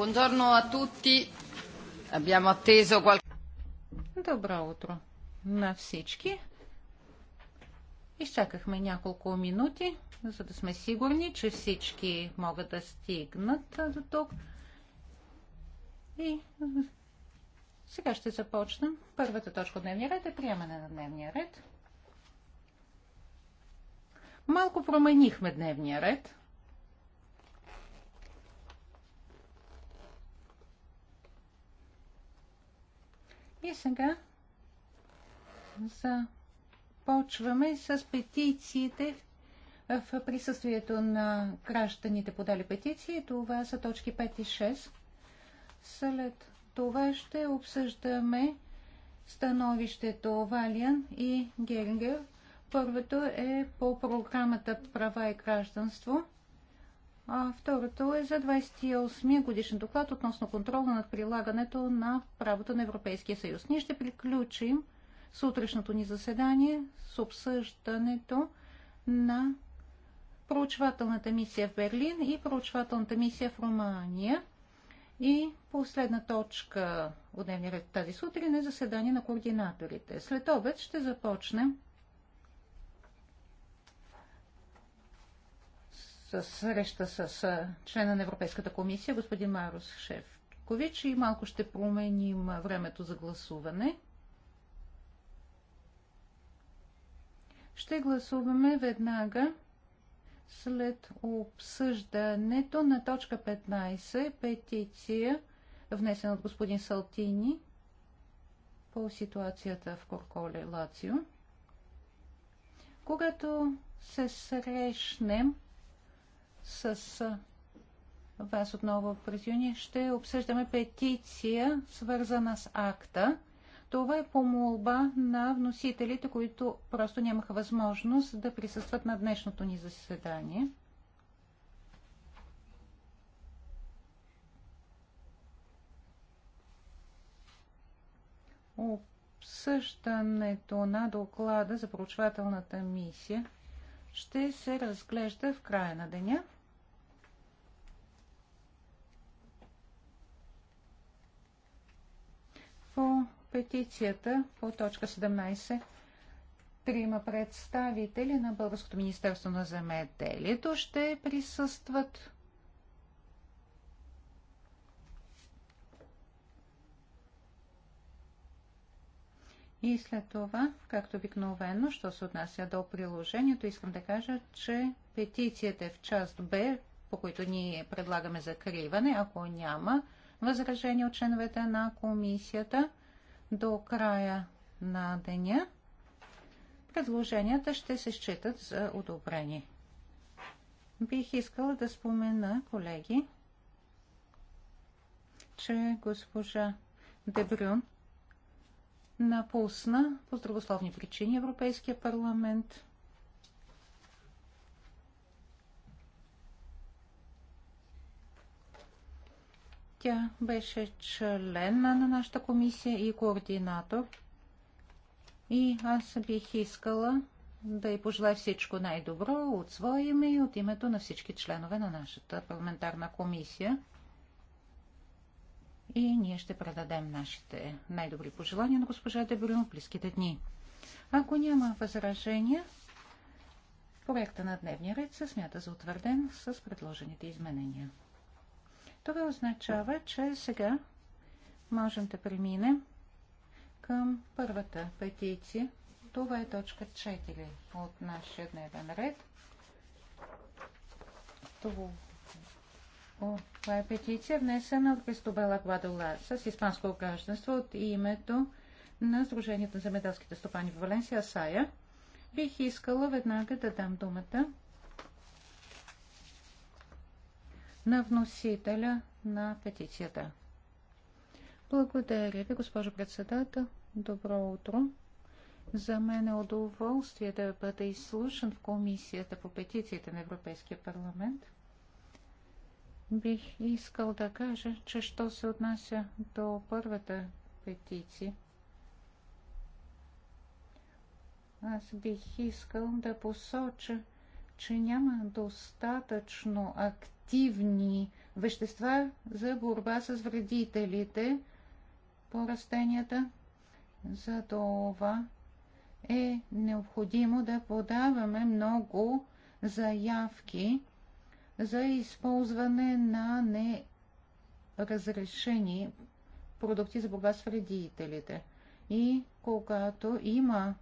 Buongiorno a tutti. Abbiamo atteso qualche... Добро утро на всички. Изчакахме няколко минути, за да сме сигурни, че всички могат да стигнат до тук. И сега ще започнем. Първата точка от дневния ред е приемане на дневния ред. Малко променихме дневния ред – И сега започваме с петициите в присъствието на гражданите подали петиции. Това са точки 5 и 6. След това ще обсъждаме становището Валиан и Герингер. Първото е по програмата Права и гражданство – а второто е за 28-я годишен доклад относно контрола над прилагането на правото на Европейския съюз. Ние ще приключим утрешното ни заседание с обсъждането на проучвателната мисия в Берлин и проучвателната мисия в Румъния. И последна точка от дневния ред тази сутрин е заседание на координаторите. След обед ще започнем среща с члена на Европейската комисия, господин Марус Шефкович, и малко ще променим времето за гласуване. Ще гласуваме веднага след обсъждането на точка 15, петиция, внесена от господин Салтини по ситуацията в Корколе, Лацио. Когато се срещнем с вас отново през юни ще обсъждаме петиция, свързана с акта. Това е по молба на вносителите, които просто нямаха възможност да присъстват на днешното ни заседание. Обсъждането на доклада за проучвателната мисия ще се разглежда в края на деня. по петицията по точка 17 трима представители на Българското министерство на земеделието ще присъстват. И след това, както обикновено, що се отнася до приложението, искам да кажа, че петицията е в част Б, по които ние предлагаме закриване, ако няма възражения от членовете на комисията до края на деня, предложенията ще се считат за одобрени. Бих искала да спомена, колеги, че госпожа Дебрюн напусна по здравословни причини Европейския парламент – Тя беше член на нашата комисия и координатор. И аз бих искала да й пожелая всичко най-добро от своя име и от името на всички членове на нашата парламентарна комисия. И ние ще предадем нашите най-добри пожелания на госпожа Дебрюн в близките дни. Ако няма възражения, проекта на дневния ред се смята за утвърден с предложените изменения. Това означава, че сега можем да преминем към първата петиция. Това е точка 4 от нашия дневен ред. Това е петиция, внесена от Кристобела Гладола с испанско гражданство от името на Сдружението за медалските стопани в Валенсия Сая. Бих искала веднага да дам думата на вносителя на петицията. Благодаря ви, госпожо председател. Добро утро. За мен е удоволствие да бъда изслушан в Комисията по петициите на Европейския парламент. Бих искал да кажа, че що се отнася до първата петиция, аз бих искал да посоча, че няма достатъчно активност активни вещества за борба с вредителите по растенията. За това е необходимо да подаваме много заявки за използване на неразрешени продукти за борба с вредителите. И когато има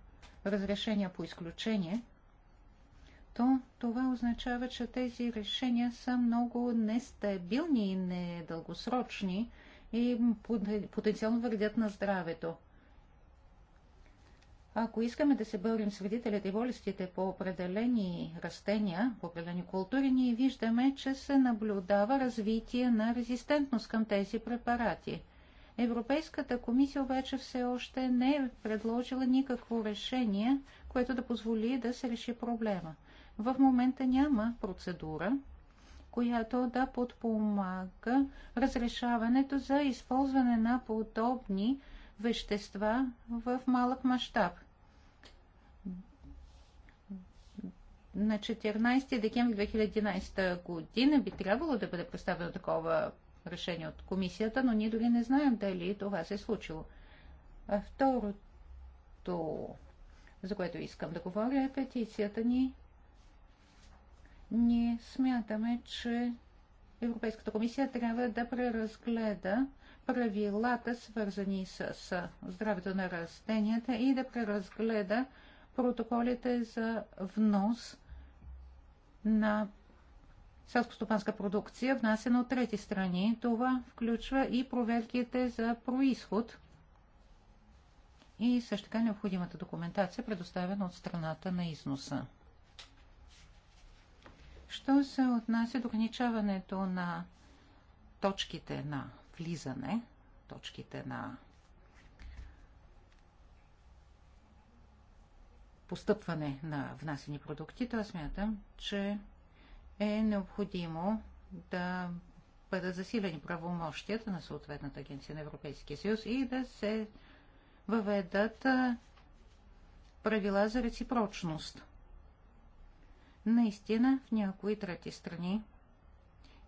разрешения по изключение, то това означава, че тези решения са много нестабилни и недългосрочни и потенциално вредят на здравето. Ако искаме да се борим с вредителите и болестите по определени растения, по определени култури, ние виждаме, че се наблюдава развитие на резистентност към тези препарати. Европейската комисия обаче все още не е предложила никакво решение, което да позволи да се реши проблема. В момента няма процедура, която да подпомага разрешаването за използване на подобни вещества в малък мащаб. На 14 декември 2011 година би трябвало да бъде представено такова решение от комисията, но ние дори не знаем дали това се е случило. А второто, за което искам да говоря, е петицията ни ние смятаме, че Европейската комисия трябва да преразгледа правилата, свързани с здравето на растенията и да преразгледа протоколите за внос на селскостопанска продукция, внасена от трети страни. Това включва и проверките за происход и също така необходимата документация, предоставена от страната на износа. Що се отнася до ограничаването на точките на влизане, точките на постъпване на внасени продукти, то смятам, че е необходимо да бъдат засилени правомощията на съответната агенция на Европейския съюз и да се въведат правила за реципрочност. Наистина в някои трети страни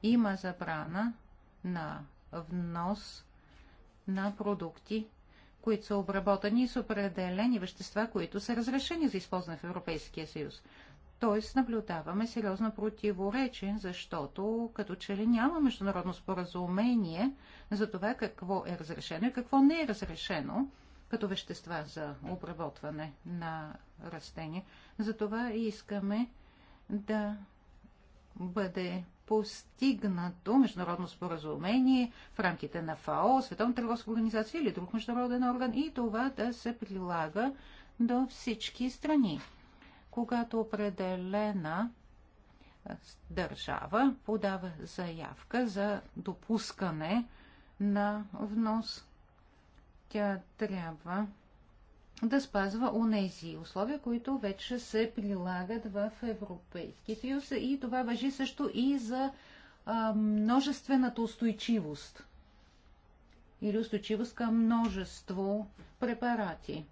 има забрана на внос на продукти, които са обработани с определени вещества, които са разрешени за използване в Европейския съюз. Тоест наблюдаваме сериозно противоречие, защото като че ли няма международно споразумение за това какво е разрешено и какво не е разрешено като вещества за обработване на растения. Затова искаме да бъде постигнато международно споразумение в рамките на ФАО, Световна търговска организация или друг международен орган и това да се прилага до всички страни. Когато определена държава подава заявка за допускане на внос, тя трябва да спазва онези условия, които вече се прилагат в Европейския съюз. И това въжи също и за а, множествената устойчивост или устойчивост към множество препарати.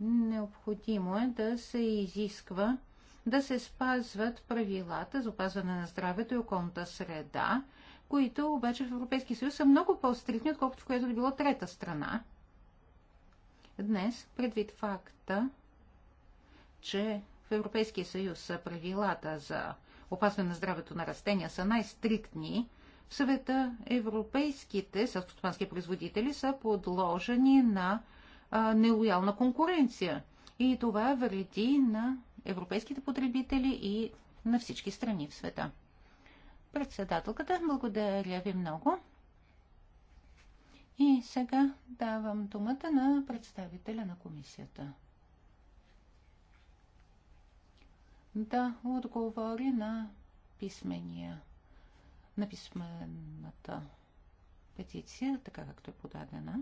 Необходимо е да се изисква да се спазват правилата за опазване на здравето и околната среда, които обаче в Европейския съюз са много по-стрикни, отколкото в която да било трета страна. Днес, предвид факта, че в Европейския съюз правилата за опазване на здравето на растения са най-стриктни, в съвета европейските селскостопански производители са подложени на нелоялна конкуренция. И това вреди на европейските потребители и на всички страни в света. Председателката, благодаря ви много. И сега давам думата на представителя на комисията. Да отговори на писмения, на писмената петиция, така както е подадена.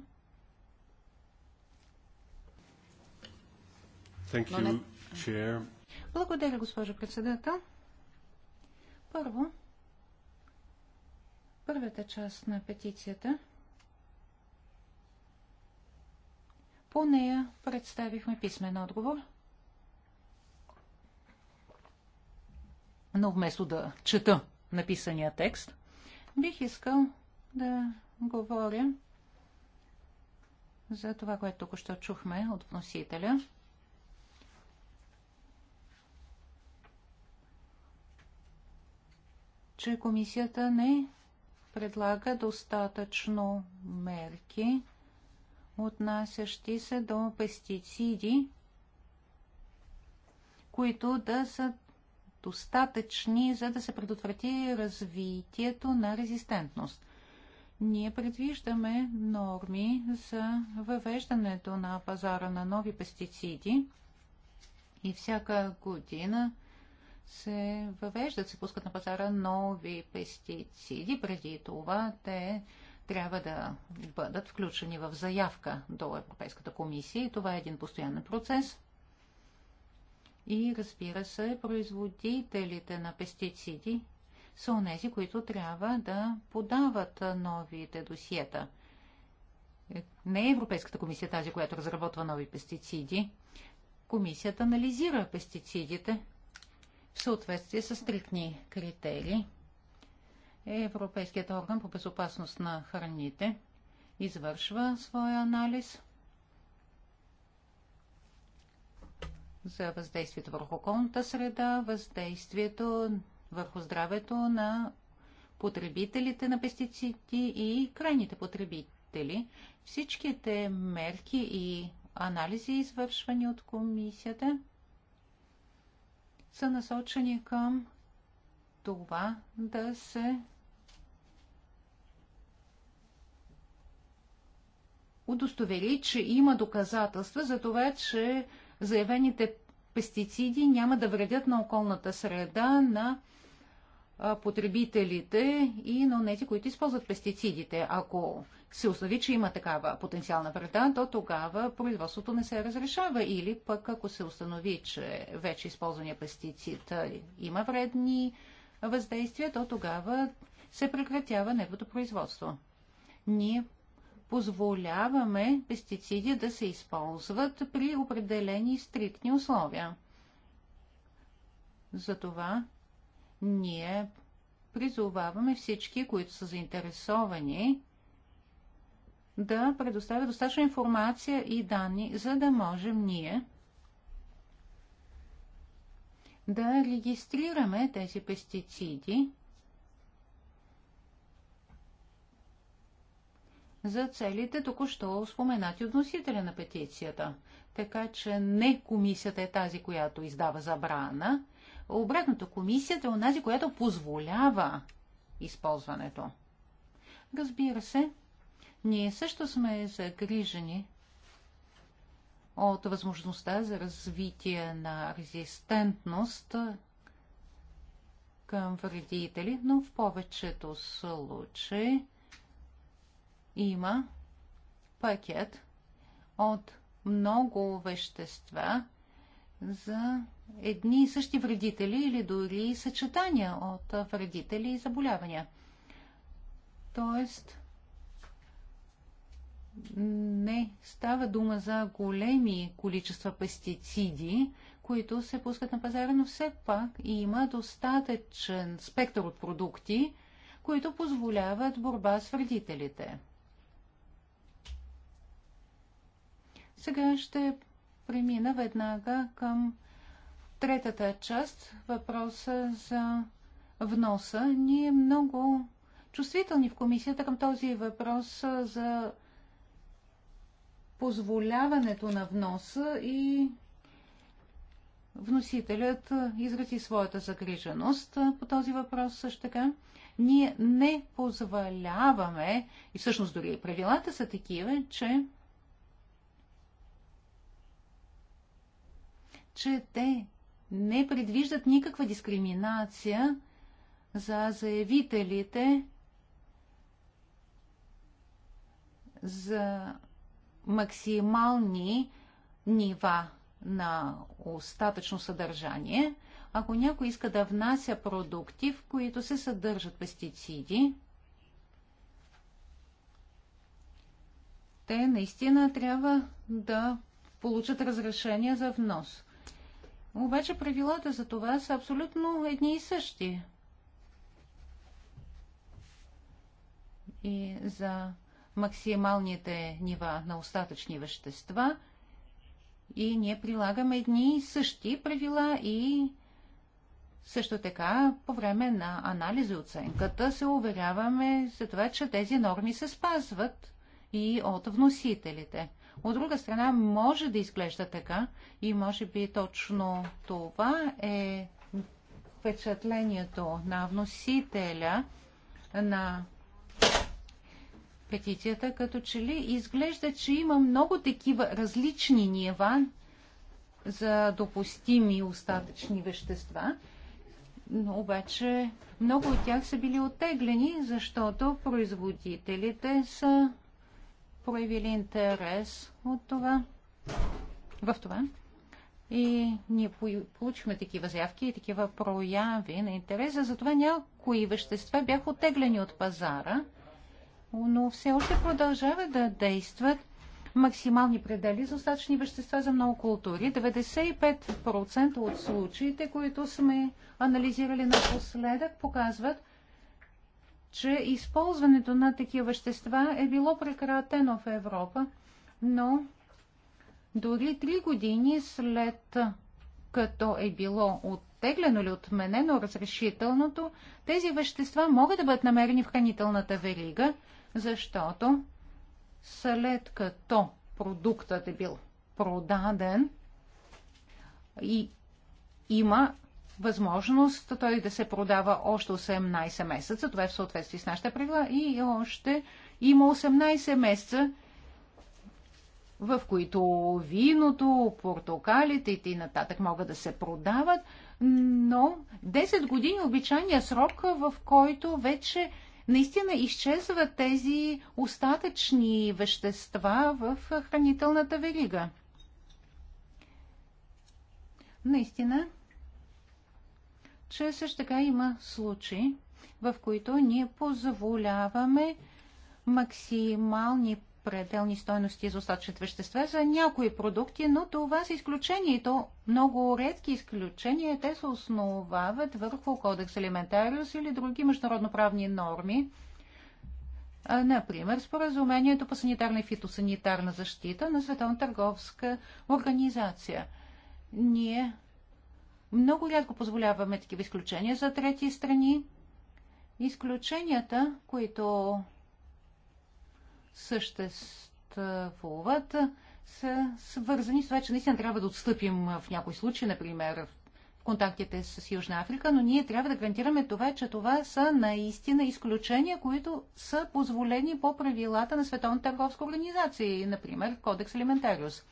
Thank you, chair. Благодаря, госпожо председател. Първо, първата част на петицията – По нея представихме писмен отговор. Но вместо да чета написания текст, бих искал да говоря за това, което току-що чухме от вносителя. че комисията не предлага достатъчно мерки отнасящи се до пестициди, които да са достатъчни, за да се предотврати развитието на резистентност. Ние предвиждаме норми за въвеждането на пазара на нови пестициди и всяка година се въвеждат, се пускат на пазара нови пестициди. Преди това те трябва да бъдат включени в заявка до Европейската комисия и това е един постоянен процес. И разбира се, производителите на пестициди са онези, които трябва да подават новите досиета. Не е Европейската комисия тази, която разработва нови пестициди. Комисията анализира пестицидите в съответствие с стрикни критерии Европейският орган по безопасност на храните извършва своя анализ за въздействието върху околната среда, въздействието върху здравето на потребителите на пестициди и крайните потребители. Всичките мерки и анализи, извършвани от комисията, са насочени към това да се удостовери, че има доказателства за това, че заявените пестициди няма да вредят на околната среда, на потребителите и на тези, които използват пестицидите. Ако се установи, че има такава потенциална вреда, то тогава производството не се разрешава. Или пък ако се установи, че вече използвания пестицид има вредни въздействия, то тогава се прекратява неговото производство. Ние позволяваме пестициди да се използват при определени стриктни условия. Затова ние призоваваме всички, които са заинтересовани, да предоставят достатъчно информация и данни, за да можем ние да регистрираме тези пестициди за целите току-що споменати от носителя на петицията. Така че не комисията е тази, която издава забрана, обратното комисията е онази, която позволява използването. Разбира се, ние също сме загрижени от възможността за развитие на резистентност към вредители, но в повечето случаи има пакет от много вещества за едни и същи вредители или дори съчетания от вредители и заболявания. Тоест, не става дума за големи количества пестициди, които се пускат на пазара, но все пак има достатъчен спектър от продукти, които позволяват борба с вредителите. Сега ще премина веднага към третата част, въпроса за вноса. Ние много чувствителни в комисията към този въпрос за позволяването на вноса и вносителят изрази своята загриженост по този въпрос също така. Ние не позволяваме, и всъщност дори правилата са такива, че че те не предвиждат никаква дискриминация за заявителите за максимални нива на остатъчно съдържание. Ако някой иска да внася продукти, в които се съдържат пестициди, те наистина трябва да получат разрешение за внос. Обаче правилата за това са абсолютно едни и същи. И за максималните нива на остатъчни вещества и ние прилагаме едни и същи правила и също така по време на анализа и оценката се уверяваме за това, че тези норми се спазват и от вносителите. От друга страна, може да изглежда така и може би точно това е впечатлението на вносителя на петицията, като че ли изглежда, че има много такива различни нива за допустими остатъчни вещества, но обаче много от тях са били оттеглени, защото производителите са проявили интерес от това, в това. И ние получихме такива заявки и такива прояви на интереса, затова някои вещества бяха отеглени от пазара, но все още продължават да действат максимални предели за остатъчни вещества за много култури. 95% от случаите, които сме анализирали напоследък, показват, че използването на такива вещества е било прекратено в Европа, но дори три години след като е било оттеглено или отменено разрешителното, тези вещества могат да бъдат намерени в хранителната верига, защото след като продуктът е бил продаден и има възможност той да се продава още 18 месеца. Това е в съответствие с нашата правила. И още има 18 месеца, в които виното, портокалите и т.н. могат да се продават, но 10 години е обичайния срок, в който вече наистина изчезват тези остатъчни вещества в хранителната верига. Наистина, че също така има случаи, в които ние позволяваме максимални пределни стойности за остатъчните вещества за някои продукти, но това са изключения и то много редки изключения. Те се основават върху кодекс елементариус или други международноправни норми. Например, споразумението по санитарна и фитосанитарна защита на Световна търговска организация. Ние много рядко позволяваме такива изключения за трети страни. Изключенията, които съществуват, са свързани с това, че наистина трябва да отстъпим в някои случаи, например в контактите с Южна Африка, но ние трябва да гарантираме това, че това са наистина изключения, които са позволени по правилата на Световната търговска организация, например Кодекс Елементариус.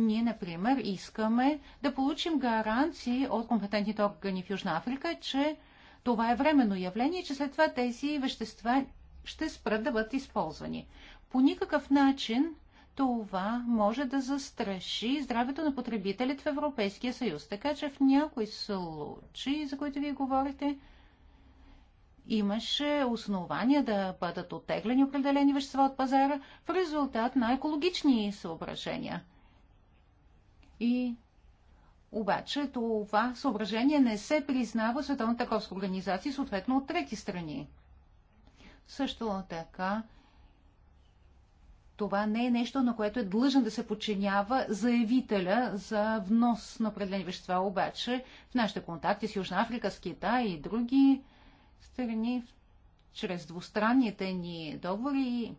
Ние, например, искаме да получим гаранции от компетентните органи в Южна Африка, че това е временно явление, че след това тези вещества ще спрат да бъдат използвани. По никакъв начин това може да застраши здравето на потребителите в Европейския съюз. Така че в някои случаи, за които вие говорите, имаше основания да бъдат оттеглени определени вещества от пазара в резултат на екологични съображения – и обаче това съображение не се признава Световна търговска организация, съответно от трети страни. Също така, това не е нещо, на което е длъжен да се подчинява заявителя за внос на определени вещества. Обаче в нашите контакти с Южна Африка, с Китай и други страни, чрез двустранните ни договори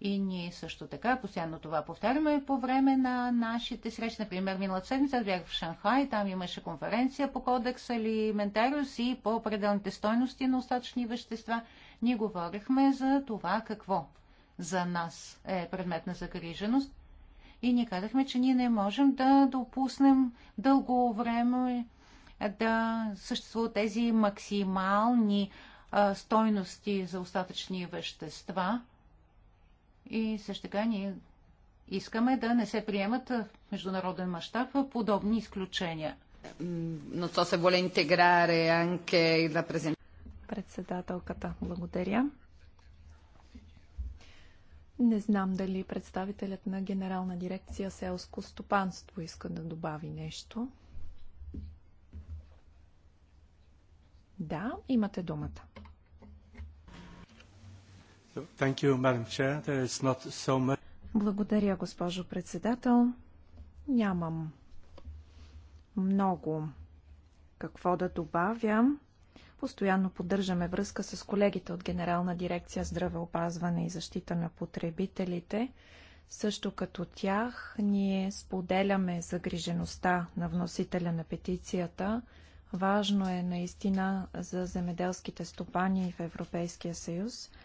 и ние също така постоянно това повтаряме по време на нашите срещи. Например, миналата седмица бях в Шанхай, там имаше конференция по кодекс алиментариус и по определените стойности на остатъчни вещества. Ние говорихме за това какво за нас е предмет на загриженост. И ние казахме, че ние не можем да допуснем дълго време да съществуват тези максимални а, стойности за остатъчни вещества – и също така ние искаме да не се приемат в международен мащаб подобни изключения. Но то се воле интеграре анке и да Председателката, благодаря. Не знам дали представителят на Генерална дирекция селско стопанство иска да добави нещо. Да, имате думата. Благодаря, госпожо председател. Нямам много какво да добавя. Постоянно поддържаме връзка с колегите от Генерална дирекция здравеопазване и защита на потребителите. Също като тях, ние споделяме загрижеността на вносителя на петицията. Важно е наистина за земеделските стопани в Европейския съюз –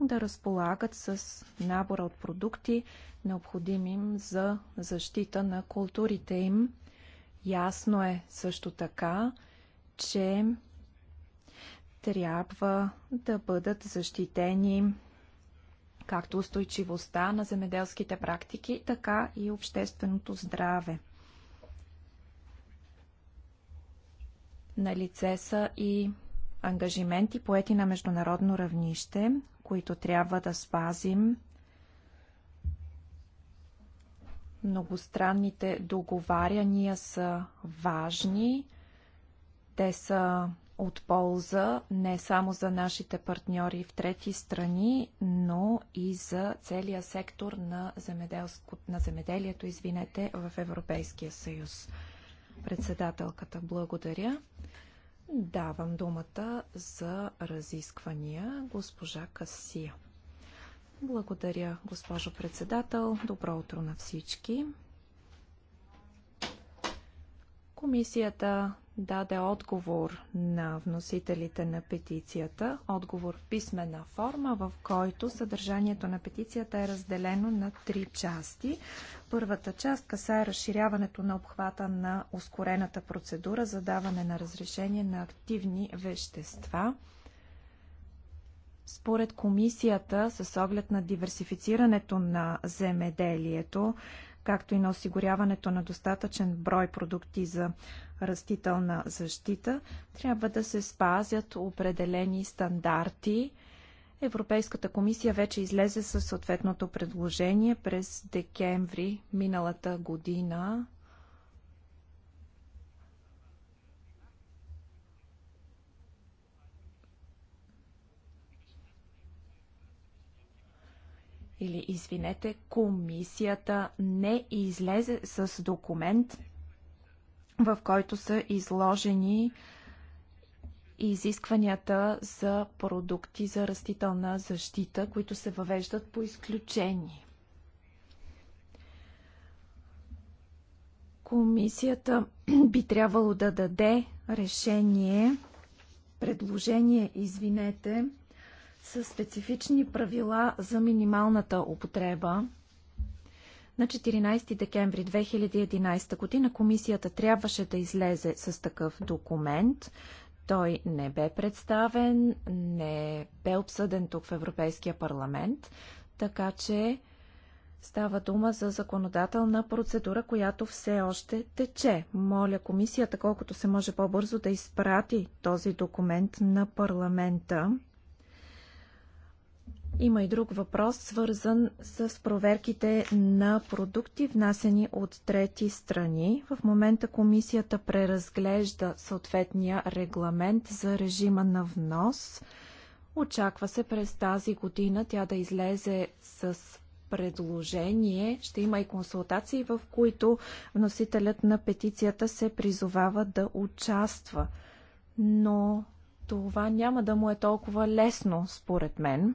да разполагат с набора от продукти, необходими им за защита на културите им. Ясно е също така, че трябва да бъдат защитени както устойчивостта на земеделските практики, така и общественото здраве. На лице са и ангажименти поети на международно равнище, които трябва да спазим. Многостранните договаряния са важни. Те са от полза не само за нашите партньори в трети страни, но и за целия сектор на, земеделско, на земеделието извинете, в Европейския съюз. Председателката, благодаря. Давам думата за разисквания госпожа Касия. Благодаря, госпожо председател. Добро утро на всички. Комисията даде отговор на вносителите на петицията, отговор в писмена форма, в който съдържанието на петицията е разделено на три части. Първата част касае разширяването на обхвата на ускорената процедура за даване на разрешение на активни вещества. Според комисията, с оглед на диверсифицирането на земеделието, както и на осигуряването на достатъчен брой продукти за растителна защита, трябва да се спазят определени стандарти. Европейската комисия вече излезе със съответното предложение през декември миналата година. или извинете, комисията не излезе с документ, в който са изложени изискванията за продукти за растителна защита, които се въвеждат по изключение. Комисията би трябвало да даде решение, предложение, извинете, с специфични правила за минималната употреба. На 14 декември 2011 година комисията трябваше да излезе с такъв документ. Той не бе представен, не бе обсъден тук в Европейския парламент, така че Става дума за законодателна процедура, която все още тече. Моля комисията, колкото се може по-бързо да изпрати този документ на парламента. Има и друг въпрос, свързан с проверките на продукти, внасени от трети страни. В момента комисията преразглежда съответния регламент за режима на внос. Очаква се през тази година тя да излезе с предложение. Ще има и консултации, в които вносителят на петицията се призовава да участва. Но това няма да му е толкова лесно, според мен.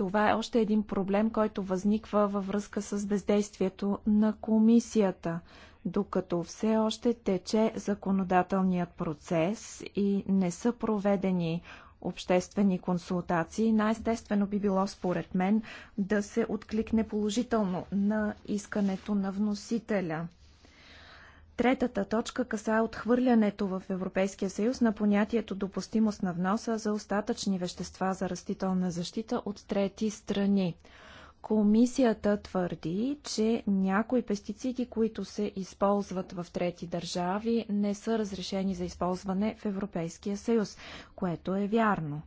Това е още един проблем, който възниква във връзка с бездействието на комисията. Докато все още тече законодателният процес и не са проведени обществени консултации, най-естествено би било според мен да се откликне положително на искането на вносителя. Третата точка касае отхвърлянето в Европейския съюз на понятието допустимост на вноса за остатъчни вещества за растителна защита от трети страни. Комисията твърди, че някои пестициди, които се използват в трети държави, не са разрешени за използване в Европейския съюз, което е вярно.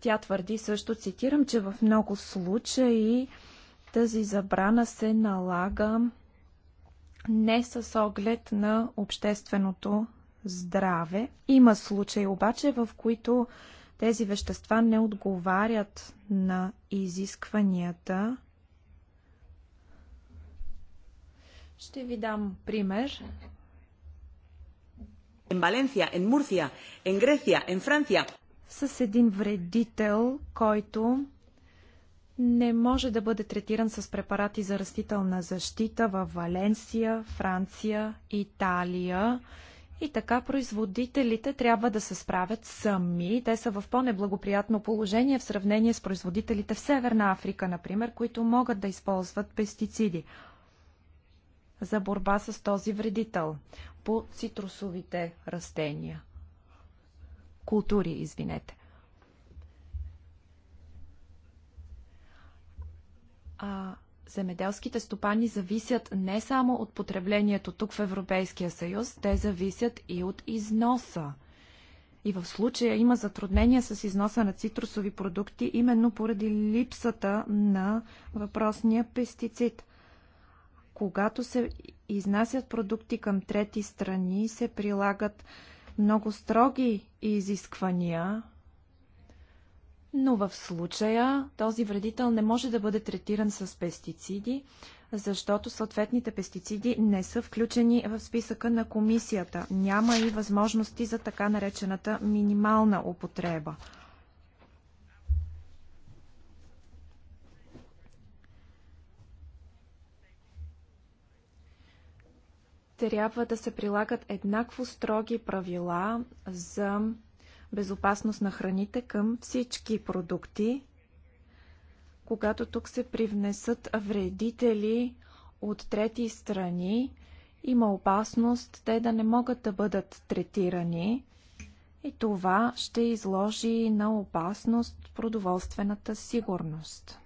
Тя твърди също, цитирам, че в много случаи тази забрана се налага не с оглед на общественото здраве. Има случаи обаче, в които тези вещества не отговарят на изискванията. Ще ви дам пример. En Valencia, en Murcia, en Греция, en Франция. С един вредител, който не може да бъде третиран с препарати за растителна защита във Валенсия, Франция, Италия. И така производителите трябва да се справят сами. Те са в по-неблагоприятно положение в сравнение с производителите в Северна Африка, например, които могат да използват пестициди за борба с този вредител по цитрусовите растения. Култури, извинете. а земеделските стопани зависят не само от потреблението тук в Европейския съюз, те зависят и от износа. И в случая има затруднения с износа на цитрусови продукти, именно поради липсата на въпросния пестицид. Когато се изнасят продукти към трети страни, се прилагат много строги изисквания но в случая този вредител не може да бъде третиран с пестициди, защото съответните пестициди не са включени в списъка на комисията. Няма и възможности за така наречената минимална употреба. Трябва да се прилагат еднакво строги правила за безопасност на храните към всички продукти, когато тук се привнесат вредители от трети страни, има опасност те да не могат да бъдат третирани и това ще изложи на опасност продоволствената сигурност.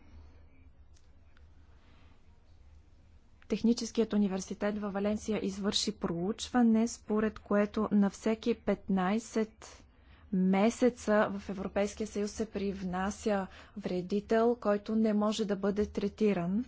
Техническият университет във Валенсия извърши проучване, според което на всеки 15 месеца в Европейския съюз се привнася вредител, който не може да бъде третиран.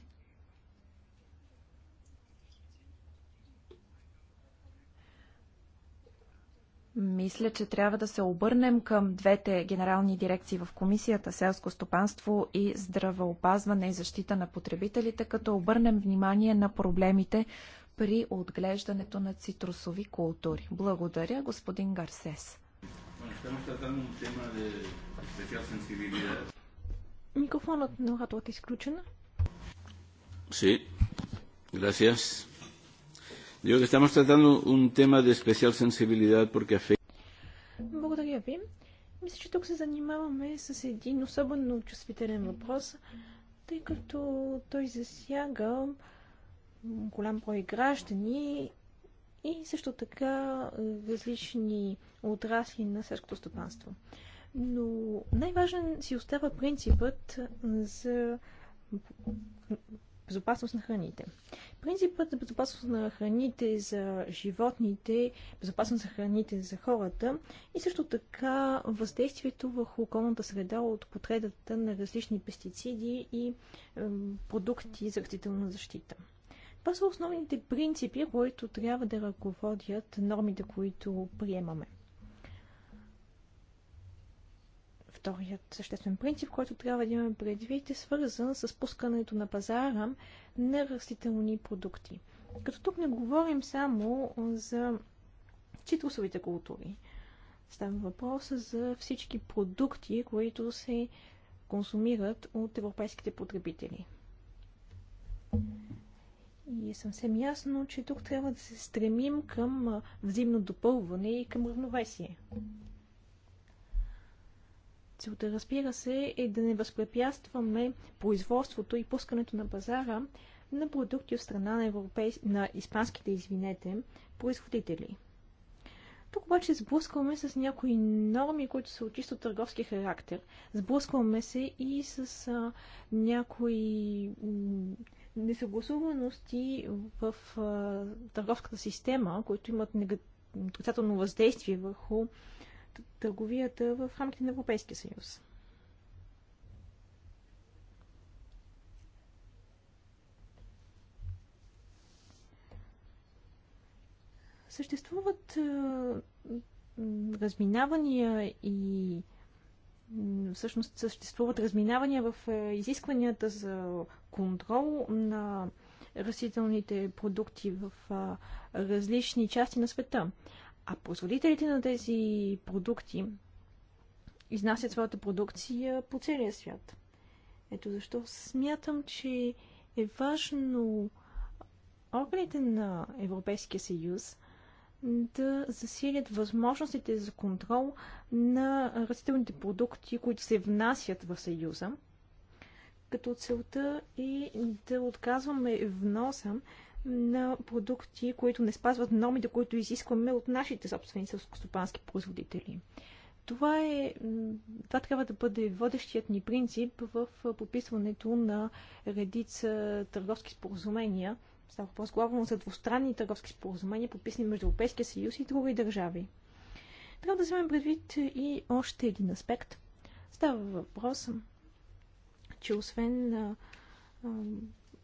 Мисля, че трябва да се обърнем към двете генерални дирекции в Комисията селско стопанство и здравеопазване и защита на потребителите, като обърнем внимание на проблемите при отглеждането на цитрусови култури. Благодаря, господин Гарсес. Estamos tratando un tema de especial sensibilidad. Микрофонът на оратора е изключен. Sí, gracias. Digo que estamos tratando un tema de especial sensibilidad porque afecta. Благодаря ви. Мисля, че тук се занимаваме с един особено чувствителен въпрос, тъй като той засяга голям брой граждани и също така е, различни отрасли на селското стопанство. Но най-важен си остава принципът е, за безопасност на храните. Принципът за безопасност на храните за животните, безопасност на храните за хората и също така въздействието върху околната среда от потредата на различни пестициди и продукти за растителна защита. Това са основните принципи, които трябва да ръководят нормите, които приемаме. Вторият съществен принцип, който трябва да имаме предвид, е свързан с пускането на пазара на растителни продукти. Като тук не говорим само за цитрусовите култури. Става въпрос за всички продукти, които се консумират от европейските потребители. И е съвсем ясно, че тук трябва да се стремим към взаимно допълване и към равновесие. Целта, разбира се, е да не възпрепятстваме производството и пускането на пазара на продукти от страна на, европей... на испанските, извинете, производители. Тук обаче сблъскваме с някои норми, които са от чисто търговски характер. Сблъскваме се и с а, някои несъгласуваности в а, търговската система, които имат отрицателно въздействие върху търговията в рамките на Европейския съюз. Съществуват а, разминавания и всъщност съществуват разминавания в е, изискванията за контрол на растителните продукти в различни части на света. А производителите на тези продукти изнасят своята продукция по целия свят. Ето защо смятам, че е важно органите на Европейския съюз да засилят възможностите за контрол на растителните продукти, които се внасят в Съюза, като целта е да отказваме вноса на продукти, които не спазват нормите, които изискваме от нашите собствени селскостопански производители. Това, е, това трябва да бъде водещият ни принцип в подписването на редица търговски споразумения – Става въпрос главно за двустранни търговски споразумения, подписани между Европейския съюз и други държави. Трябва да вземем предвид и още един аспект. Става въпрос, че освен а, а,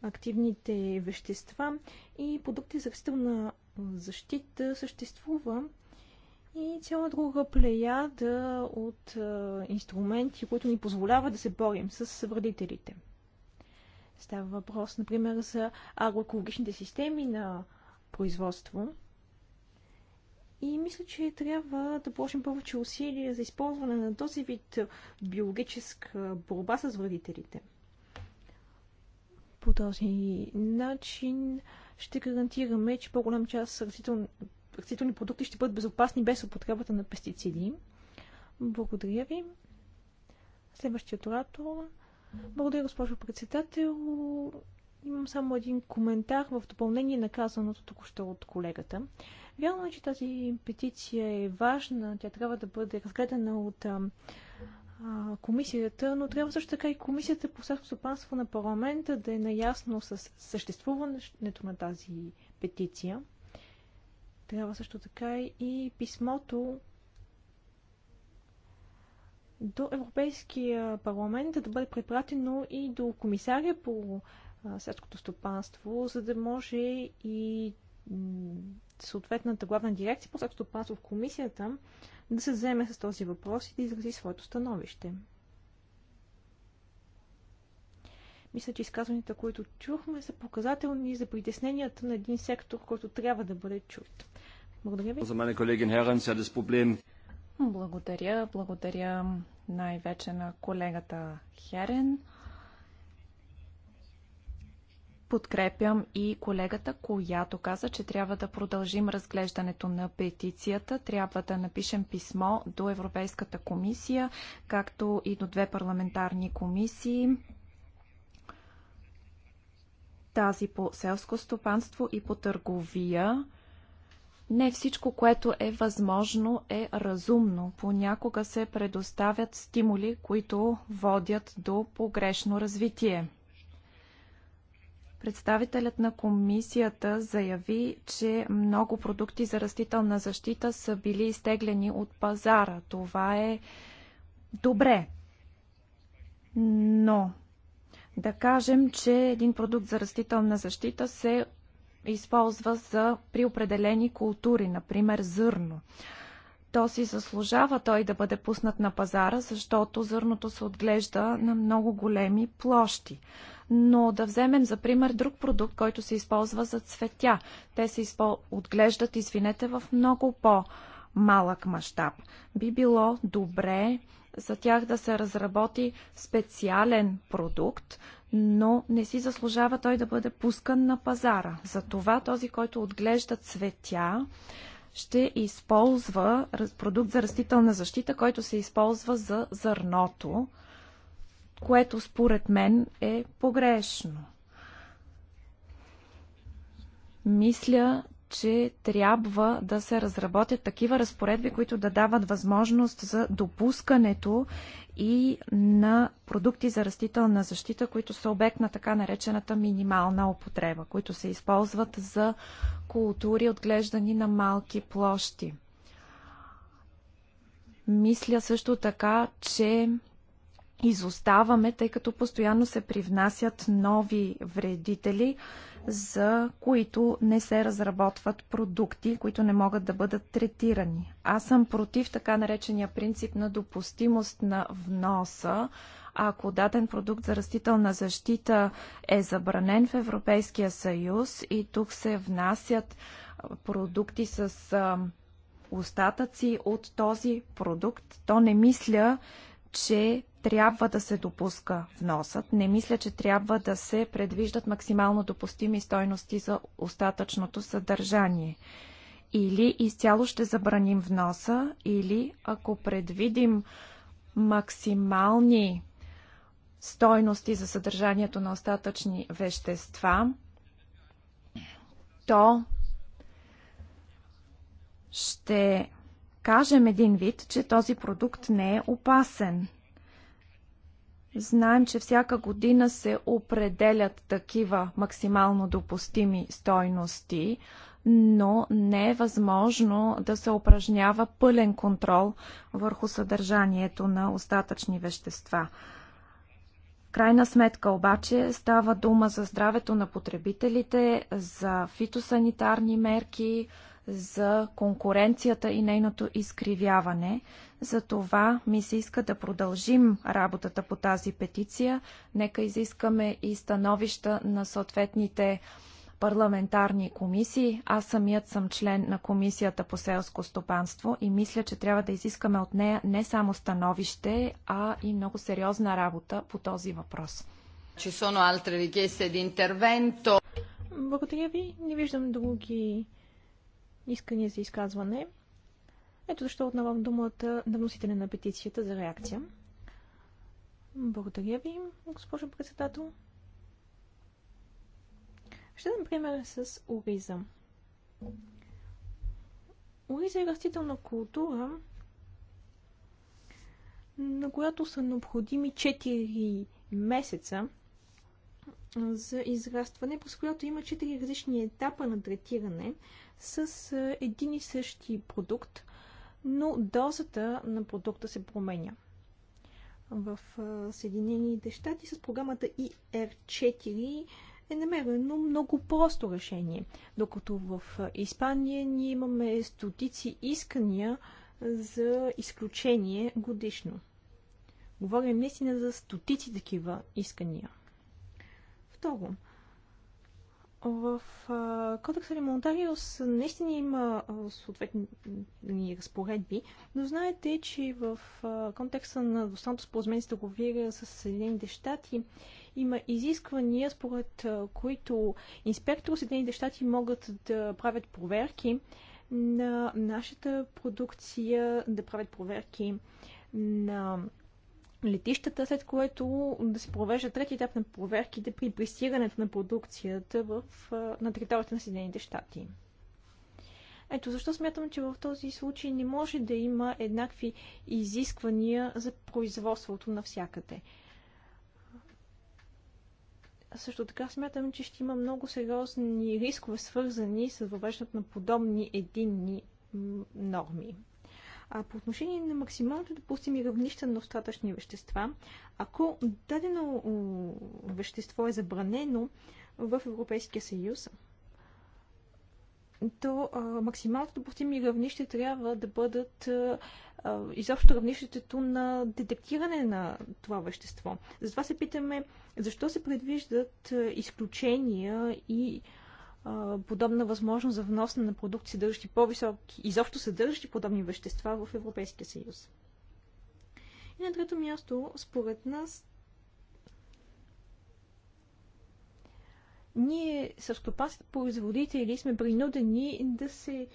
активните вещества и продукти за растителна защита съществува и цяла друга плеяда от а, инструменти, които ни позволяват да се борим с вредителите – Става въпрос, например, за агроекологичните системи на производство. И мисля, че трябва да положим повече усилия за използване на този вид биологическа борба с вредителите. По този начин ще гарантираме, че по-голям част растителни, продукти ще бъдат безопасни без употребата на пестициди. Благодаря ви. Следващият оратор благодаря, госпожо председател. Имам само един коментар в допълнение на казаното току-що от колегата. Вярно е, че тази петиция е важна, тя трябва да бъде разгледана от а, комисията, но трябва също така и комисията по стопанство на парламента да е наясно с съществуването на тази петиция. Трябва също така и писмото до Европейския парламент, да бъде препратено и до комисаря по селското стопанство, за да може и съответната главна дирекция по селското стопанство в комисията да се вземе с този въпрос и да изрази своето становище. Мисля, че изказванията, които чухме, са показателни за притесненията на един сектор, който трябва да бъде чут. Благодаря ви. За мен, благодаря. Благодаря най-вече на колегата Херен. Подкрепям и колегата, която каза, че трябва да продължим разглеждането на петицията. Трябва да напишем писмо до Европейската комисия, както и до две парламентарни комисии тази по селско стопанство и по търговия. Не всичко, което е възможно, е разумно. Понякога се предоставят стимули, които водят до погрешно развитие. Представителят на комисията заяви, че много продукти за растителна защита са били изтеглени от пазара. Това е добре. Но да кажем, че един продукт за растителна защита се използва за, при определени култури, например зърно. То си заслужава той да бъде пуснат на пазара, защото зърното се отглежда на много големи площи. Но да вземем за пример друг продукт, който се използва за цветя. Те се изпол... отглеждат, извинете, в много по-малък мащаб. Би било добре за тях да се разработи специален продукт, но не си заслужава той да бъде пускан на пазара. Затова този, който отглежда цветя, ще използва продукт за растителна защита, който се използва за зърното, което според мен е погрешно. Мисля, че трябва да се разработят такива разпоредби, които да дават възможност за допускането и на продукти за растителна защита, които са обект на така наречената минимална употреба, които се използват за култури, отглеждани на малки площи. Мисля също така, че изоставаме, тъй като постоянно се привнасят нови вредители, за които не се разработват продукти, които не могат да бъдат третирани. Аз съм против така наречения принцип на допустимост на вноса. Ако даден продукт за растителна защита е забранен в Европейския съюз и тук се внасят продукти с остатъци от този продукт, то не мисля, че трябва да се допуска вносът. Не мисля, че трябва да се предвиждат максимално допустими стойности за остатъчното съдържание. Или изцяло ще забраним вноса, или ако предвидим максимални стойности за съдържанието на остатъчни вещества, то ще кажем един вид, че този продукт не е опасен. Знаем, че всяка година се определят такива максимално допустими стойности, но не е възможно да се упражнява пълен контрол върху съдържанието на остатъчни вещества. Крайна сметка обаче става дума за здравето на потребителите, за фитосанитарни мерки, за конкуренцията и нейното изкривяване. Затова ми се иска да продължим работата по тази петиция. Нека изискаме и становища на съответните парламентарни комисии. Аз самият съм член на Комисията по селско стопанство и мисля, че трябва да изискаме от нея не само становище, а и много сериозна работа по този въпрос. Ci sono altre richieste di intervento. Благодаря ви. Не виждам други искания за изказване. Ето защо отнавам думата на вносителя на петицията за реакция. Благодаря ви, госпожо председател. Ще дам пример с ориза. Ориза е растителна култура, на която са необходими 4 месеца за израстване, през която има 4 различни етапа на третиране, с един и същи продукт, но дозата на продукта се променя. В Съединените щати с програмата IR4 е намерено много просто решение, докато в Испания ние имаме стотици искания за изключение годишно. Говорим наистина за стотици такива искания. Второ, в кодекса Ремонтариус наистина има съответни разпоредби, но знаете, че в контекста на двустранното споразумение с договира с Съединените щати има изисквания, според които инспектори от Съединените щати могат да правят проверки на нашата продукция, да правят проверки на летищата, след което да се провежда трети етап на проверките при пристигането на продукцията в, на територията на Съединените щати. Ето защо смятам, че в този случай не може да има еднакви изисквания за производството навсякъде. Също така смятам, че ще има много сериозни рискове, свързани с въвеждането на подобни единни норми. А по отношение на максималното допустими равнища на остатъчни вещества, ако дадено вещество е забранено в Европейския съюз, то а, максималното допустими равнища трябва да бъдат а, изобщо равнището на детектиране на това вещество. Затова се питаме защо се предвиждат изключения и а, подобна възможност за внос на продукти, съдържащи по-високи, изобщо съдържащи подобни вещества в Европейския съюз. И на трето място, според нас, ние, съвстопасите производители, сме принудени да се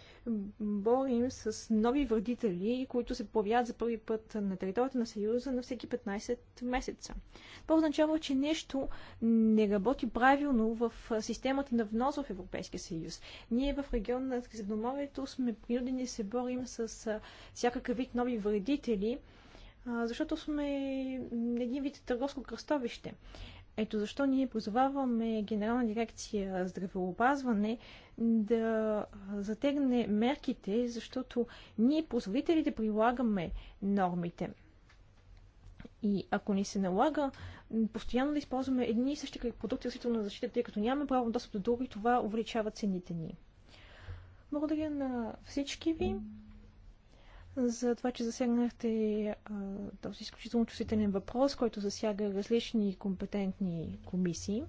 борим с нови вредители, които се появяват за първи път на територията на Съюза на всеки 15 месеца. Това означава, че нещо не работи правилно в системата на внос в Европейския съюз. Ние в региона на Средоморието сме принудени да се борим с всякакъв вид нови вредители, защото сме един вид търговско кръстовище. Ето защо ние позоваваме Генерална дирекция здравеопазване да затегне мерките, защото ние, позволителите, прилагаме нормите. И ако ни се налага постоянно да използваме едни и същи продукти на защита, тъй като нямаме право достъп до други, това увеличава цените ни. Благодаря на всички ви за това, че засегнахте този изключително чувствителен въпрос, който засяга различни компетентни комисии.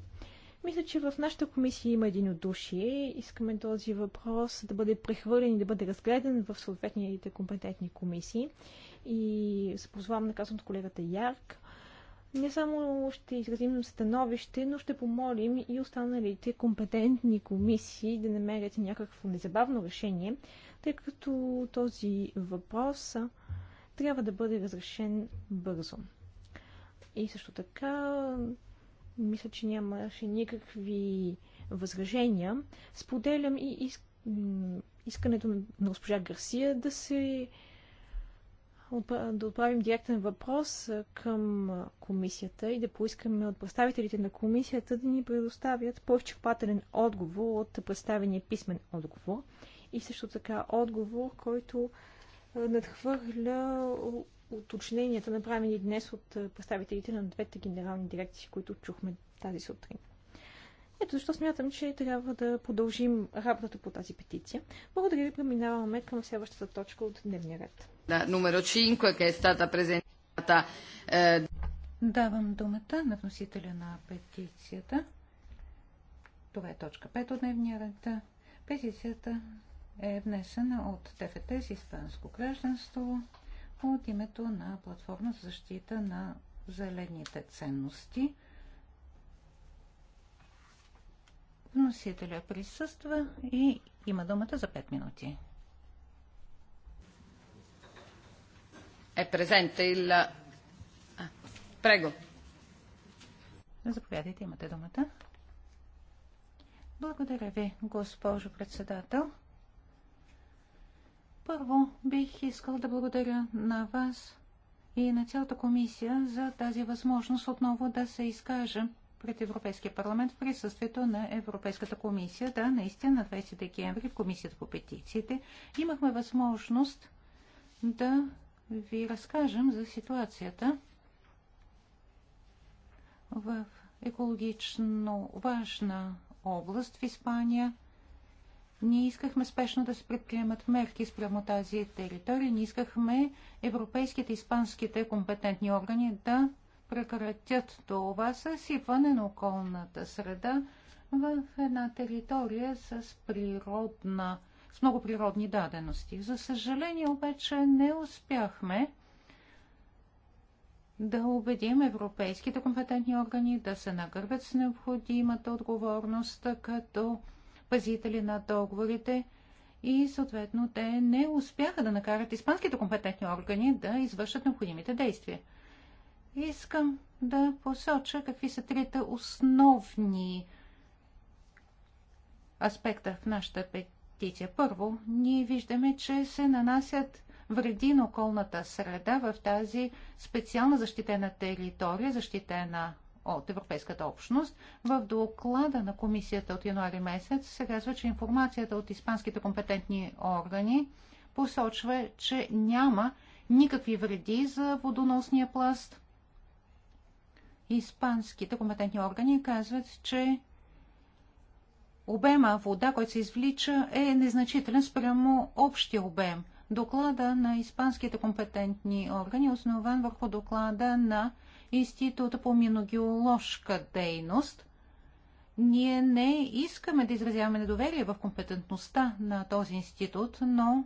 Мисля, че в нашата комисия има един от души. Искаме този въпрос да бъде прехвърлен и да бъде разгледан в съответните компетентни комисии. И се позвавам на казаното колегата Ярк не само ще изразим становище, но ще помолим и останалите компетентни комисии да намерят някакво незабавно решение, тъй като този въпрос трябва да бъде разрешен бързо. И също така, мисля, че нямаше никакви възражения. Споделям и иск... искането на госпожа Гарсия да се да отправим директен въпрос към комисията и да поискаме от представителите на комисията да ни предоставят по-изчерпателен отговор от представения писмен отговор и също така отговор, който надхвърля уточненията, направени днес от представителите на двете генерални дирекции, които чухме тази сутрин. Ето защо смятам, че трябва да продължим работата по тази петиция. Благодаря ви, преминаваме към следващата точка от дневния ред. Да, номер 5, е стата презентата. Давам думата на вносителя на петицията. Това е точка 5 от дневния ред. Петицията е внесена от ТФТ с испанско гражданство от името на платформа за защита на зелените ценности – Вносителя присъства и има думата за 5 минути. Е презент il... А, прего. Заповядайте, имате думата. Благодаря ви, госпожо председател. Първо бих искал да благодаря на вас и на цялата комисия за тази възможност отново да се изкажем пред Европейския парламент в присъствието на Европейската комисия. Да, наистина на 20 декември в Комисията по петициите имахме възможност да ви разкажем за ситуацията в екологично важна област в Испания. Ние искахме спешно да се предприемат мерки спрямо тази територия. Ние искахме европейските и испанските компетентни органи да прекратят това съсипване на околната среда в една територия с природна, с много природни дадености. За съжаление обаче не успяхме да убедим европейските компетентни органи да се нагърбят с необходимата отговорност като пазители на договорите и съответно те не успяха да накарат испанските компетентни органи да извършат необходимите действия. Искам да посоча какви са трите основни аспекта в нашата петиция. Първо, ние виждаме, че се нанасят вреди на околната среда в тази специална защитена територия, защитена от Европейската общност. В доклада на комисията от януари месец се казва, че информацията от испанските компетентни органи посочва, че няма никакви вреди за водоносния пласт – Испанските компетентни органи казват, че обема вода, който се извлича, е незначителен спрямо общия обем. Доклада на испанските компетентни органи е основан върху доклада на Института по миногеоложка дейност. Ние не искаме да изразяваме недоверие в компетентността на този институт, но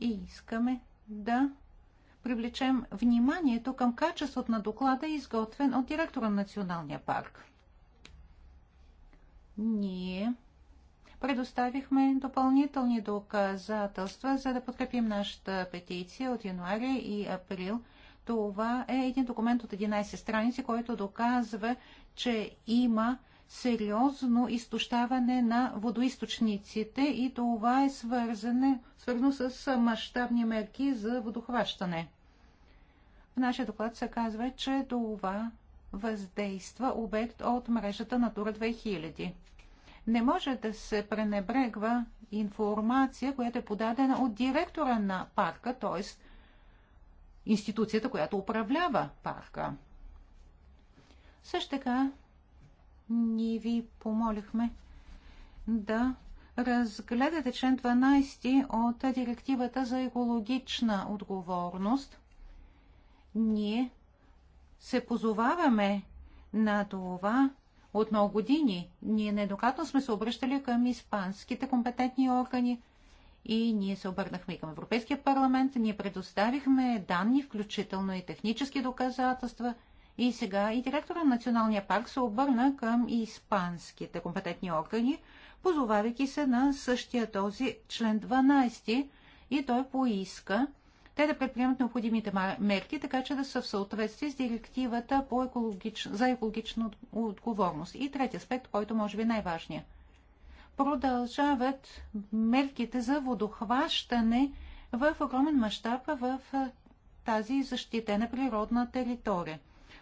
и искаме да привлечем вниманието към качеството на доклада, изготвен от директора на Националния парк. Ние предоставихме допълнителни доказателства, за да подкрепим нашата петиция от януари и април. Това е един документ от 11 страници, който доказва, че има сериозно изтощаване на водоисточниците и това е свързане, свързано с мащабни мерки за водохващане. В нашия доклад се казва, че това въздейства обект от мрежата Натура 2000. Не може да се пренебрегва информация, която е подадена от директора на парка, т.е. институцията, която управлява парка. Също така ние ви помолихме да разгледате член 12 от директивата за екологична отговорност. Ние се позоваваме на това от много години. Ние недократно сме се обръщали към испанските компетентни органи и ние се обърнахме и към Европейския парламент. Ние предоставихме данни, включително и технически доказателства – и сега и директора на Националния парк се обърна към испанските компетентни органи, позовавайки се на същия този член 12 и той поиска те да предприемат необходимите мерки, така че да са в съответствие с директивата по екологич... за екологична отговорност. И трети аспект, който може би е най-важният. Продължават мерките за водохващане в огромен мащаб в тази защитена природна територия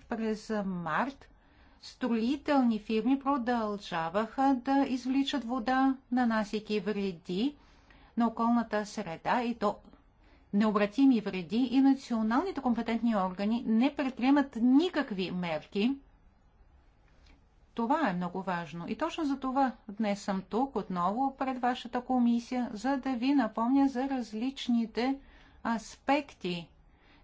през март строителни фирми продължаваха да извличат вода, нанасяйки вреди на околната среда и то необратими вреди и националните компетентни органи не предприемат никакви мерки. Това е много важно. И точно за това днес съм тук отново пред вашата комисия, за да ви напомня за различните аспекти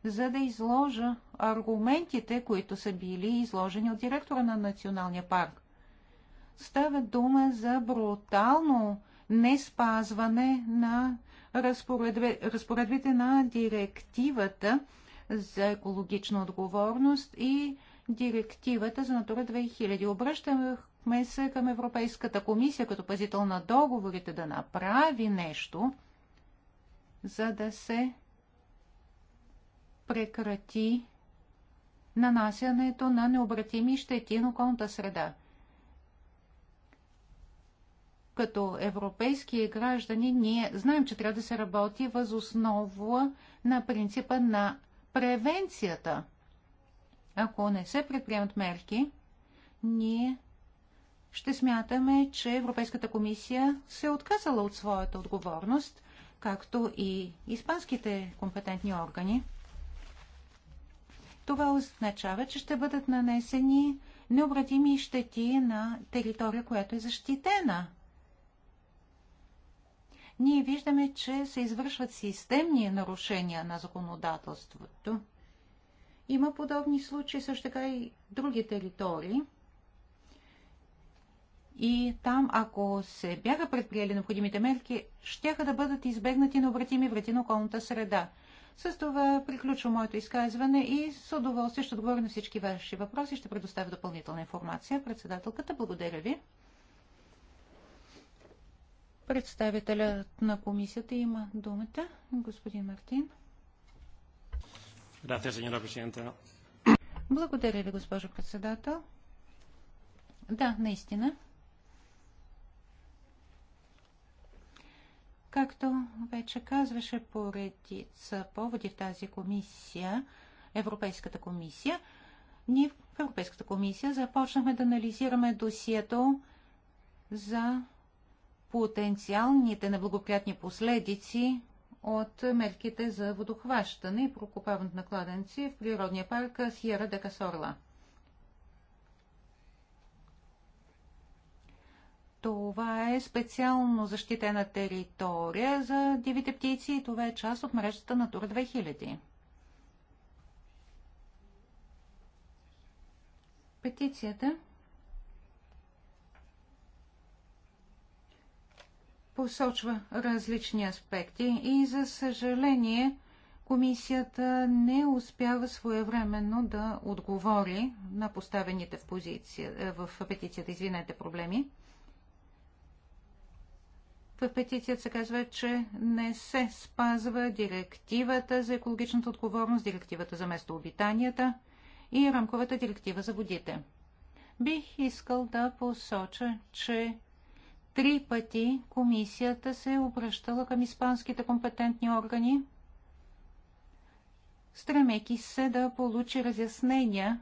за да изложа аргументите, които са били изложени от директора на Националния парк. Става дума за брутално не спазване на разпоредби, разпоредбите на директивата за екологична отговорност и директивата за Натура 2000. Обръщаме се към Европейската комисия като пазител на договорите да направи нещо, за да се прекрати нанасянето на необратими щети на околната среда. Като европейски граждани ние знаем, че трябва да се работи въз основа на принципа на превенцията. Ако не се предприемат мерки, ние ще смятаме, че Европейската комисия се е отказала от своята отговорност, както и испанските компетентни органи – това означава, че ще бъдат нанесени необратими щети на територия, която е защитена. Ние виждаме, че се извършват системни нарушения на законодателството. Има подобни случаи също така и други територии. И там, ако се бяха предприели необходимите мерки, щяха да бъдат избегнати необратими вреди на околната среда – с това приключвам моето изказване и с удоволствие ще отговоря на всички ваши въпроси. Ще предоставя допълнителна информация. Председателката, благодаря ви. Представителят на комисията има думата. Господин Мартин. Благодаря ви, госпожо председател. Да, наистина. Както вече казваше поредица поводи в тази комисия, Европейската комисия, ние в Европейската комисия започнахме да анализираме досието за потенциалните неблагоприятни последици от мерките за водохващане и прокопаването на кладенци в природния парк Сиера де Касорла. Това е специално защитена територия за дивите птици и това е част от мрежата Натура 2000. Петицията посочва различни аспекти и, за съжаление, комисията не успява своевременно да отговори на поставените в, позиция, в петицията извинете, проблеми. В петицията се казва, че не се спазва директивата за екологичната отговорност, директивата за местообитанията и рамковата директива за водите. Бих искал да посоча, че три пъти комисията се е обръщала към испанските компетентни органи, стремейки се да получи разяснения,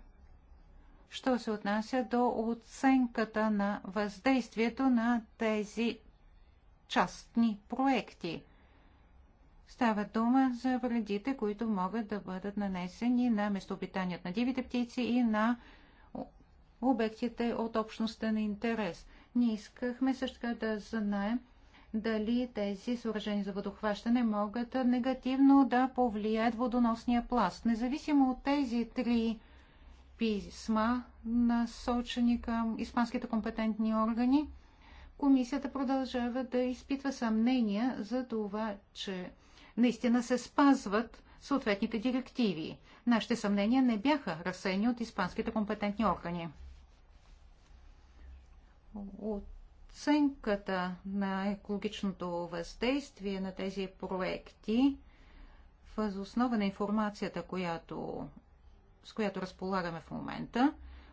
що се отнася до оценката на въздействието на тези частни проекти. Става дума за вредите, които могат да бъдат нанесени на местообитанията на дивите птици и на обектите от общността на интерес. Ние искахме също така да знаем дали тези съоръжения за водохващане могат негативно да повлияят водоносния пласт. Независимо от тези три писма, насочени към испанските компетентни органи, комисията продължава да изпитва съмнения за това, че наистина се спазват съответните директиви. Нашите съмнения не бяха разсени от испанските компетентни органи. Оценката на екологичното въздействие на тези проекти въз основа на информацията, която, с която разполагаме в момента,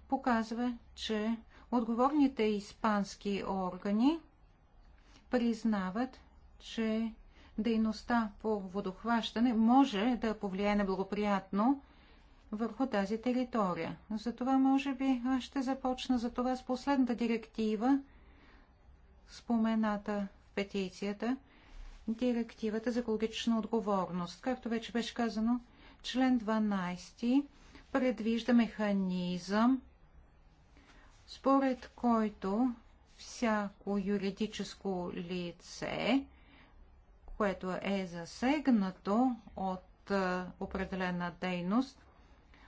показва, че Отговорните испански органи признават, че дейността по водохващане може да повлияе неблагоприятно върху тази територия. Затова, може би, аз ще започна за това с последната директива, спомената в петицията, директивата за екологична отговорност. Както вече беше казано, член 12 предвижда механизъм според който всяко юридическо лице, което е засегнато от е, определена дейност,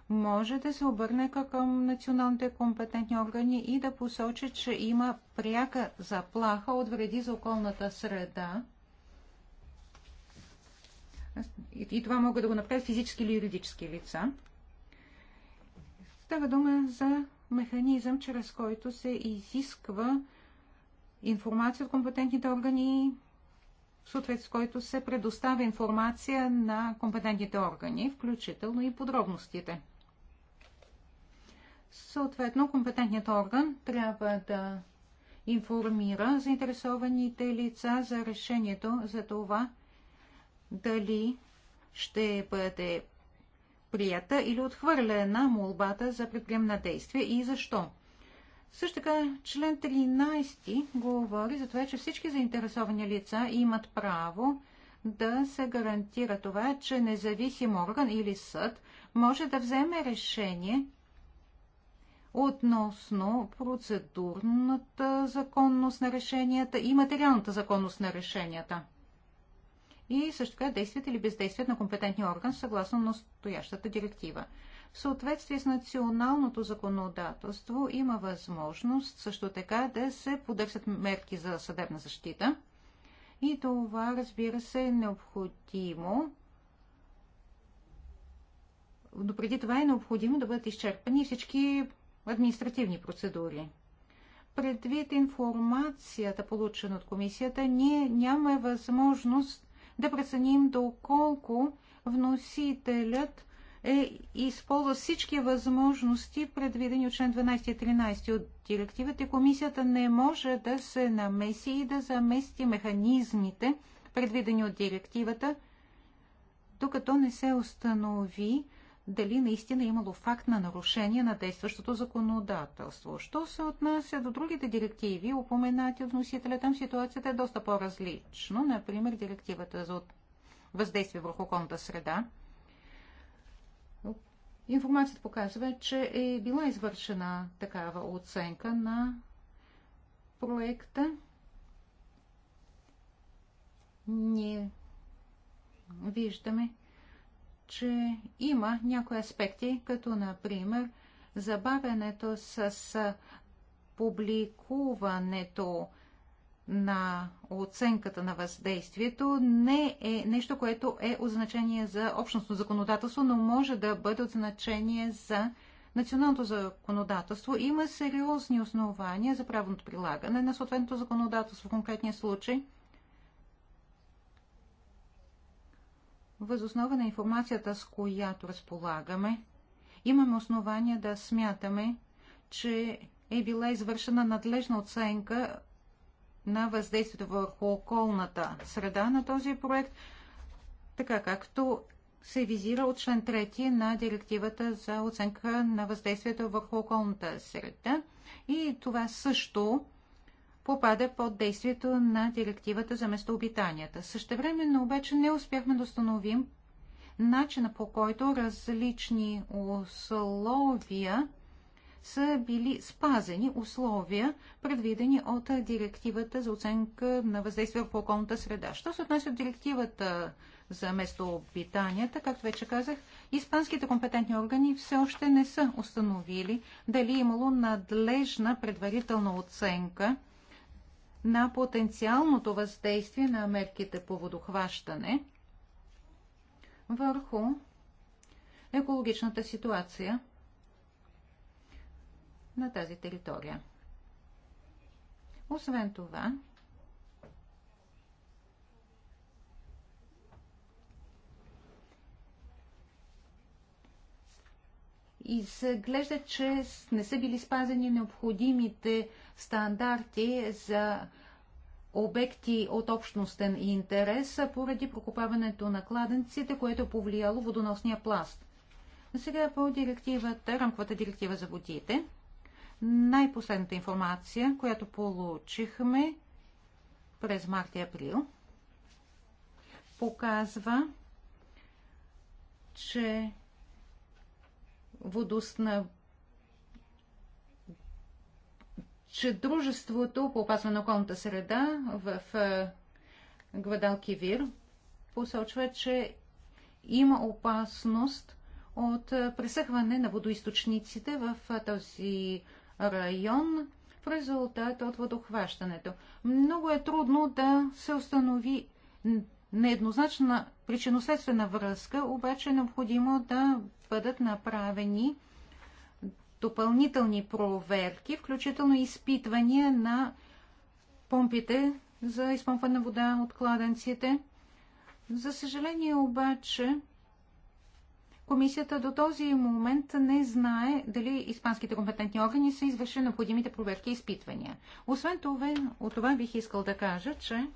може да се обърне към националните компетентни органи и да посочи, че има пряка заплаха от вреди за околната среда. И това могат да го направят физически или юридически лица. Става дума за механизъм, чрез който се изисква информация от компетентните органи, в съответствие с който се предоставя информация на компетентните органи, включително и подробностите. Съответно, компетентният орган трябва да информира заинтересованите лица за решението за това дали ще бъде прията или отхвърлена молбата за предприемна действие и защо. Също така, член 13 говори за това, че всички заинтересовани лица имат право да се гарантира това, че независим орган или съд може да вземе решение относно процедурната законност на решенията и материалната законност на решенията и също така действията или бездействията на компетентния орган съгласно настоящата директива. В съответствие с националното законодателство има възможност също така да се подърсят мерки за съдебна защита. И това, разбира се, е необходимо. Но преди това е необходимо да бъдат изчерпани всички административни процедури. Предвид информацията, получена от комисията, ние нямаме възможност да преценим доколко вносителят е използва всички възможности, предвидени от член 12 и 13 от директивата и комисията не може да се намеси и да замести механизмите, предвидени от директивата, докато не се установи дали наистина е имало факт на нарушение на действащото законодателство. Що се отнася до другите директиви, упоменати от носителя, там ситуацията е доста по-различно. Например, директивата за въздействие върху околната среда. Информацията показва, че е била извършена такава оценка на проекта. Ние виждаме, че има някои аспекти, като например забавянето с публикуването на оценката на въздействието не е нещо, което е от значение за общностно законодателство, но може да бъде от значение за националното законодателство. Има сериозни основания за правилното прилагане на съответното законодателство в конкретния случай – Възоснова на информацията, с която разполагаме, имаме основания да смятаме, че е била извършена надлежна оценка на въздействието върху околната среда на този проект, така както се визира от член 3 на директивата за оценка на въздействието върху околната среда. И това също попада под действието на директивата за местообитанията. Същевременно обаче не успяхме да установим начина по който различни условия са били спазени условия, предвидени от директивата за оценка на въздействие в околната среда. Що се отнася от директивата за местообитанията, както вече казах, испанските компетентни органи все още не са установили дали е имало надлежна предварителна оценка – на потенциалното въздействие на мерките по водохващане върху екологичната ситуация на тази територия. Освен това, изглежда, че не са били спазени необходимите стандарти за обекти от общностен интерес поради прокопаването на кладенците, което е повлияло водоносния пласт. Сега по директивата, рамковата директива за водите. Най-последната информация, която получихме през март и април, показва, че водосна че дружеството по опазване на околната среда в е, Гвадалкивир посочва, че има опасност от е, пресъхване на водоисточниците в е, този район в резултат от водохващането. Много е трудно да се установи нееднозначна причинно-следствена връзка, обаче е необходимо да бъдат направени допълнителни проверки, включително изпитвания на помпите за изпомпване на вода от кладенците. За съжаление обаче, комисията до този момент не знае дали испанските компетентни органи са извършили необходимите проверки и изпитвания. Освен това, от това бих искал да кажа, че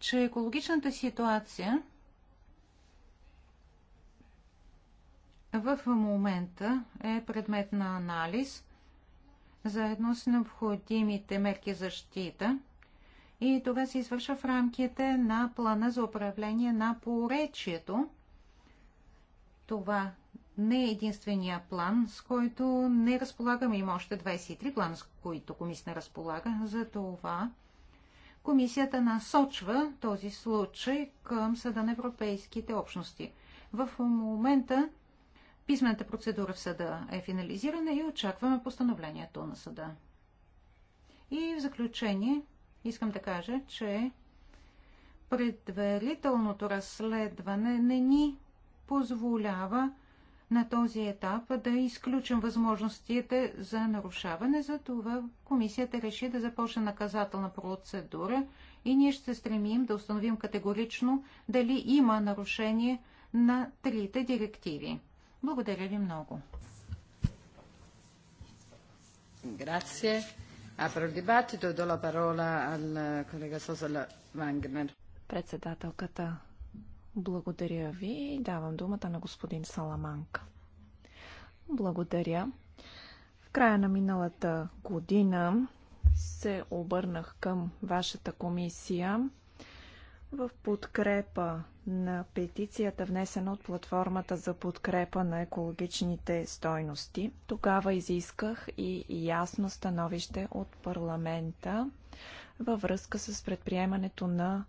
че екологичната ситуация в момента е предмет на анализ заедно с необходимите мерки защита и това се извършва в рамките на плана за управление на поречието. Това не е единствения план, с който не разполагаме. Има още 23 плана, с които комисия не разполага. За това комисията насочва този случай към Съда на Европейските общности. В момента писмената процедура в съда е финализирана и очакваме постановлението на съда. И в заключение искам да кажа, че предварителното разследване не ни позволява на този етап да изключим възможностите за нарушаване. За това комисията реши да започне наказателна процедура и ние ще се стремим да установим категорично дали има нарушение на трите директиви. Благодаря ви много. Grazie. Apro il dibattito, do la parola al collega Sosa Wagner. Председателката благодаря ви. Давам думата на господин Саламанка. Благодаря. В края на миналата година се обърнах към вашата комисия в подкрепа на петицията, внесена от платформата за подкрепа на екологичните стойности. Тогава изисках и ясно становище от парламента във връзка с предприемането на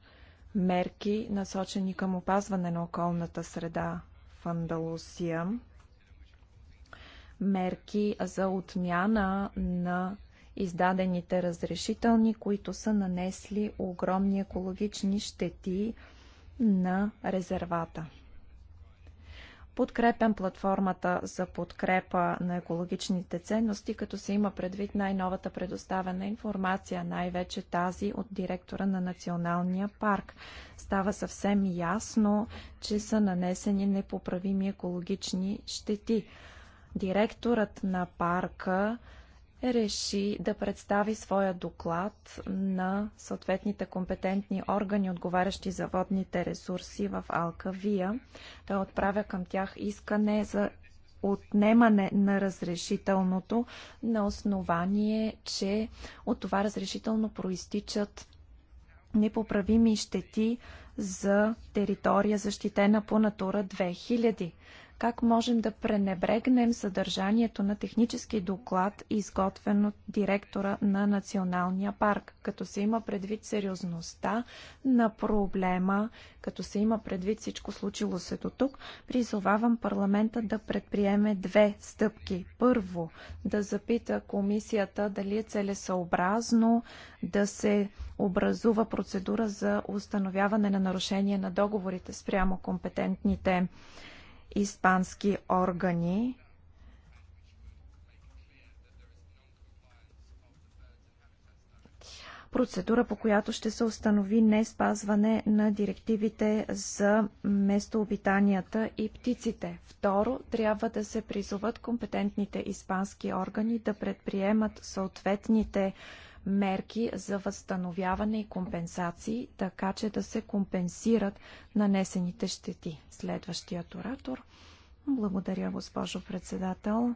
мерки, насочени към опазване на околната среда в Андалусия, мерки за отмяна на издадените разрешителни, които са нанесли огромни екологични щети на резервата. Подкрепям платформата за подкрепа на екологичните ценности, като се има предвид най-новата предоставена информация, най-вече тази от директора на Националния парк. Става съвсем ясно, че са нанесени непоправими екологични щети. Директорът на парка реши да представи своя доклад на съответните компетентни органи, отговарящи за водните ресурси в Алкавия. Той отправя към тях искане за отнемане на разрешителното на основание, че от това разрешително проистичат непоправими щети за територия защитена по Натура 2000. Как можем да пренебрегнем съдържанието на технически доклад, изготвен от директора на Националния парк, като се има предвид сериозността на проблема, като се има предвид всичко случило се до тук, призовавам парламента да предприеме две стъпки. Първо, да запита комисията дали е целесъобразно да се образува процедура за установяване на нарушение на договорите спрямо компетентните испански органи процедура, по която ще се установи не спазване на директивите за местообитанията и птиците. Второ, трябва да се призоват компетентните испански органи да предприемат съответните мерки за възстановяване и компенсации, така че да се компенсират нанесените щети. Следващият оратор. Благодаря, госпожо председател.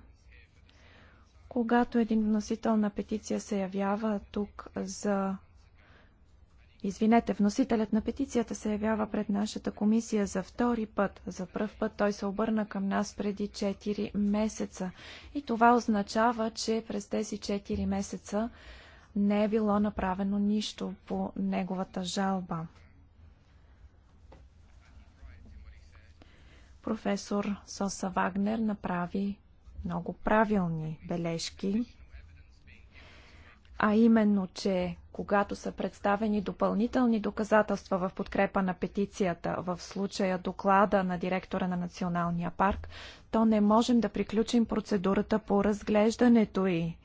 Когато един вносител на петиция се явява тук за Извинете, вносителят на петицията се явява пред нашата комисия за втори път. За пръв път той се обърна към нас преди 4 месеца. И това означава, че през тези 4 месеца не е било направено нищо по неговата жалба. Професор Соса Вагнер направи много правилни бележки, а именно, че когато са представени допълнителни доказателства в подкрепа на петицията, в случая доклада на директора на Националния парк, то не можем да приключим процедурата по разглеждането й.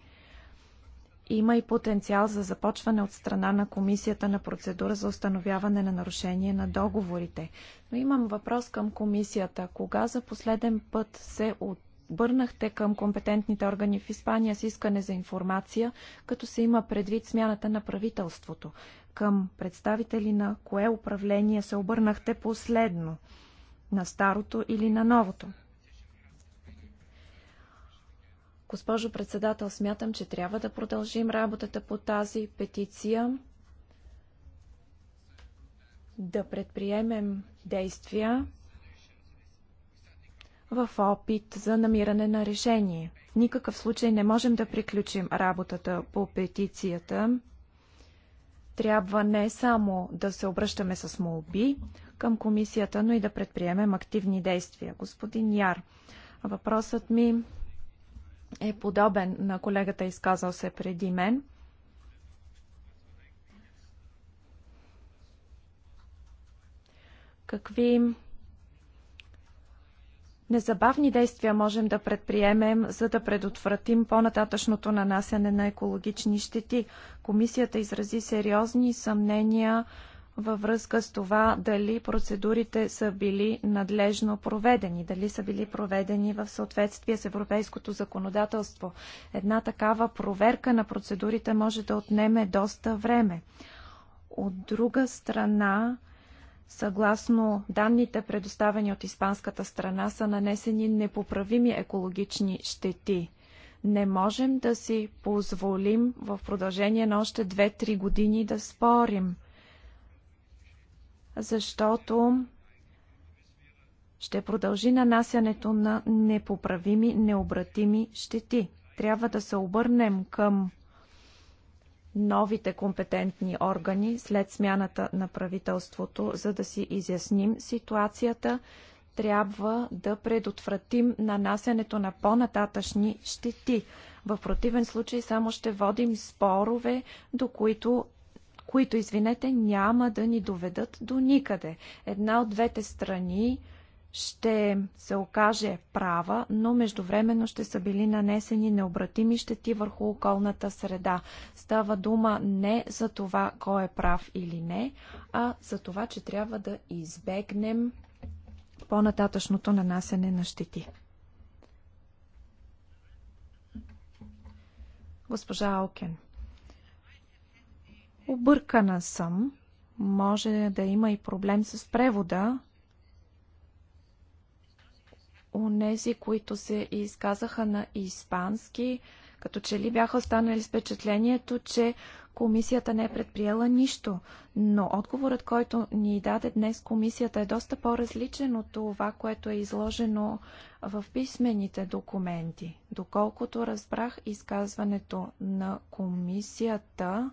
Има и потенциал за започване от страна на комисията на процедура за установяване на нарушение на договорите. Но имам въпрос към комисията. Кога за последен път се от обърнахте към компетентните органи в Испания с искане за информация, като се има предвид смяната на правителството? Към представители на кое управление се обърнахте последно? На старото или на новото? Госпожо председател, смятам, че трябва да продължим работата по тази петиция, да предприемем действия в опит за намиране на решение. В никакъв случай не можем да приключим работата по петицията. Трябва не само да се обръщаме с молби към комисията, но и да предприемем активни действия. Господин Яр, въпросът ми е подобен на колегата, изказал се преди мен. Какви незабавни действия можем да предприемем, за да предотвратим по-нататъчното нанасяне на екологични щети? Комисията изрази сериозни съмнения във връзка с това дали процедурите са били надлежно проведени, дали са били проведени в съответствие с европейското законодателство. Една такава проверка на процедурите може да отнеме доста време. От друга страна, съгласно данните, предоставени от испанската страна, са нанесени непоправими екологични щети не можем да си позволим в продължение на още 2-3 години да спорим защото ще продължи нанасянето на непоправими, необратими щети. Трябва да се обърнем към новите компетентни органи след смяната на правителството, за да си изясним ситуацията. Трябва да предотвратим нанасянето на по-нататъчни щети. В противен случай само ще водим спорове, до които които, извинете, няма да ни доведат до никъде. Една от двете страни ще се окаже права, но междувременно ще са били нанесени необратими щети върху околната среда. Става дума не за това кой е прав или не, а за това, че трябва да избегнем по-нататъчното нанасене на щети. Госпожа Алкен. Объркана съм. Може да има и проблем с превода. Онези, които се изказаха на испански, като че ли бяха останали с впечатлението, че комисията не е предприела нищо. Но отговорът, който ни даде днес комисията е доста по-различен от това, което е изложено в писмените документи. Доколкото разбрах изказването на комисията,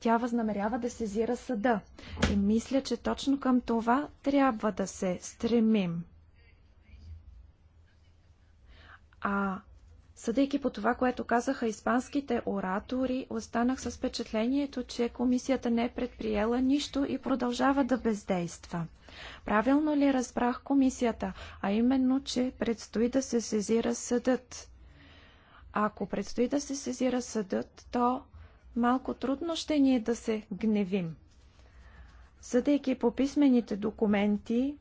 тя възнамерява да сезира съда. И мисля, че точно към това трябва да се стремим. А съдейки по това, което казаха испанските оратори, останах с впечатлението, че комисията не е предприела нищо и продължава да бездейства. Правилно ли разбрах комисията, а именно, че предстои да се сезира съдът? ако предстои да се сезира съдът, то малко трудно ще ни е да се гневим. Съдейки по писмените документи,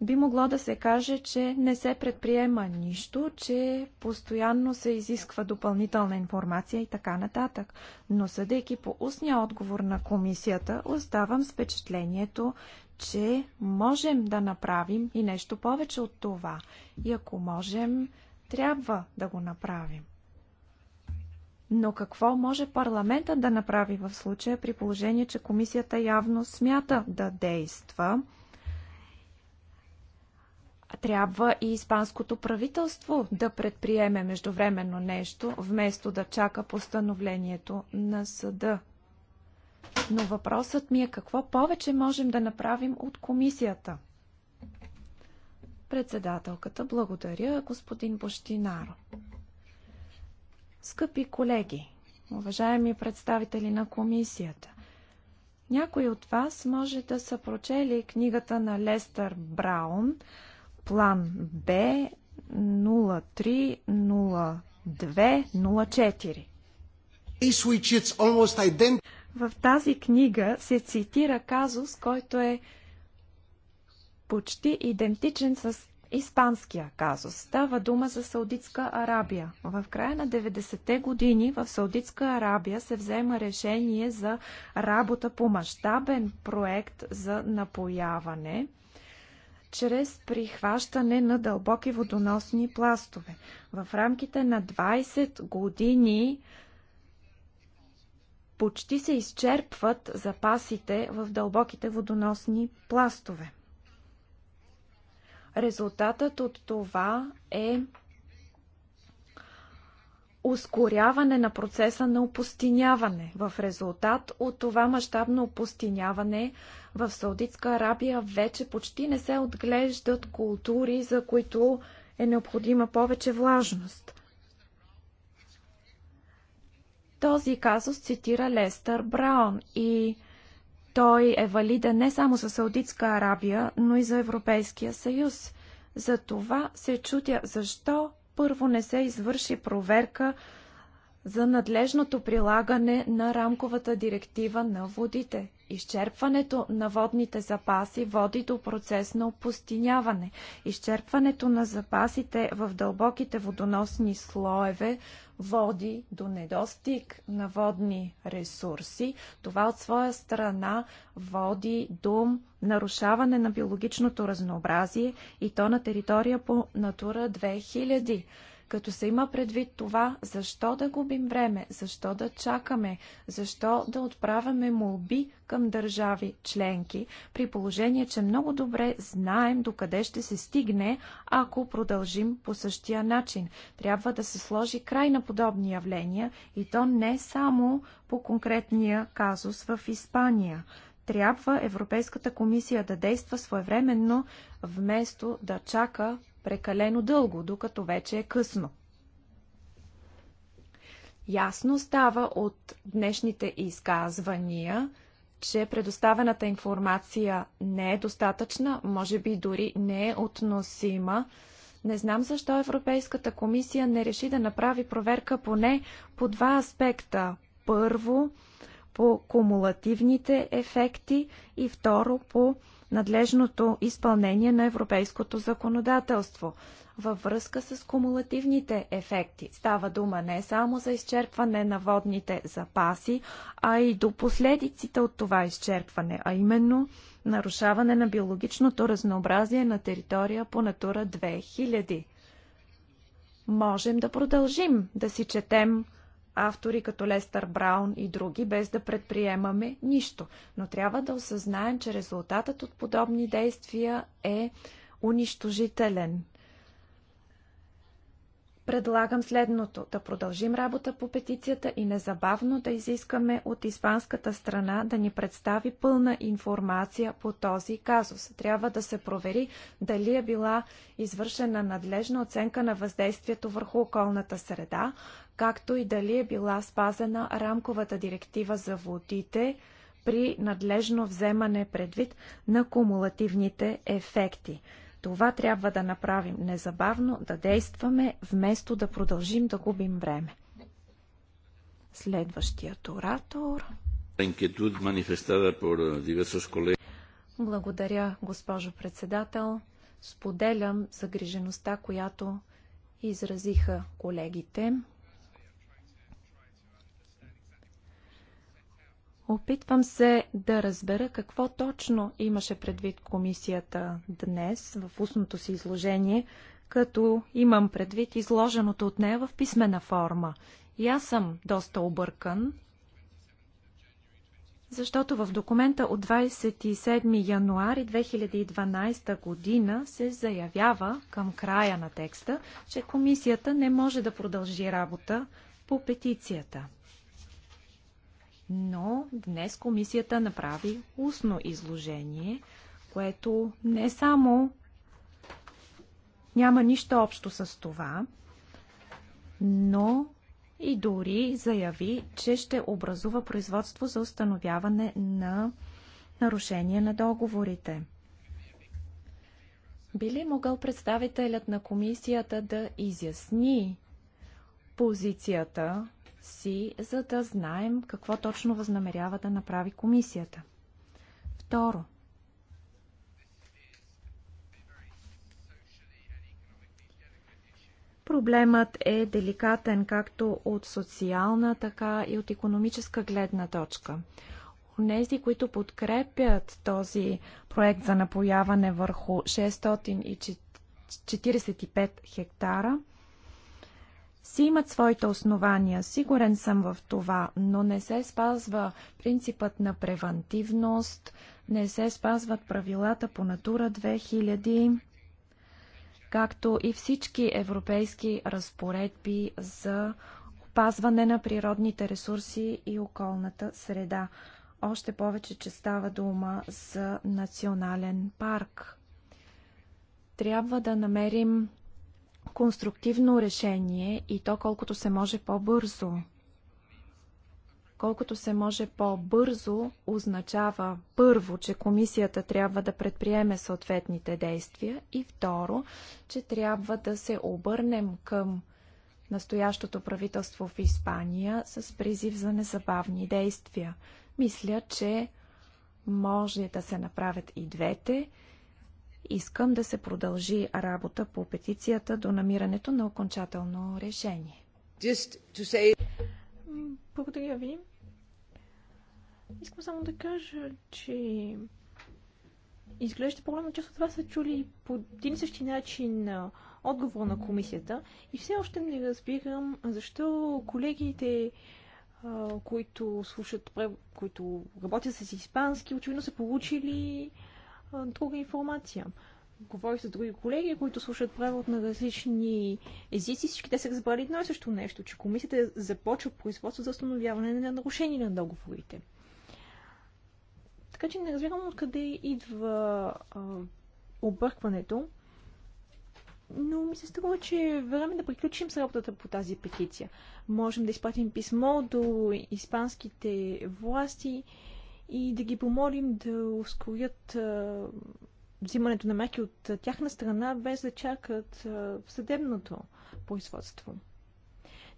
би могло да се каже, че не се предприема нищо, че постоянно се изисква допълнителна информация и така нататък. Но съдейки по устния отговор на комисията, оставам с впечатлението, че можем да направим и нещо повече от това. И ако можем, трябва да го направим. Но какво може парламента да направи в случая при положение, че комисията явно смята да действа? Трябва и испанското правителство да предприеме междувременно нещо, вместо да чака постановлението на съда. Но въпросът ми е какво повече можем да направим от комисията? Председателката благодаря господин Бощинаро. Скъпи колеги, уважаеми представители на комисията, някои от вас може да са прочели книгата на Лестър Браун План Б 02-04. В тази книга се цитира казус, който е почти идентичен с испанския казус. Става дума за Саудитска Арабия. В края на 90-те години в Саудитска Арабия се взема решение за работа по мащабен проект за напояване чрез прихващане на дълбоки водоносни пластове. В рамките на 20 години почти се изчерпват запасите в дълбоките водоносни пластове. Резултатът от това е ускоряване на процеса на опустиняване. В резултат от това мащабно опустиняване в Саудитска Арабия вече почти не се отглеждат култури, за които е необходима повече влажност. Този казус цитира Лестър Браун и той е валиден не само за Саудитска Арабия, но и за Европейския съюз. За това се чудя защо първо не се извърши проверка за надлежното прилагане на рамковата директива на водите. Изчерпването на водните запаси води до процес на опустиняване. Изчерпването на запасите в дълбоките водоносни слоеве води до недостиг на водни ресурси. Това от своя страна води до нарушаване на биологичното разнообразие и то на територия по Натура 2000. Като се има предвид това, защо да губим време, защо да чакаме, защо да отправяме молби към държави членки, при положение, че много добре знаем докъде ще се стигне, ако продължим по същия начин. Трябва да се сложи край на подобни явления и то не само по конкретния казус в Испания трябва Европейската комисия да действа своевременно, вместо да чака прекалено дълго, докато вече е късно. Ясно става от днешните изказвания, че предоставената информация не е достатъчна, може би дори не е относима. Не знам защо Европейската комисия не реши да направи проверка поне по два аспекта. Първо, по кумулативните ефекти и второ, по надлежното изпълнение на европейското законодателство във връзка с кумулативните ефекти. Става дума не само за изчерпване на водните запаси, а и до последиците от това изчерпване, а именно нарушаване на биологичното разнообразие на територия по Натура 2000. Можем да продължим да си четем автори като Лестър Браун и други, без да предприемаме нищо. Но трябва да осъзнаем, че резултатът от подобни действия е унищожителен. Предлагам следното да продължим работа по петицията и незабавно да изискаме от испанската страна да ни представи пълна информация по този казус. Трябва да се провери дали е била извършена надлежна оценка на въздействието върху околната среда, както и дали е била спазена рамковата директива за водите при надлежно вземане предвид на кумулативните ефекти. Това трябва да направим незабавно, да действаме, вместо да продължим да губим време. Следващият оратор. Благодаря, госпожо председател. Споделям загрижеността, която изразиха колегите. Опитвам се да разбера какво точно имаше предвид комисията днес в устното си изложение, като имам предвид изложеното от нея в писмена форма. И аз съм доста объркан, защото в документа от 27 януари 2012 година се заявява към края на текста, че комисията не може да продължи работа по петицията. Но днес комисията направи устно изложение, което не само няма нищо общо с това, но и дори заяви, че ще образува производство за установяване на нарушение на договорите. Би ли могъл представителят на комисията да изясни позицията си, за да знаем какво точно възнамерява да направи комисията. Второ, Проблемът е деликатен както от социална, така и от економическа гледна точка. Онези, които подкрепят този проект за напояване върху 645 хектара, си имат своите основания, сигурен съм в това, но не се спазва принципът на превантивност, не се спазват правилата по Натура 2000, както и всички европейски разпоредби за опазване на природните ресурси и околната среда. Още повече, че става дума за национален парк. Трябва да намерим конструктивно решение и то колкото се може по-бързо. Колкото се може по-бързо означава първо, че комисията трябва да предприеме съответните действия и второ, че трябва да се обърнем към настоящото правителство в Испания с призив за незабавни действия. Мисля, че може да се направят и двете Искам да се продължи работа по петицията до намирането на окончателно решение. Say... Благодаря ви. Искам само да кажа, че изглежда по-голяма част от вас са чули по един същи начин отговор на комисията и все още не разбирам защо колегите, които слушат, които работят с испански, очевидно са получили друга информация. Говорих с други колеги, които слушат превод на различни езици. Всички те са разбрали едно и също нещо, че комисията е започва производство за установяване на нарушения на договорите. Така че не разбирам откъде идва а, объркването, но ми се струва, че е време да приключим с работата по тази петиция. Можем да изпратим писмо до испанските власти и да ги помолим да ускорят взимането на мерки от тяхна страна, без да чакат съдебното производство.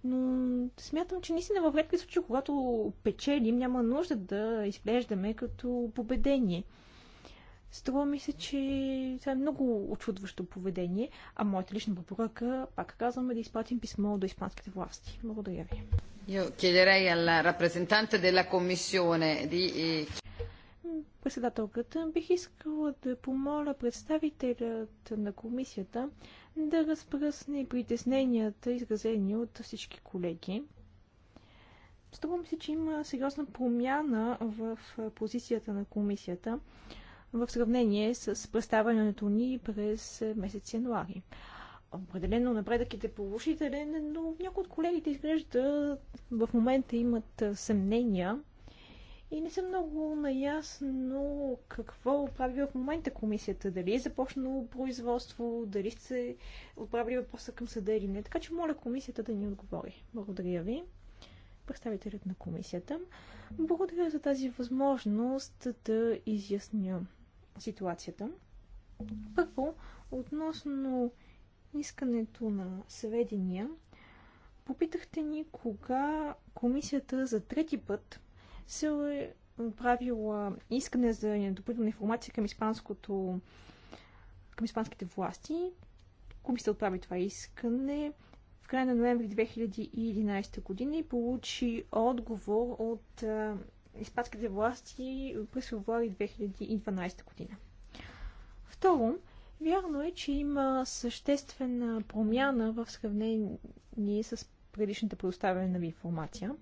Но смятам, че наистина във редки случаи, когато печелим, няма нужда да изглеждаме като победение. Струва ми се, че това е много очудващо поведение, а моята лична препоръка, пак казваме, да изпратим писмо до испанските власти. Благодаря ви. Eh, Председателката бих искала да помоля представителят на комисията да разпръсне притесненията, изразени от всички колеги. Струва ми се, че има сериозна промяна в позицията на комисията в сравнение с представянето ни през е, месец януари. Определено напредъкът е положителен, но някои от колегите изглежда в момента имат е, съмнения и не съм много наясно какво прави в момента комисията. Дали е започнало производство, дали сте отправили въпроса към съда или не. Така че моля комисията да ни отговори. Благодаря ви. Представителят на комисията. Благодаря за тази възможност да изясня ситуацията. Първо, относно искането на сведения, попитахте ни кога комисията за трети път се е правила искане за допълнителна информация към испанското към испанските власти. Комисията отправи това искане в края на ноември 2011 година и получи отговор от испанските власти през февруари 2012 година. Второ, вярно е, че има съществена промяна в сравнение с предишната предоставяне на информация.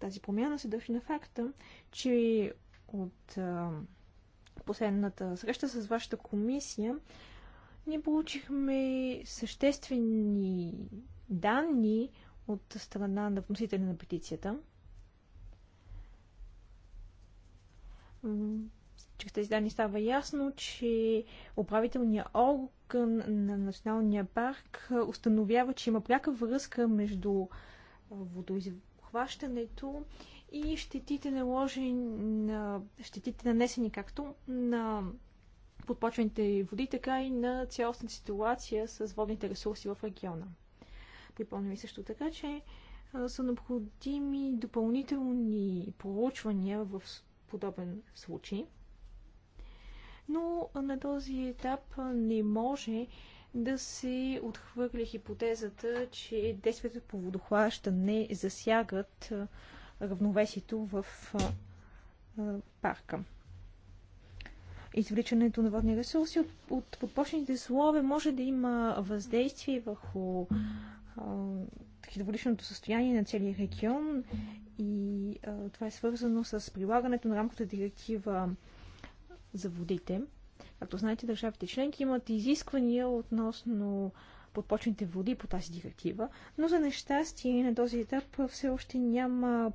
Тази промяна се дължи на факта, че от последната среща с вашата комисия ние получихме съществени данни от страна на вносителя на петицията – чрез тези данни става ясно, че управителният орган на Националния парк установява, че има пряка връзка между водоизхващането и щетите наложени, щетите нанесени както на подпочвените води, така и на цялостната ситуация с водните ресурси в региона. Припомняме също така, че са необходими допълнителни проучвания в подобен случай. Но на този етап не може да се отхвърли хипотезата, че действията по не засягат равновесието в парка. Извличането на водни ресурси от, от подпочните слове може да има въздействие върху хидроводичното състояние на целия регион и а, това е свързано с прилагането на рамката директива за водите. Както знаете, държавите членки имат изисквания относно подпочните води по тази директива, но за нещастие на този етап все още няма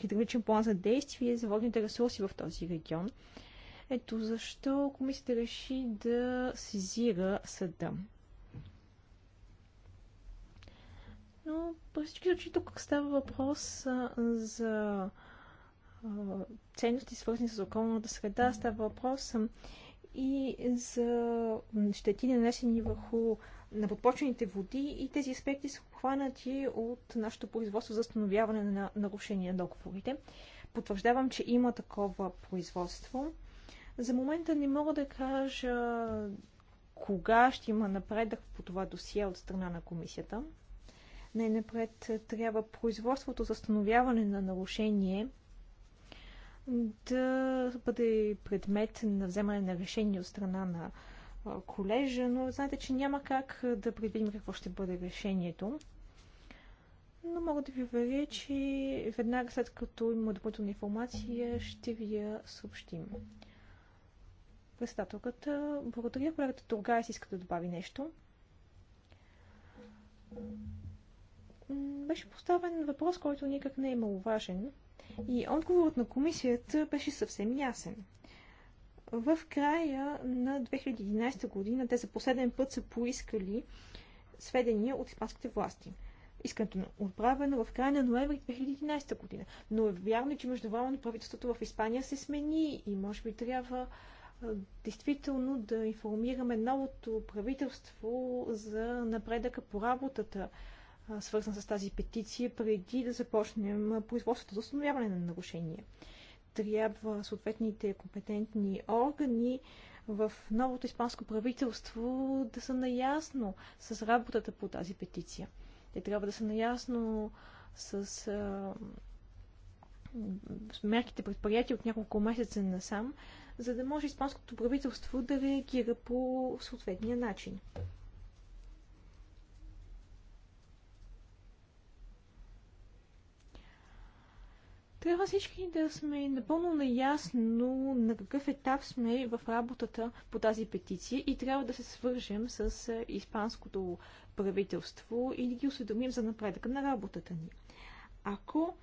хидравличен план за действие за водните ресурси в този регион. Ето защо комисията реши да сезира съда. Но по всички случаи тук става въпрос а, за а, ценности, свързани с околната среда. Става въпрос а, и за щети, нанесени върху на подпочвените води и тези аспекти са обхванати от нашето производство за установяване на нарушения на договорите. Потвърждавам, че има такова производство. За момента не мога да кажа кога ще има напредък по това досие от страна на комисията. Най-напред е, трябва производството за становяване на нарушение да бъде предмет на вземане на решение от страна на колежа, но знаете, че няма как да предвидим какво ще бъде решението. Но мога да ви уверя, че веднага след като има допълнителна информация, ще ви я съобщим. Председателката, благодаря. Колегата Тургайс иска да добави нещо беше поставен въпрос, който никак не е маловажен. И отговорът на комисията беше съвсем ясен. В края на 2011 година те за последен път са поискали сведения от испанските власти. Искането отправено в края на ноември 2011 година. Но е вярно, че междувременно правителството в Испания се смени и може би трябва действително да информираме новото правителство за напредъка по работата свързан с тази петиция, преди да започнем производството за установяване на нарушение. Трябва съответните компетентни органи в новото испанско правителство да са наясно с работата по тази петиция. Те трябва да са наясно с а, мерките предприятия от няколко месеца насам, за да може испанското правителство да реагира по съответния начин. Трябва всички да сме напълно наясно на какъв етап сме в работата по тази петиция и трябва да се свържем с е, испанското правителство и да ги осведомим за напредъка на работата ни. Ако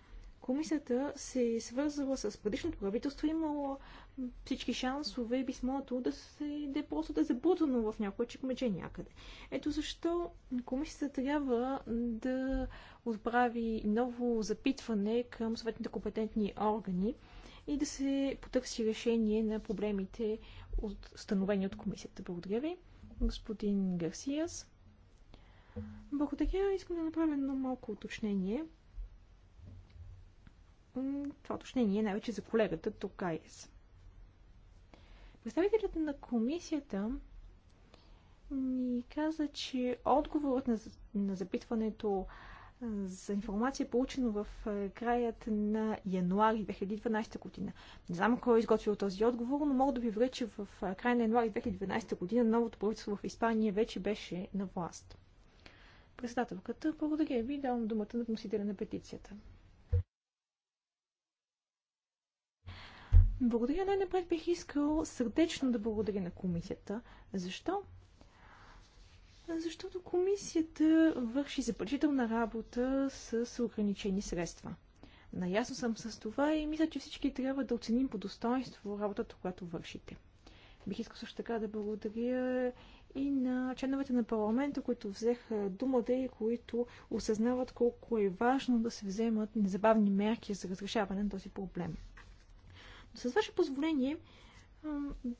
Комисията се е свързала с предишното правителство, и имало всички шансове и писмото да се да е просто да е забутано в някое чекмедже някъде. Ето защо комисията трябва да отправи ново запитване към съветните компетентни органи и да се потърси решение на проблемите, установени от комисията. Благодаря ви, господин Гарсиас. Благодаря. Искам да направя едно малко уточнение. Това уточнение е най-вече за колегата Токайес. Представителят на комисията ни каза, че отговорът на, на запитването за информация, получено в краят на януари 2012 година. Не знам кой е изготвил този отговор, но мога да ви уверя, че в края на януари 2012 година новото правителство в Испания вече беше на власт. Председателката, благодаря ви, давам думата на вносителя на петицията. Благодаря най-напред бих искал сърдечно да благодаря на комисията. Защо? Защото комисията върши запълнителна работа с ограничени средства. Наясно съм с това и мисля, че всички трябва да оценим по достоинство работата, която вършите. Бих искал също така да благодаря и на членовете на парламента, които взеха думата и които осъзнават колко е важно да се вземат незабавни мерки за разрешаване на този проблем. С ваше позволение,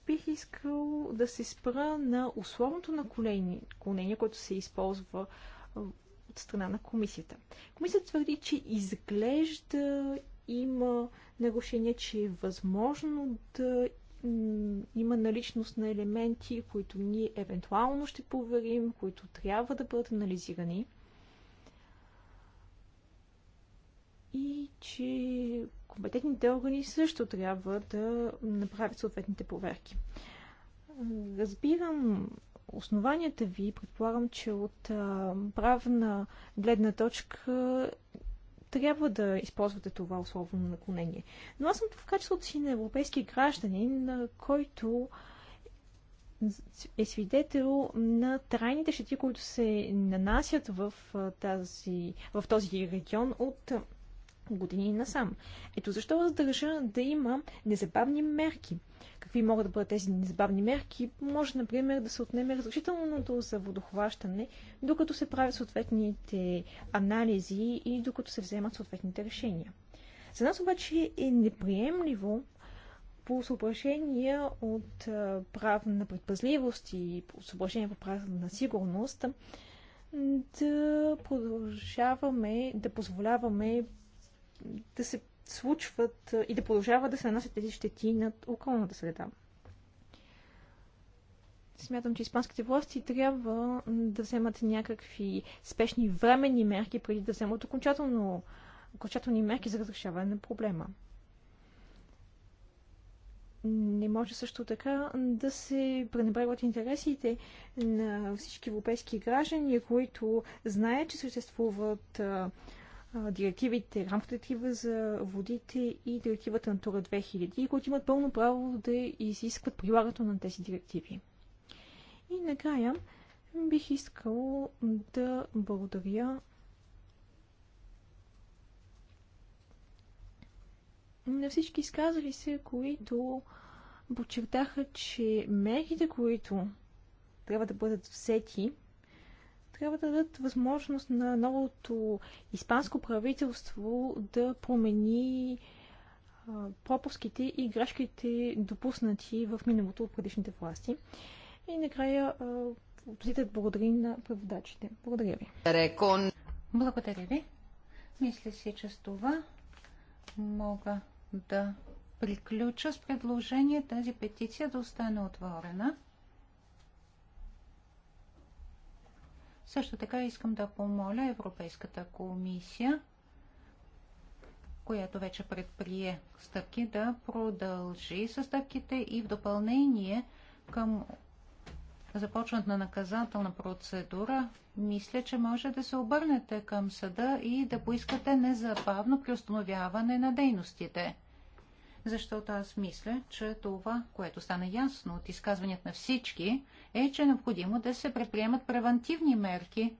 бих искал да се спра на условното наклонение, което се използва от страна на комисията. Комисията твърди, че изглежда има нарушение, че е възможно да има наличност на елементи, които ние евентуално ще проверим, които трябва да бъдат анализирани. и че компетентните органи също трябва да направят съответните проверки. Разбирам основанията ви, предполагам, че от правна гледна точка трябва да използвате това условно наклонение. Но аз съм в качеството си на европейски гражданин, който е свидетел на трайните щети, които се нанасят в, тази, в този регион от години насам. Ето защо задържа държа да има незабавни мерки. Какви могат да бъдат тези незабавни мерки? Може, например, да се отнеме разрешителното за водохващане, докато се правят съответните анализи и докато се вземат съответните решения. За нас обаче е неприемливо по съображения от на предпазливост и по съображения по на сигурност да продължаваме да позволяваме да се случват и да продължават да се нанасят тези щети над околната среда. Смятам, че испанските власти трябва да вземат някакви спешни временни мерки, преди да вземат окончателно, окончателни мерки за разрешаване на проблема. Не може също така да се пренебрегват интересите на всички европейски граждани, които знаят, че съществуват директивите, рамката директива за водите и директивата на Тура 2000, които имат пълно право да изискват прилагането на тези директиви. И накрая бих искал да благодаря на всички изказали се, които подчертаха, че мерките, които трябва да бъдат взети трябва да дадат възможност на новото испанско правителство да промени пропуските и грешките допуснати в миналото от предишните власти. И накрая опозитът благодари на преводачите. Благодаря ви. Рекон. Благодаря ви. Мисля си, че с това мога да приключа с предложение тази петиция да остане отворена. Също така искам да помоля Европейската комисия, която вече предприе стъпки, да продължи със стъпките и в допълнение към започването на наказателна процедура, мисля, че може да се обърнете към съда и да поискате незабавно приостановяване на дейностите защото аз мисля, че това, което стана ясно от изказванията на всички, е, че е необходимо да се предприемат превентивни мерки,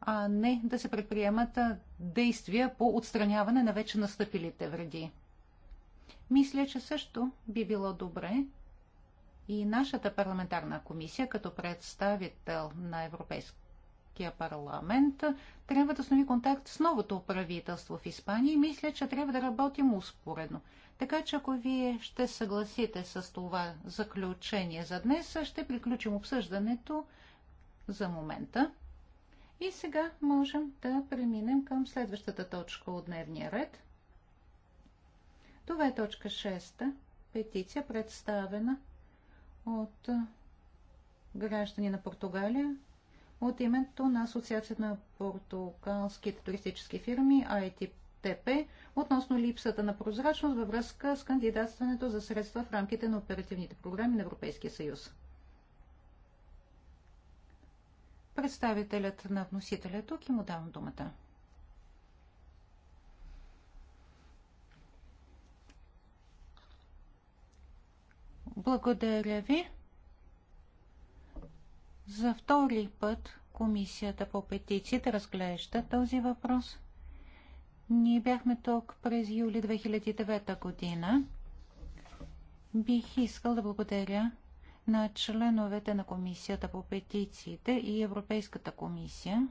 а не да се предприемат действия по отстраняване на вече настъпилите вреди. Мисля, че също би било добре и нашата парламентарна комисия, като представител на Европейския парламент, трябва да основи контакт с новото правителство в Испания и мисля, че трябва да работим успоредно. Така че ако вие ще съгласите с това заключение за днес, ще приключим обсъждането за момента. И сега можем да преминем към следващата точка от дневния ред. Това е точка 6. Петиция, представена от граждани на Португалия от името на Асоциацията на португалските туристически фирми ITP ТП относно липсата на прозрачност във връзка с кандидатстването за средства в рамките на оперативните програми на Европейския съюз. Представителят на вносителя е тук и му давам думата. Благодаря ви. За втори път Комисията по петициите разглежда този въпрос. Ние бяхме тук през юли 2009 година. Бих искал да благодаря на членовете на Комисията по петициите и Европейската комисия.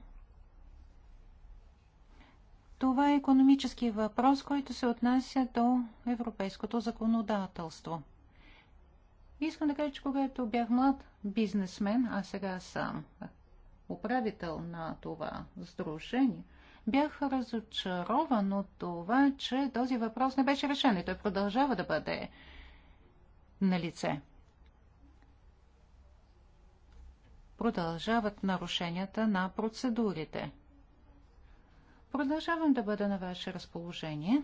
Това е економически въпрос, който се отнася до европейското законодателство. Искам да кажа, че когато бях млад бизнесмен, а сега съм управител на това сдружение – Бях разочарован от това, че този въпрос не беше решен и той продължава да бъде на лице. Продължават нарушенията на процедурите. Продължавам да бъда на ваше разположение.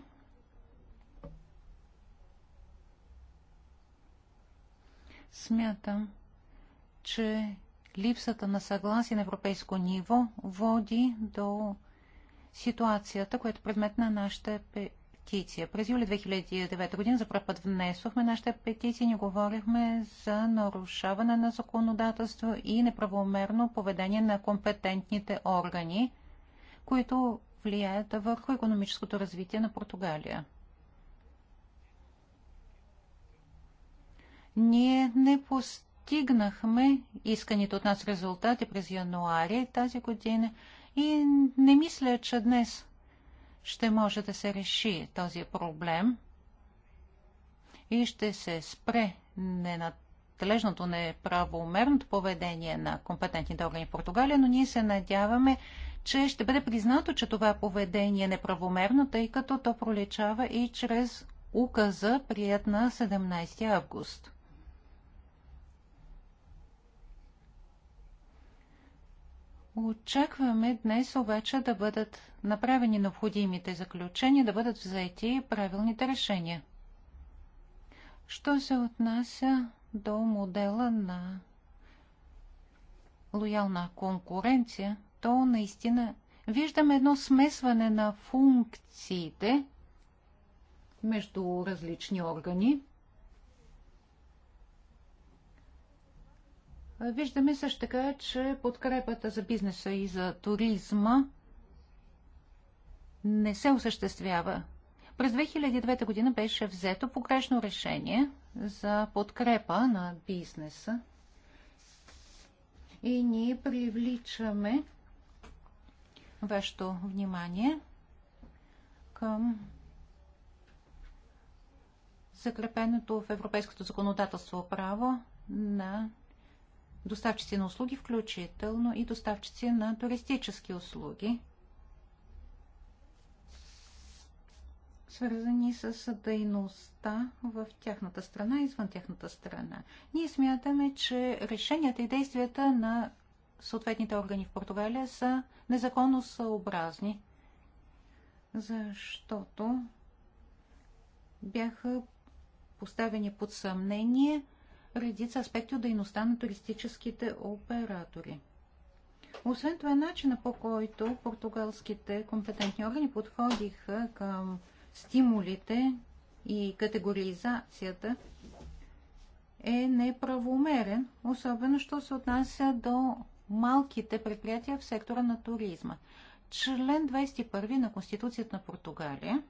Смятам, че липсата на съгласие на европейско ниво води до ситуацията, която е предмет на нашата петиция. През юли 2009 година за първ път внесохме нашата петиция и ни говорихме за нарушаване на законодателство и неправомерно поведение на компетентните органи, които влияят върху економическото развитие на Португалия. Ние не постигнахме исканите от нас резултати през януари тази година и не мисля, че днес ще може да се реши този проблем и ще се спре ненадлежното, неправомерното поведение на компетентните органи в Португалия, но ние се надяваме, че ще бъде признато, че това поведение е неправомерно, тъй като то проличава и чрез указа, прият на 17 август. Очакваме днес обаче да бъдат направени необходимите заключения, да бъдат взети правилните решения. Що се отнася до модела на лоялна конкуренция, то наистина виждаме едно смесване на функциите между различни органи. Виждаме също така, че подкрепата за бизнеса и за туризма не се осъществява. През 2009 година беше взето погрешно решение за подкрепа на бизнеса и ние привличаме вашето внимание към закрепеното в европейското законодателство право на доставчици на услуги, включително и доставчици на туристически услуги, свързани с дейността в тяхната страна и извън тяхната страна. Ние смятаме, че решенията и действията на съответните органи в Португалия са незаконно съобразни, защото бяха поставени под съмнение – редица аспекти от дейността на туристическите оператори. Освен това, начина по който португалските компетентни органи подходиха към стимулите и категоризацията е неправомерен, особено що се отнася до малките предприятия в сектора на туризма. Член 21 на Конституцията на Португалия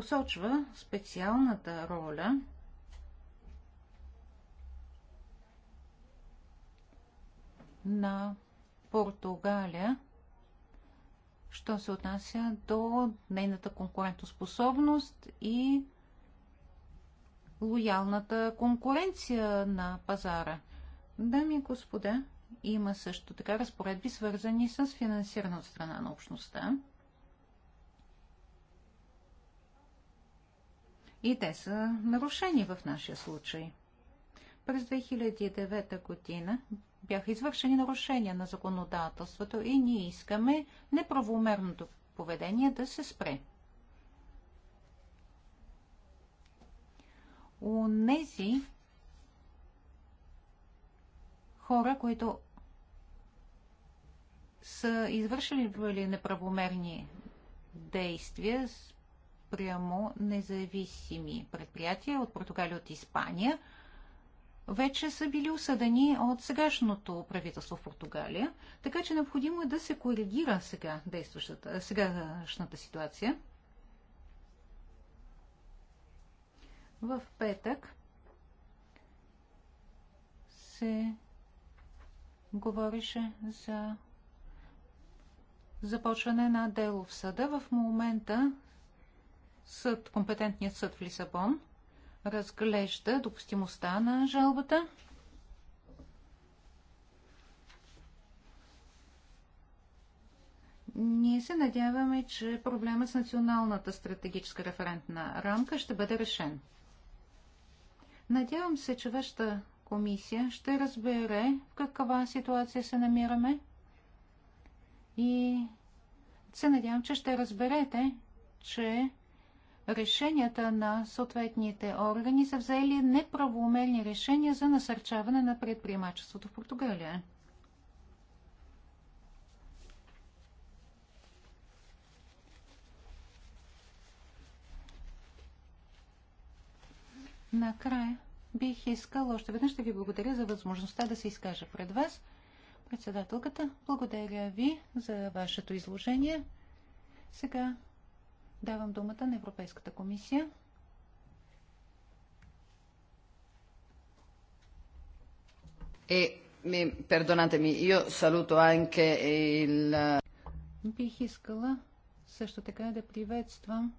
посочва специалната роля на Португалия, що се отнася до нейната конкурентоспособност и лоялната конкуренция на пазара. Дами и господа, има също така разпоредби, свързани с финансиране от страна на общността. и те са нарушени в нашия случай. През 2009 година бяха извършени нарушения на законодателството и ние искаме неправомерното поведение да се спре. нези хора, които са извършили неправомерни действия спрямо независими предприятия от Португалия от Испания, вече са били осъдени от сегашното правителство в Португалия, така че необходимо е да се коригира сега действащата, сегашната ситуация. В петък се говорише за започване на дело в съда. В момента съд, компетентният съд в Лисабон разглежда допустимостта на жалбата. Ние се надяваме, че проблема с националната стратегическа референтна рамка ще бъде решен. Надявам се, че вашата комисия ще разбере в каква ситуация се намираме и се надявам, че ще разберете, че решенията на съответните органи са взели неправомерни решения за насърчаване на предприемачеството в Португалия. Накрая бих искал още веднъж да ви благодаря за възможността да се изкажа пред вас. Председателката, благодаря ви за вашето изложение. Сега Давам думата на Европейската комисия. E mi, perdonatemi, io saluto anche il... Бих искала също така да приветствам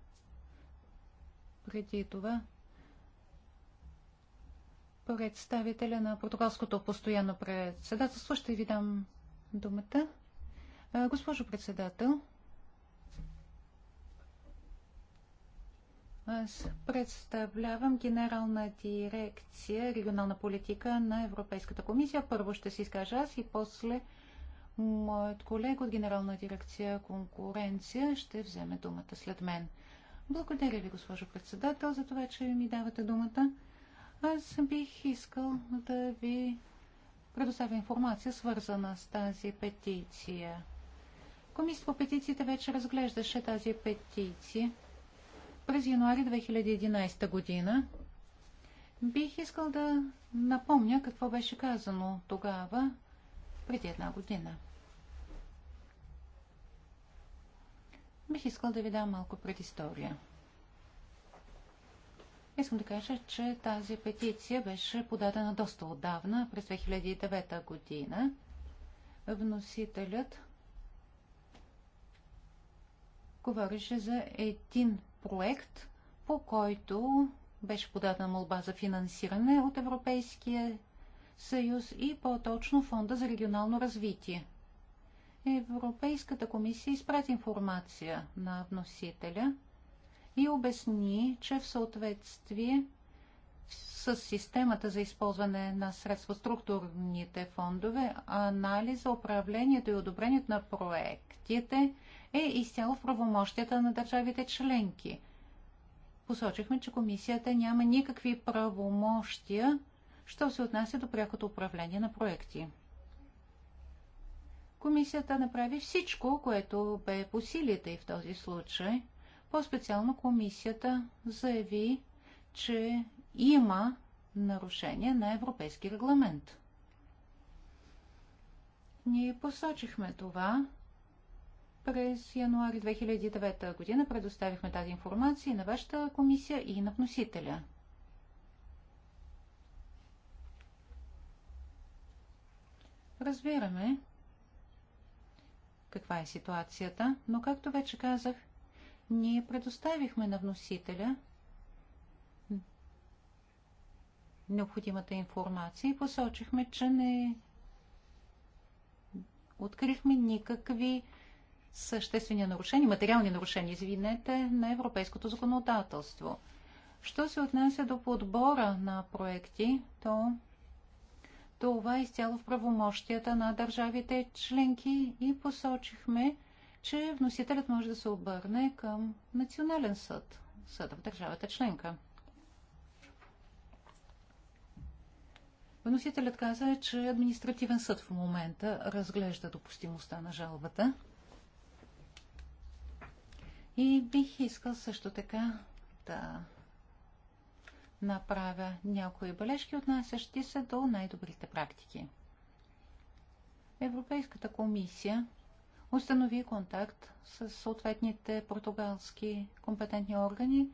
преди това представителя на португалското постоянно председателство. Ще ви дам думата. Госпожо председател, Аз представлявам генерална дирекция регионална политика на Европейската комисия. Първо ще се изкажа аз и после моят колега от генерална дирекция конкуренция ще вземе думата след мен. Благодаря ви, госпожо председател, за това, че ми давате думата. Аз бих искал да ви предоставя информация, свързана с тази петиция. Комисията по петициите вече разглеждаше тази петиция през януари 2011 година. Бих искал да напомня какво беше казано тогава, преди една година. Бих искал да ви дам малко предистория. Искам да кажа, че тази петиция беше подадена доста отдавна, през 2009 година. Вносителят говореше за един проект, по който беше подадена молба за финансиране от Европейския съюз и по-точно Фонда за регионално развитие. Европейската комисия изпрати информация на вносителя и обясни, че в съответствие с системата за използване на средства структурните фондове, анализа, управлението и одобрението на проектите – е изцяло в правомощията на държавите членки. Посочихме, че комисията няма никакви правомощия, що се отнася до прякото управление на проекти. Комисията направи всичко, което бе по силите и в този случай. По-специално комисията заяви, че има нарушение на европейски регламент. Ние посочихме това през януари 2009 година предоставихме тази информация на вашата комисия и на вносителя. Разбираме каква е ситуацията, но както вече казах, ние предоставихме на вносителя необходимата информация и посочихме, че не открихме никакви съществени нарушения, материални нарушения, извинете, на европейското законодателство. Що се отнася до подбора на проекти, то това е изцяло в правомощията на държавите членки и посочихме, че вносителят може да се обърне към национален съд, съда в държавата членка. Вносителят каза, че административен съд в момента разглежда допустимостта на жалбата. И бих искал също така да направя някои бележки, отнасящи се до най-добрите практики. Европейската комисия установи контакт с съответните португалски компетентни органи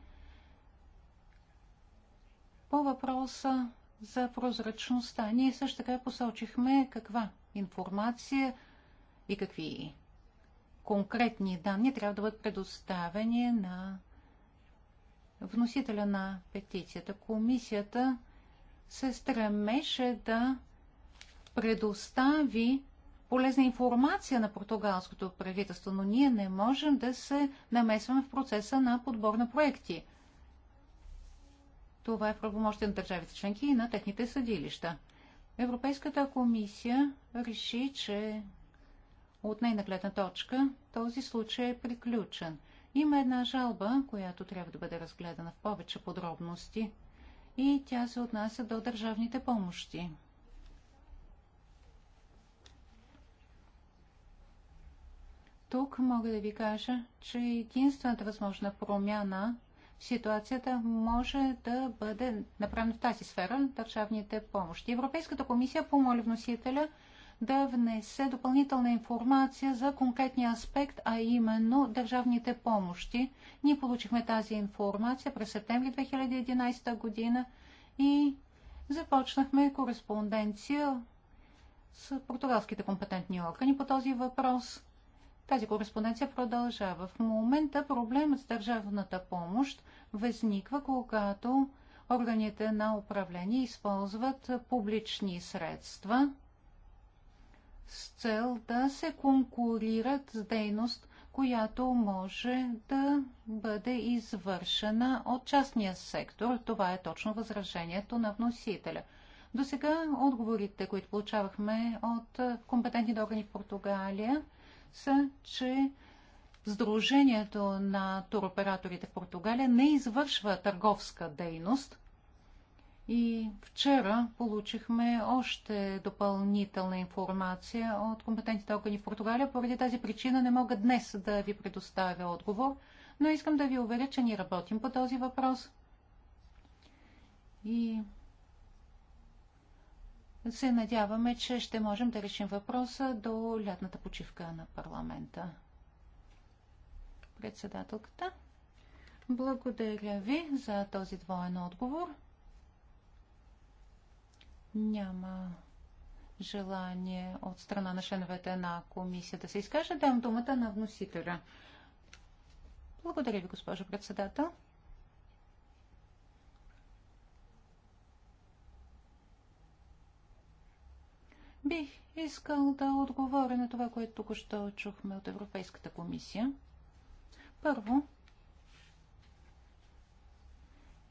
по въпроса за прозрачността. Ние също така посочихме каква информация и какви конкретни данни трябва да бъдат предоставени на вносителя на петицията. Комисията се стремеше да предостави полезна информация на португалското правителство, но ние не можем да се намесваме в процеса на подбор на проекти. Това е правомощен на държавите членки и на техните съдилища. Европейската комисия реши, че от нейна гледна точка този случай е приключен. Има една жалба, която трябва да бъде разгледана в повече подробности и тя се отнася до държавните помощи. Тук мога да ви кажа, че единствената възможна промяна в ситуацията може да бъде направена в тази сфера държавните помощи. Европейската комисия помоли вносителя да внесе допълнителна информация за конкретния аспект, а именно държавните помощи. Ние получихме тази информация през септември 2011 година и започнахме кореспонденция с португалските компетентни органи по този въпрос. Тази кореспонденция продължава. В момента проблемът с държавната помощ възниква, когато органите на управление използват публични средства – с цел да се конкурират с дейност, която може да бъде извършена от частния сектор. Това е точно възражението на вносителя. До сега отговорите, които получавахме от компетентни органи в Португалия, са, че Сдружението на туроператорите в Португалия не извършва търговска дейност, и вчера получихме още допълнителна информация от компетентните органи в Португалия. Поради тази причина не мога днес да ви предоставя отговор, но искам да ви уверя, че ние работим по този въпрос. И се надяваме, че ще можем да решим въпроса до лятната почивка на парламента. Председателката. Благодаря ви за този двоен отговор. Няма желание от страна на членовете на комисията да се изкаже. Дам думата на вносителя. Благодаря ви, госпожо председател. Бих искал да отговоря на това, което току-що чухме от Европейската комисия. Първо,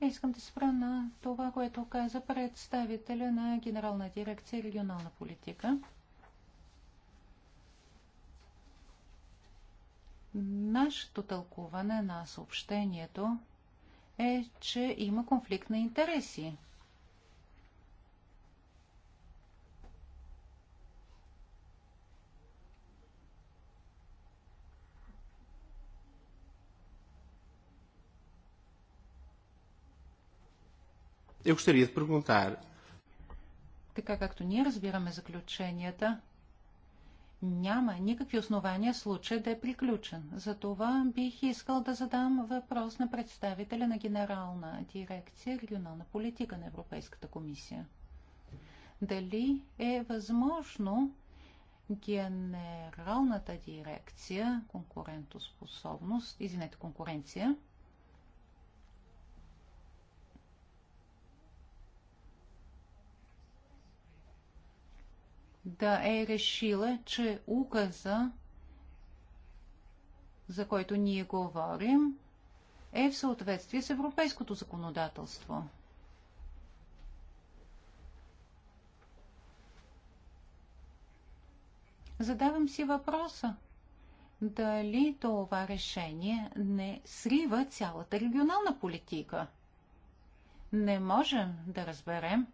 Искам да спра на това, което каза представителя на Генерална дирекция регионална политика. Нашето тълкуване на съобщението е, че има конфликт на интереси Eu gostaria de perguntar. Така както ние разбираме заключенията, няма никакви основания случай да е приключен. Затова бих искал да задам въпрос на представителя на Генерална дирекция регионална политика на Европейската комисия. Дали е възможно Генералната дирекция конкурентоспособност, извинете, конкуренция, да е решила, че указа, за който ние говорим, е в съответствие с европейското законодателство. Задавам си въпроса дали това решение не срива цялата регионална политика. Не можем да разберем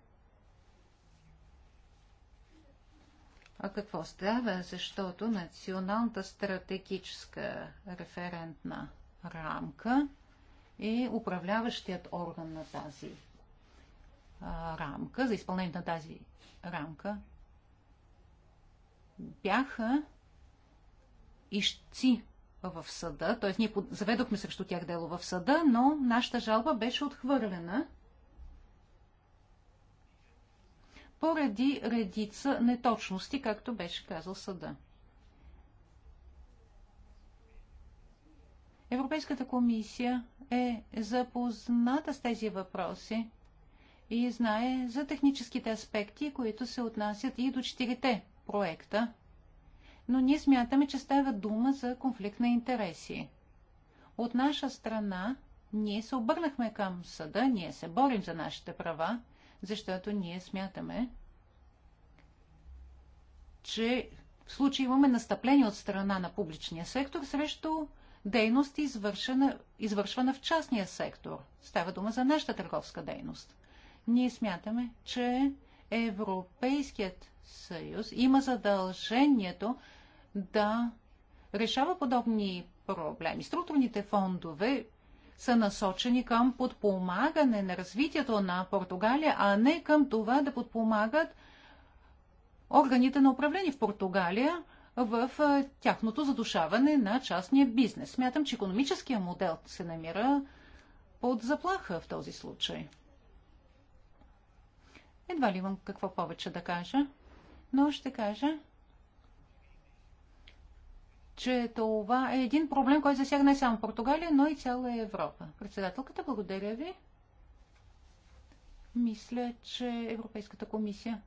А какво става, защото националната стратегическа референтна рамка е управляващият орган на тази рамка, за изпълнение на тази рамка, бяха ищци в съда, т.е. ние заведохме срещу тях дело в съда, но нашата жалба беше отхвърлена – поради редица неточности, както беше казал съда. Европейската комисия е запозната с тези въпроси и знае за техническите аспекти, които се отнасят и до четирите проекта, но ние смятаме, че става дума за конфликт на интереси. От наша страна ние се обърнахме към съда, ние се борим за нашите права, защото ние смятаме, че в случай имаме настъпление от страна на публичния сектор срещу дейност, извършена, извършвана в частния сектор. Става дума за нашата търговска дейност. Ние смятаме, че Европейският съюз има задължението да решава подобни проблеми. Структурните фондове са насочени към подпомагане на развитието на Португалия, а не към това да подпомагат органите на управление в Португалия в тяхното задушаване на частния бизнес. Смятам, че економическия модел се намира под заплаха в този случай. Едва ли имам какво повече да кажа, но ще кажа, че това е един проблем, който засяга не само Португалия, но и цяла Европа. Председателката, благодаря ви. Мисля, че Европейската комисия.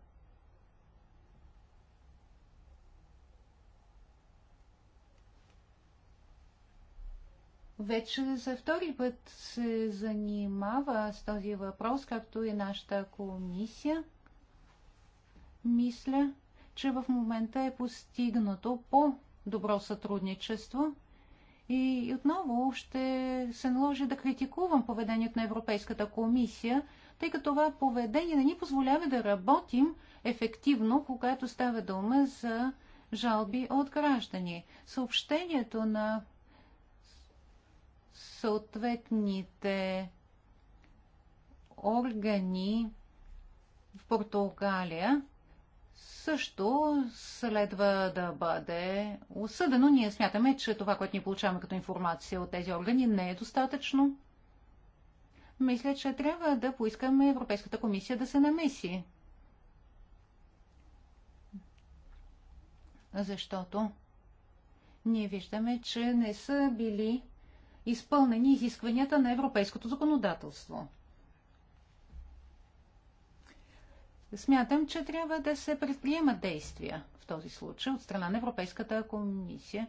Вече за втори път се занимава с този въпрос, както и нашата комисия. Мисля, че в момента е постигнато по добро сътрудничество. И отново ще се наложи да критикувам поведението на Европейската комисия, тъй като това поведение не ни позволява да работим ефективно, когато става дума за жалби от граждани. Съобщението на съответните органи в Португалия също следва да бъде осъдено. Ние смятаме, че това, което ни получаваме като информация от тези органи, не е достатъчно. Мисля, че трябва да поискаме Европейската комисия да се намеси. Защото ние виждаме, че не са били изпълнени изискванията на европейското законодателство. Смятам, че трябва да се предприемат действия в този случай от страна на Европейската комисия.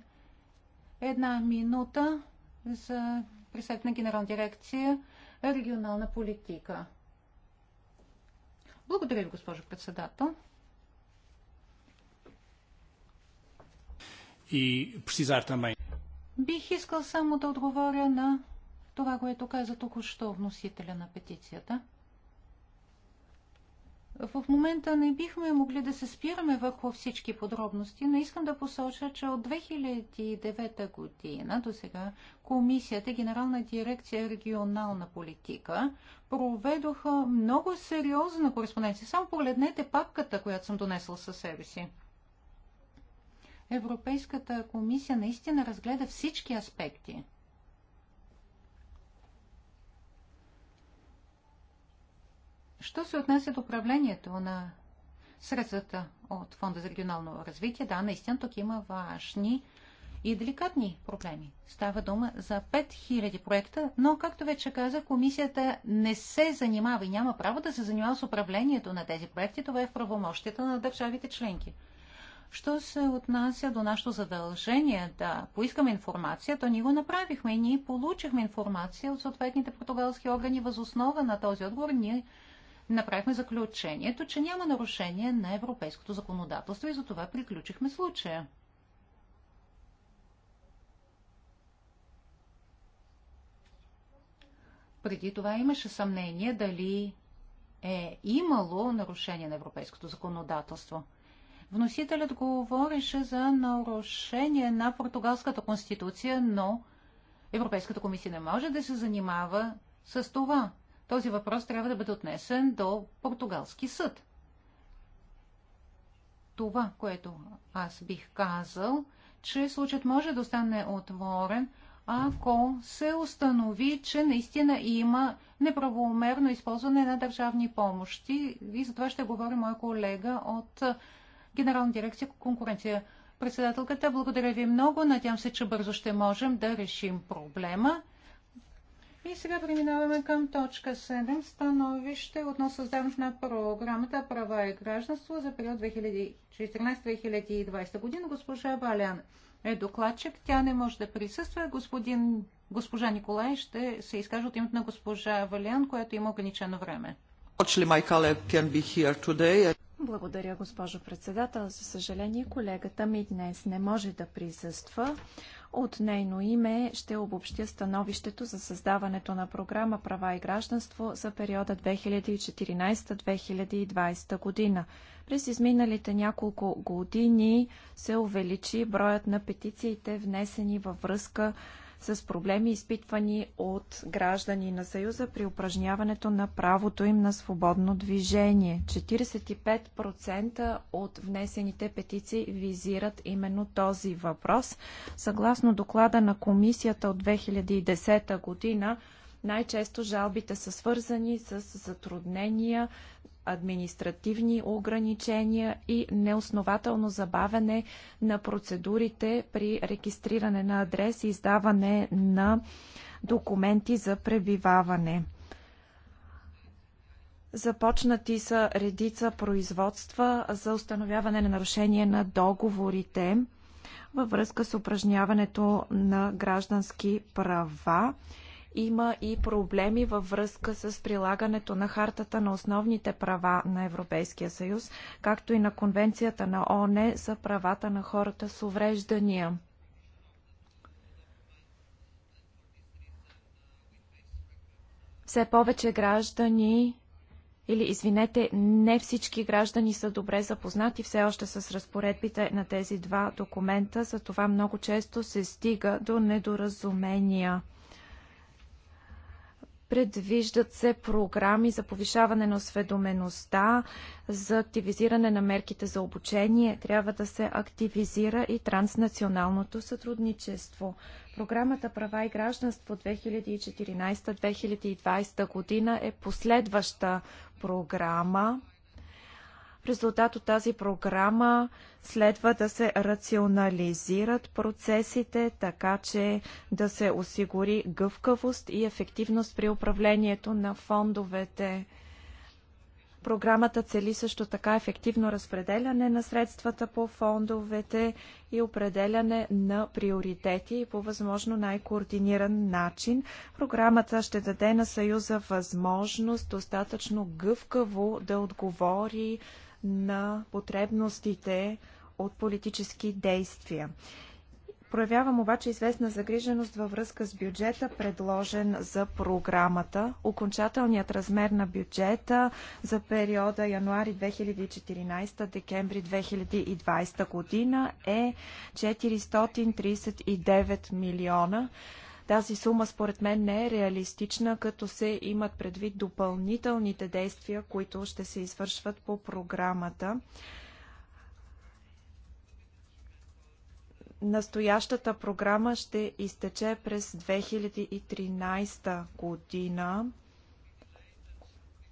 Една минута за председател на Генерална дирекция регионална политика. Благодаря ви, госпожо председател. И precisar Бих искал само да отговоря на това, което каза току-що вносителя на петицията. В момента не бихме могли да се спираме върху всички подробности, но искам да посоча, че от 2009 година до сега Комисията, Генерална дирекция регионална политика, проведоха много сериозна кореспонденция. Само погледнете папката, която съм донесъл със себе си. Европейската комисия наистина разгледа всички аспекти – Що се отнася до управлението на средствата от Фонда за регионално развитие, да, наистина тук има важни и деликатни проблеми. Става дума за 5000 проекта, но, както вече каза, комисията не се занимава и няма право да се занимава с управлението на тези проекти. Това е в правомощията на държавите членки. Що се отнася до нашето задължение да поискаме информация, то ние го направихме и ние получихме информация от съответните португалски органи. Възоснова на този отговор ние направихме заключението, че няма нарушение на европейското законодателство и за това приключихме случая. Преди това имаше съмнение дали е имало нарушение на европейското законодателство. Вносителят говореше за нарушение на португалската конституция, но Европейската комисия не може да се занимава с това този въпрос трябва да бъде отнесен до португалски съд. Това, което аз бих казал, че случаят може да остане отворен, ако се установи, че наистина има неправомерно използване на държавни помощи. И за това ще говори мой колега от Генерална дирекция конкуренция. Председателката, благодаря ви много. Надявам се, че бързо ще можем да решим проблема. И сега преминаваме към точка 7. Становище относно създаването на програмата Права и гражданство за период 2014-2020 година. Госпожа Балян е докладчик. Тя не може да присъства. Господин, госпожа Николай ще се изкаже от името на госпожа Валян, която има ограничено време. Благодаря, госпожо председател. За съжаление, колегата ми днес не може да присъства. От нейно име ще обобщя становището за създаването на програма Права и гражданство за периода 2014-2020 година. През изминалите няколко години се увеличи броят на петициите, внесени във връзка с с проблеми, изпитвани от граждани на Съюза при упражняването на правото им на свободно движение. 45% от внесените петиции визират именно този въпрос. Съгласно доклада на комисията от 2010 година, най-често жалбите са свързани с затруднения административни ограничения и неоснователно забавяне на процедурите при регистриране на адрес и издаване на документи за пребиваване. Започнати са редица производства за установяване на нарушение на договорите във връзка с упражняването на граждански права има и проблеми във връзка с прилагането на хартата на основните права на Европейския съюз, както и на Конвенцията на ООН за правата на хората с увреждания. Все повече граждани или извинете, не всички граждани са добре запознати все още с разпоредбите на тези два документа, затова много често се стига до недоразумения. Предвиждат се програми за повишаване на осведомеността, за активизиране на мерките за обучение. Трябва да се активизира и транснационалното сътрудничество. Програмата Права и гражданство 2014-2020 година е последваща програма. В резултат от тази програма следва да се рационализират процесите, така че да се осигури гъвкавост и ефективност при управлението на фондовете. Програмата цели също така ефективно разпределяне на средствата по фондовете и определяне на приоритети по възможно най-координиран начин. Програмата ще даде на Съюза възможност достатъчно гъвкаво да отговори на потребностите от политически действия. Проявявам обаче известна загриженост във връзка с бюджета, предложен за програмата. Окончателният размер на бюджета за периода януари 2014-декември 2020 година е 439 милиона. Тази сума според мен не е реалистична, като се имат предвид допълнителните действия, които ще се извършват по програмата. Настоящата програма ще изтече през 2013 година.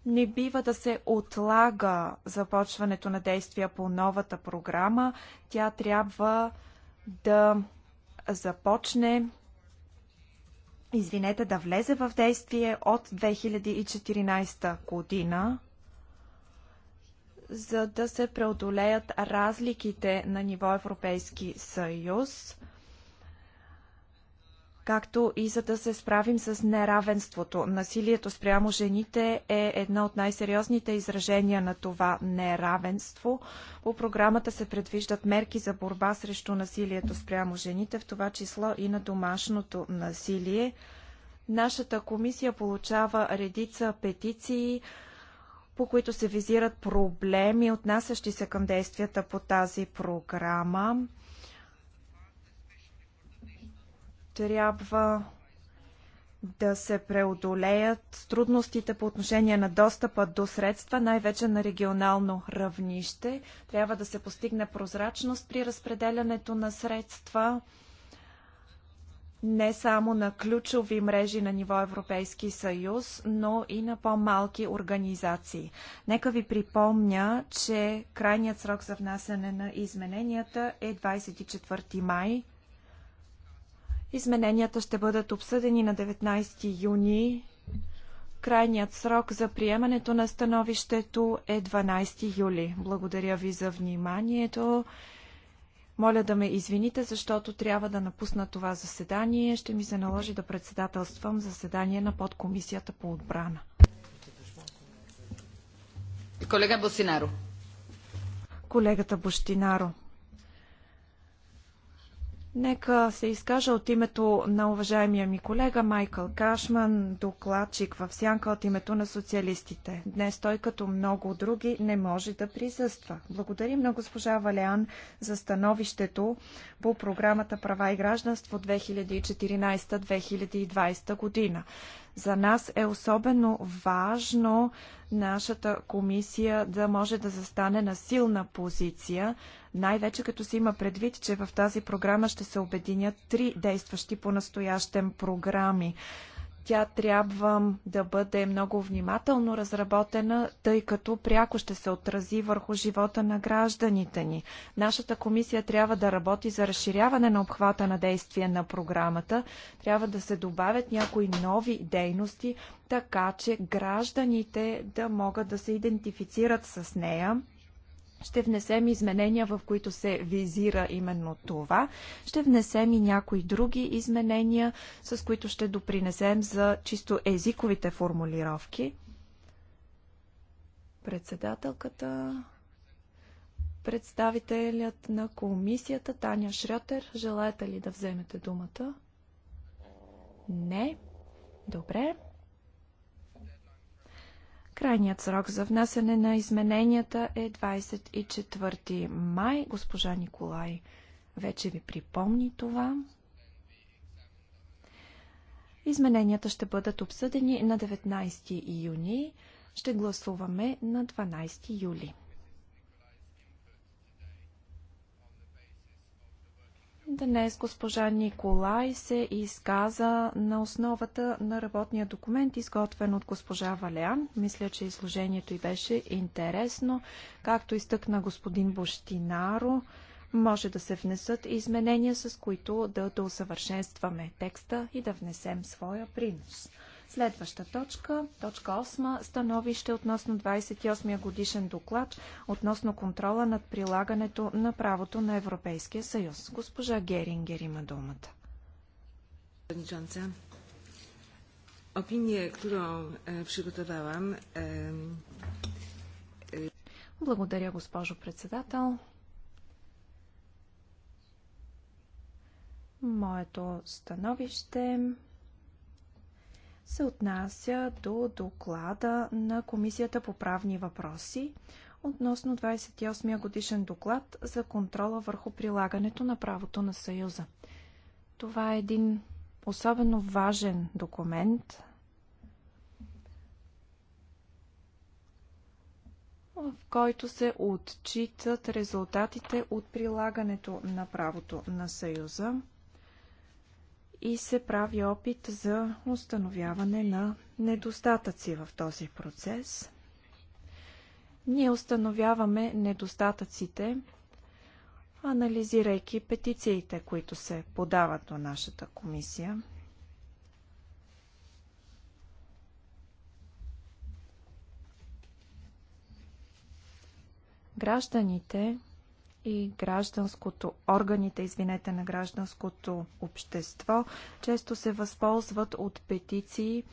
Не бива да се отлага започването на действия по новата програма. Тя трябва да започне извинете, да влезе в действие от 2014 година, за да се преодолеят разликите на ниво Европейски съюз както и за да се справим с неравенството. Насилието спрямо жените е едно от най-сериозните изражения на това неравенство. По програмата се предвиждат мерки за борба срещу насилието спрямо жените, в това число и на домашното насилие. Нашата комисия получава редица петиции, по които се визират проблеми, отнасящи се към действията по тази програма. трябва да се преодолеят трудностите по отношение на достъпа до средства, най-вече на регионално равнище. Трябва да се постигне прозрачност при разпределянето на средства не само на ключови мрежи на ниво Европейски съюз, но и на по-малки организации. Нека ви припомня, че крайният срок за внасяне на измененията е 24 май Измененията ще бъдат обсъдени на 19 юни. Крайният срок за приемането на становището е 12 юли. Благодаря ви за вниманието. Моля да ме извините, защото трябва да напусна това заседание. Ще ми се наложи да председателствам заседание на подкомисията по отбрана. Колега Босинаро. Колегата Бощинаро. Нека се изкажа от името на уважаемия ми колега Майкъл Кашман, докладчик в сянка от името на социалистите. Днес той, като много други, не може да присъства. Благодарим на госпожа Валян за становището по програмата Права и гражданство 2014-2020 година. За нас е особено важно нашата комисия да може да застане на силна позиция най-вече като се има предвид, че в тази програма ще се обединят три действащи по настоящем програми тя трябва да бъде много внимателно разработена, тъй като пряко ще се отрази върху живота на гражданите ни. Нашата комисия трябва да работи за разширяване на обхвата на действие на програмата, трябва да се добавят някои нови дейности, така че гражданите да могат да се идентифицират с нея ще внесем изменения, в които се визира именно това. Ще внесем и някои други изменения, с които ще допринесем за чисто езиковите формулировки. Председателката представителят на комисията Таня Шрьотер. Желаете ли да вземете думата? Не. Добре. Крайният срок за внасяне на измененията е 24 май. Госпожа Николай вече ви припомни това. Измененията ще бъдат обсъдени на 19 юни. Ще гласуваме на 12 юли. Днес госпожа Николай се изказа на основата на работния документ, изготвен от госпожа Валян. Мисля, че изложението й беше интересно. Както изтъкна господин Бощинаро, може да се внесат изменения, с които да, да усъвършенстваме текста и да внесем своя принос. Следваща точка, точка 8, становище относно 28-я годишен доклад относно контрола над прилагането на правото на Европейския съюз. Госпожа Герингер има думата. Е, е, е. Благодаря, госпожо председател. Моето становище се отнася до доклада на Комисията по правни въпроси относно 28-я годишен доклад за контрола върху прилагането на правото на Съюза. Това е един особено важен документ, в който се отчитат резултатите от прилагането на правото на Съюза – и се прави опит за установяване на недостатъци в този процес. Ние установяваме недостатъците, анализирайки петициите, които се подават до нашата комисия. Гражданите и гражданското, органите, извинете, на гражданското общество често се възползват от петиции,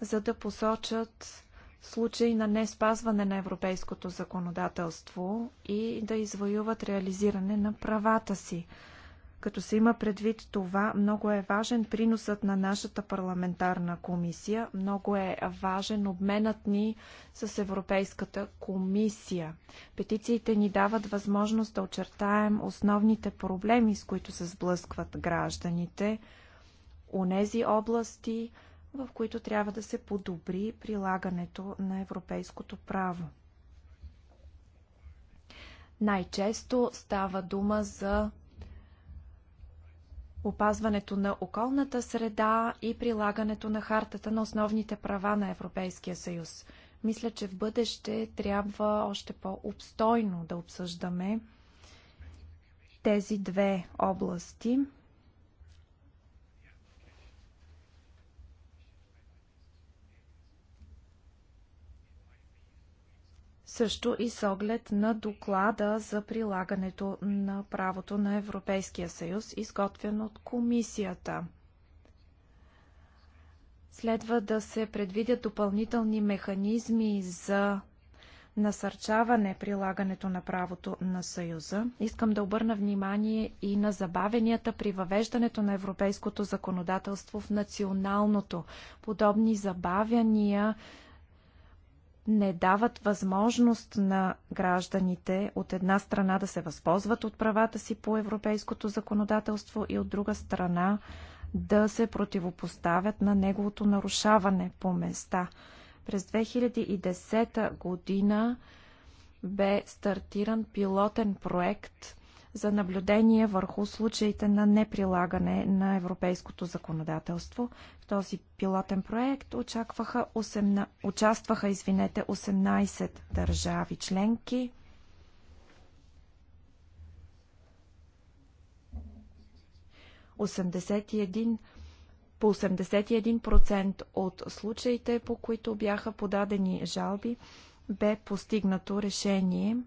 за да посочат случаи на не спазване на европейското законодателство и да извоюват реализиране на правата си. Като се има предвид това, много е важен приносът на нашата парламентарна комисия, много е важен обменът ни с Европейската комисия. Петициите ни дават възможност да очертаем основните проблеми, с които се сблъскват гражданите, нези области, в които трябва да се подобри прилагането на европейското право. Най-често става дума за опазването на околната среда и прилагането на хартата на основните права на Европейския съюз. Мисля, че в бъдеще трябва още по-обстойно да обсъждаме тези две области. също и с оглед на доклада за прилагането на правото на Европейския съюз, изготвен от комисията. Следва да се предвидят допълнителни механизми за насърчаване прилагането на правото на Съюза. Искам да обърна внимание и на забавенията при въвеждането на европейското законодателство в националното. Подобни забавяния не дават възможност на гражданите от една страна да се възползват от правата си по европейското законодателство и от друга страна да се противопоставят на неговото нарушаване по места. През 2010 година бе стартиран пилотен проект за наблюдение върху случаите на неприлагане на европейското законодателство. В този пилотен проект очакваха 8, участваха извинете, 18 държави членки. по 81% от случаите, по които бяха подадени жалби, бе постигнато решение –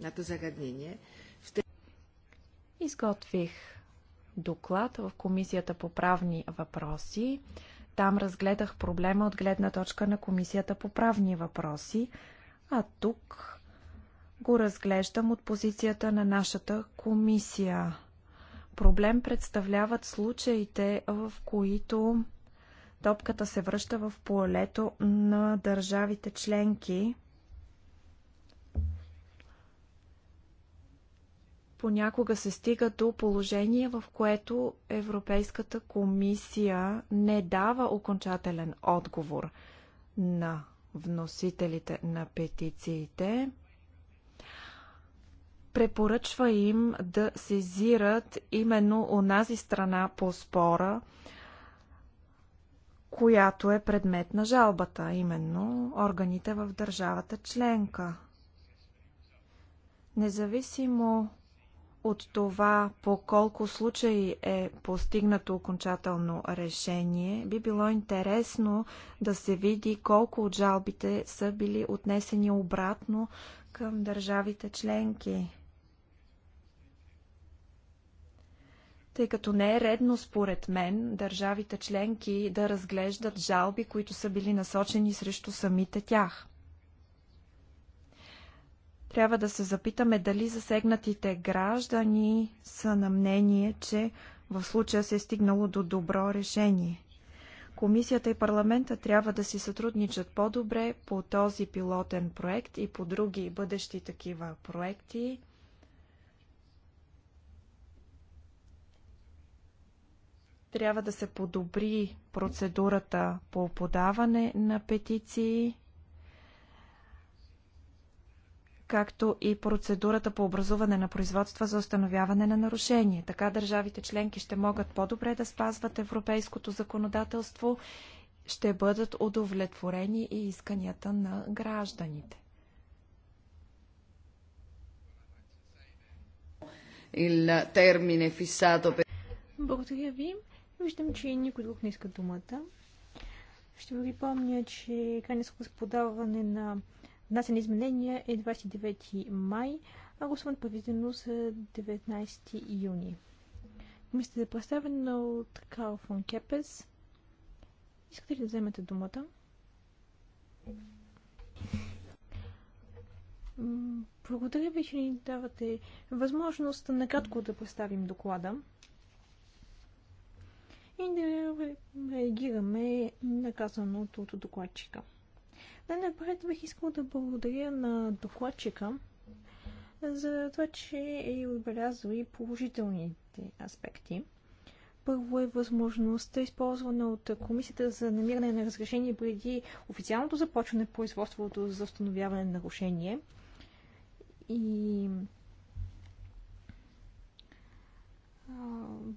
на to загаднение. Изготвих доклад в Комисията по правни въпроси. Там разгледах проблема от гледна точка на Комисията по правни въпроси, а тук го разглеждам от позицията на нашата комисия. Проблем представляват случаите, в които топката се връща в полето на държавите членки – понякога се стига до положение, в което Европейската комисия не дава окончателен отговор на вносителите на петициите. Препоръчва им да сезират именно онази страна по спора, която е предмет на жалбата, именно органите в държавата членка. Независимо от това по колко случаи е постигнато окончателно решение, би било интересно да се види колко от жалбите са били отнесени обратно към държавите членки. тъй като не е редно според мен държавите членки да разглеждат жалби, които са били насочени срещу самите тях трябва да се запитаме дали засегнатите граждани са на мнение, че в случая се е стигнало до добро решение. Комисията и парламента трябва да си сътрудничат по-добре по този пилотен проект и по други бъдещи такива проекти. Трябва да се подобри процедурата по подаване на петиции както и процедурата по образуване на производства за установяване на нарушение. Така държавите членки ще могат по-добре да спазват европейското законодателство, ще бъдат удовлетворени и исканията на гражданите. Благодаря ви. Виждам, че никой друг не иска думата. Ще ви припомня, че крайният срок подаване на на изменения е 29 май, а гласуването е предвидено за 19 юни. Комисията е представена от Карл фон Кепес. Искате ли да вземете думата? Благодаря ви, че ни давате възможност накратко да представим доклада и да реагираме на казаното от докладчика. Най-напред бих искал да благодаря на докладчика за това, че е отбелязал и положителните аспекти. Първо е възможността, използвана от Комисията за намиране на разрешение преди официалното започване на производството за установяване на нарушение. И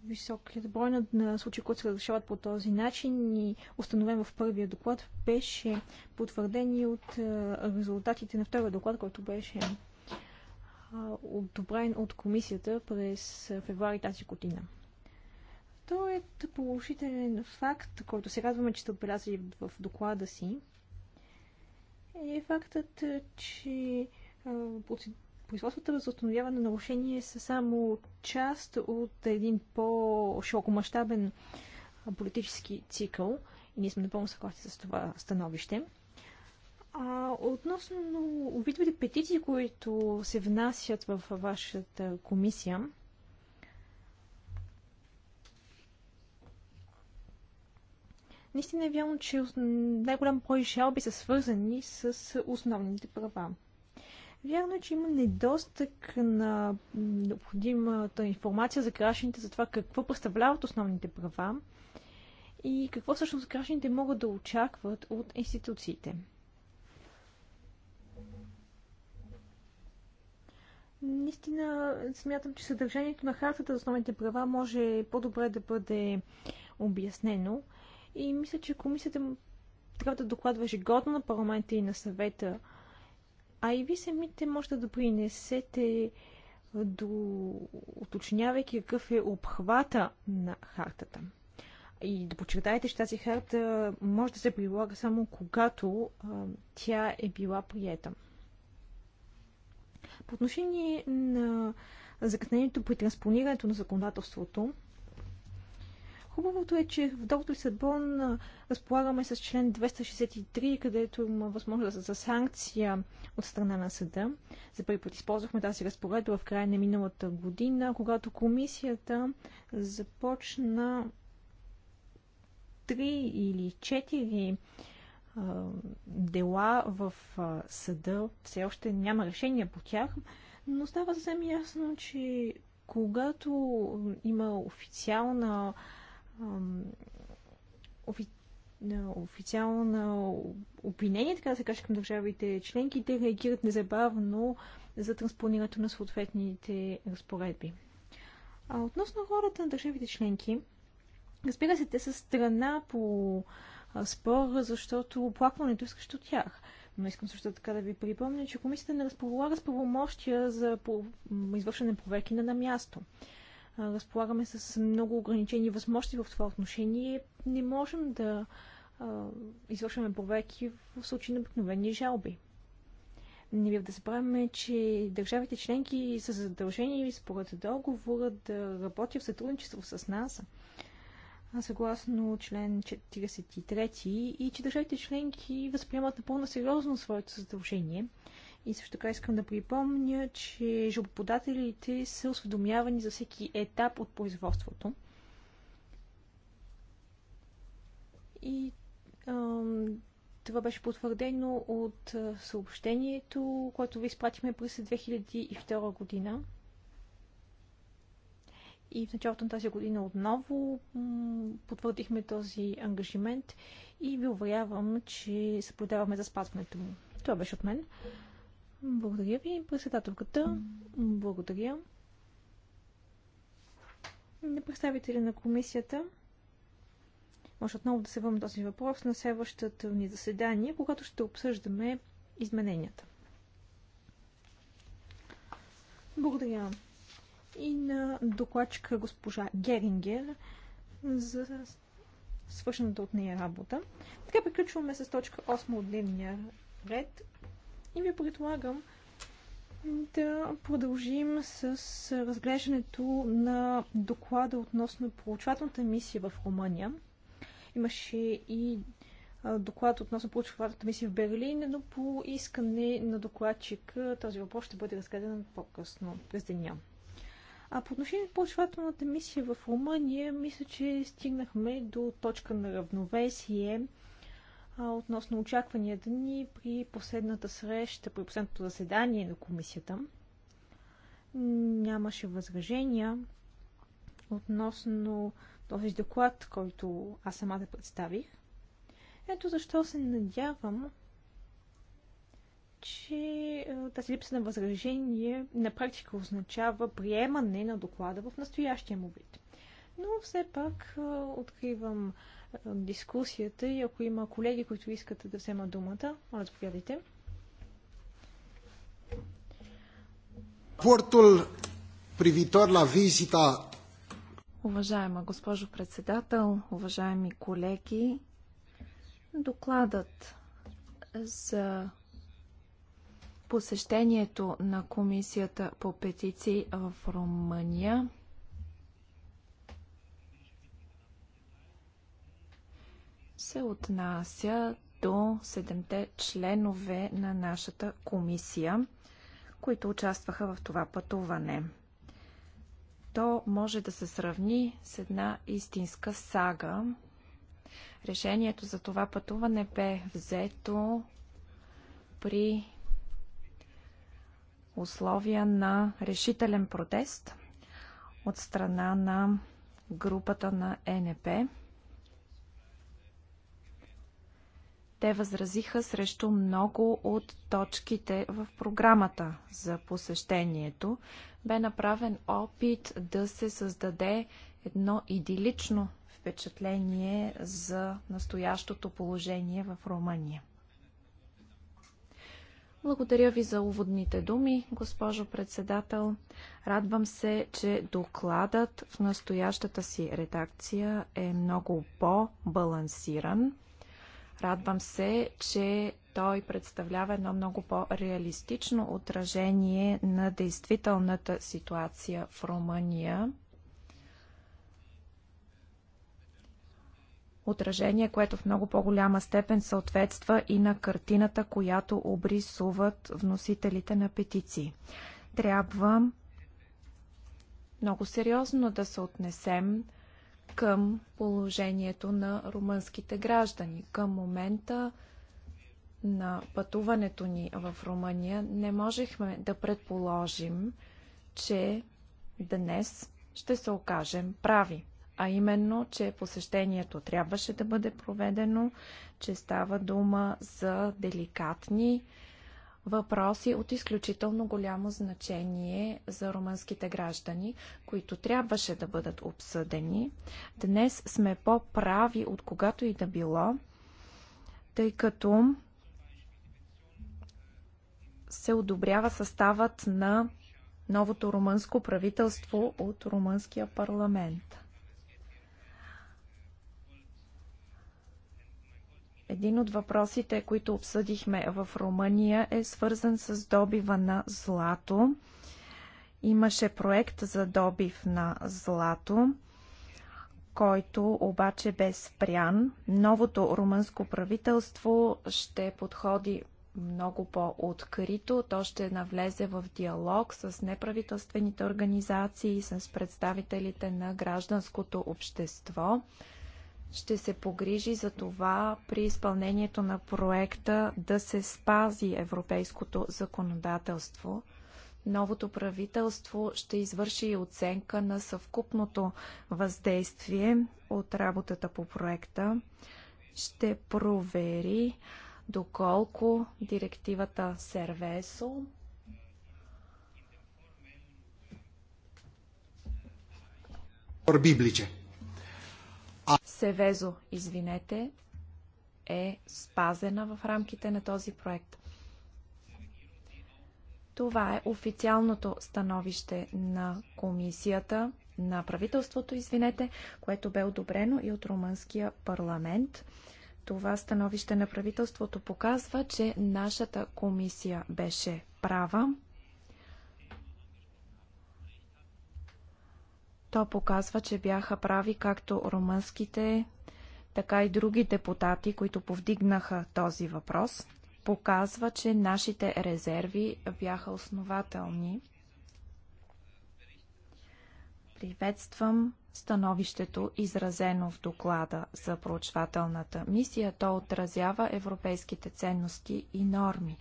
висок е брой на, на случаи, които се разрешават по този начин и установен в първия доклад, беше потвърден и от резултатите на втория доклад, който беше одобрен от комисията през февруари тази година. Вторият положителен факт, който се радваме, че сте отбелязали в доклада си, е фактът, че Производствата за установяване на нарушение са само част от един по-широкомащабен политически цикъл и ние сме напълно съгласни с това становище. А, относно видовете петиции, които се внасят в вашата комисия, наистина е вярно, че най-голям брой жалби са свързани с основните права. Вярно е, че има недостъг на необходимата информация за гражданите за това какво представляват основните права и какво всъщност гражданите могат да очакват от институциите. Наистина смятам, че съдържанието на хартата за основните права може по-добре да бъде обяснено и мисля, че комисията трябва да докладва ежегодно на парламента и на съвета а и ви самите може да принесете, до уточнявайки какъв е обхвата на хартата. И да почертаете, че тази харта може да се прилага само когато а, тя е била приета. По отношение на закъснението при транспонирането на законодателството, Хубавото е, че в Доктор Лисабон разполагаме с член 263, където има възможност за санкция от страна на съда. За първи път използвахме тази разпоредба в края на миналата година, когато комисията започна три или четири дела в съда. Все още няма решение по тях, но става съвсем ясно, че когато има официална офи... официална обвинение, така да се каже, към държавите членки, те реагират незабавно за транспонирането на съответните разпоредби. А относно хората на държавите членки, разбира се, те са страна по спора, защото оплакването е от тях. Но искам също така да ви припомня, че комисията не разполага с правомощия за извършване проверки на, на място разполагаме с много ограничени възможности в това отношение. Не можем да извършваме проверки в случай на обикновени жалби. Не бива да забравяме, че държавите членки са задължени според договора да работят в сътрудничество с нас, съгласно член 43, и че държавите членки възприемат напълно сериозно своето задължение и също така искам да припомня, че жалбоподателите са осведомявани за всеки етап от производството. И ам, това беше потвърдено от съобщението, което ви изпратихме през 2002 година. И в началото на тази година отново потвърдихме този ангажимент и ви уверявам, че съблюдаваме за спазването му. Това беше от мен. Благодаря ви, председателката. Благодаря. На представители на комисията. Може отново да се върнем този въпрос на следващото ни заседание, когато ще обсъждаме измененията. Благодаря и на докладчика госпожа Герингер за свършената от нея работа. Така приключваме с точка 8 от дневния ред. И ви предлагам да продължим с разглеждането на доклада относно получвателната мисия в Румъния. Имаше и доклад относно получвателната мисия в Берлин, но по искане на докладчик този въпрос ще бъде разгледан по-късно през деня. А по отношение на получателната мисия в Румъния, мисля, че стигнахме до точка на равновесие относно очакванията ни при последната среща, при последното заседание на комисията. Нямаше възражения относно този доклад, който аз самата да представих. Ето защо се надявам, че тази липса на възражение на практика означава приемане на доклада в настоящия му вид. Но все пак откривам дискусията и ако има колеги, които искат да вземат думата, моля заповядайте. Портул привитор на визита. Уважаема госпожо председател, уважаеми колеги, докладът за посещението на Комисията по петиции в Румъния се отнася до седемте членове на нашата комисия, които участваха в това пътуване. То може да се сравни с една истинска сага. Решението за това пътуване бе взето при условия на решителен протест от страна на групата на НП – Те възразиха срещу много от точките в програмата за посещението. Бе направен опит да се създаде едно идилично впечатление за настоящото положение в Румъния. Благодаря ви за уводните думи, госпожо председател. Радвам се, че докладът в настоящата си редакция е много по-балансиран. Радвам се, че той представлява едно много по-реалистично отражение на действителната ситуация в Румъния. Отражение, което в много по-голяма степен съответства и на картината, която обрисуват вносителите на петиции. Трябва много сериозно да се отнесем към положението на румънските граждани. Към момента на пътуването ни в Румъния не можехме да предположим, че днес ще се окажем прави. А именно, че посещението трябваше да бъде проведено, че става дума за деликатни въпроси от изключително голямо значение за румънските граждани, които трябваше да бъдат обсъдени. Днес сме по-прави от когато и да било, тъй като се одобрява съставът на новото румънско правителство от румънския парламент. Един от въпросите, които обсъдихме в Румъния, е свързан с добива на злато. Имаше проект за добив на злато, който обаче бе спрян. Новото румънско правителство ще подходи много по-открито. То ще навлезе в диалог с неправителствените организации, с представителите на гражданското общество ще се погрижи за това при изпълнението на проекта да се спази европейското законодателство. Новото правителство ще извърши и оценка на съвкупното въздействие от работата по проекта. Ще провери доколко директивата Сервесо Библиче. Севезо, извинете, е спазена в рамките на този проект. Това е официалното становище на комисията, на правителството, извинете, което бе одобрено и от румънския парламент. Това становище на правителството показва, че нашата комисия беше права. То показва, че бяха прави както румънските, така и други депутати, които повдигнаха този въпрос. Показва, че нашите резерви бяха основателни. Приветствам становището, изразено в доклада за проучвателната мисия. То отразява европейските ценности и норми.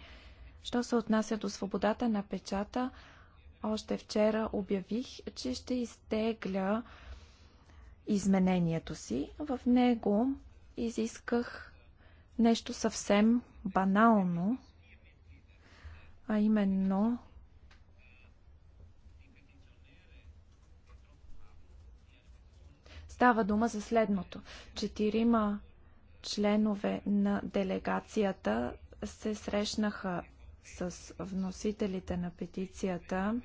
Що се отнася до свободата на печата, още вчера обявих, че ще изтегля изменението си. В него изисках нещо съвсем банално, а именно Става дума за следното. Четирима членове на делегацията се срещнаха с вносителите на петицията,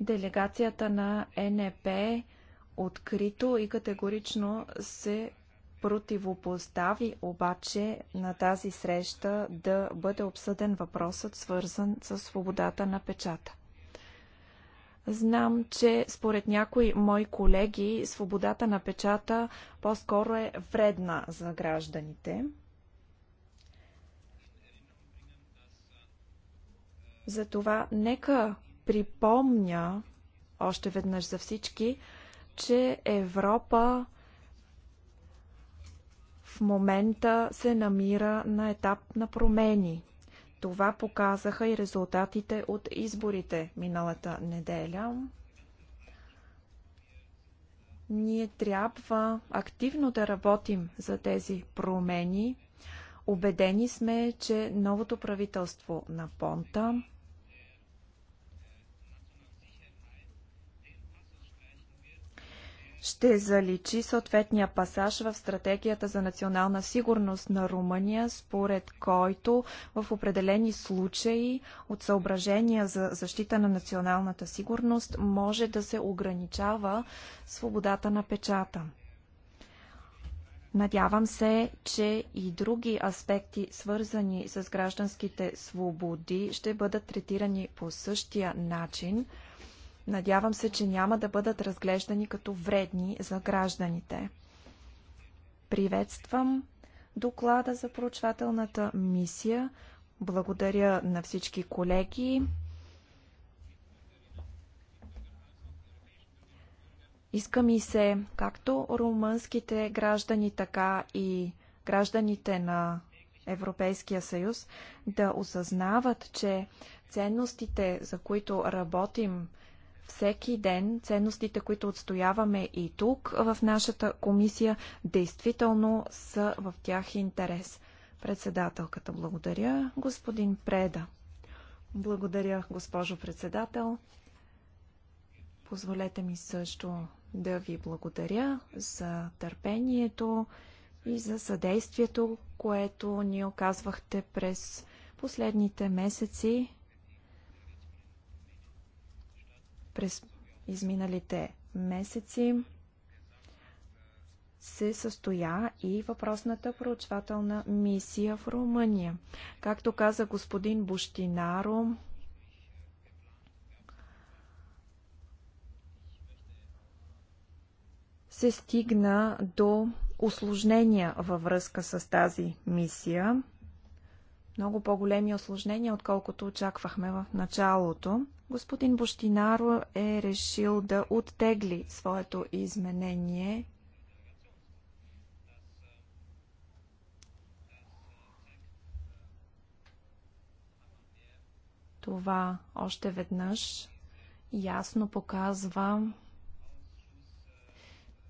делегацията на НП открито и категорично се противопостави обаче на тази среща да бъде обсъден въпросът, свързан с свободата на печата. Знам, че според някои мои колеги свободата на печата по-скоро е вредна за гражданите. Затова нека припомня още веднъж за всички, че Европа в момента се намира на етап на промени. Това показаха и резултатите от изборите миналата неделя. Ние трябва активно да работим за тези промени. Обедени сме, че новото правителство на Понта ще заличи съответния пасаж в стратегията за национална сигурност на Румъния, според който в определени случаи от съображения за защита на националната сигурност може да се ограничава свободата на печата. Надявам се, че и други аспекти, свързани с гражданските свободи, ще бъдат третирани по същия начин – Надявам се, че няма да бъдат разглеждани като вредни за гражданите. Приветствам доклада за проучвателната мисия. Благодаря на всички колеги. Иска ми се както румънските граждани, така и гражданите на Европейския съюз да осъзнават, че ценностите, за които работим всеки ден ценностите, които отстояваме и тук в нашата комисия, действително са в тях интерес. Председателката благодаря, господин Преда. Благодаря, госпожо председател. Позволете ми също да ви благодаря за търпението и за съдействието, което ни оказвахте през последните месеци През изминалите месеци се състоя и въпросната проучвателна мисия в Румъния. Както каза господин Буштинаро, се стигна до осложнения във връзка с тази мисия – много по-големи осложнения, отколкото очаквахме в началото. Господин Бощинаро е решил да оттегли своето изменение. Това още веднъж ясно показва,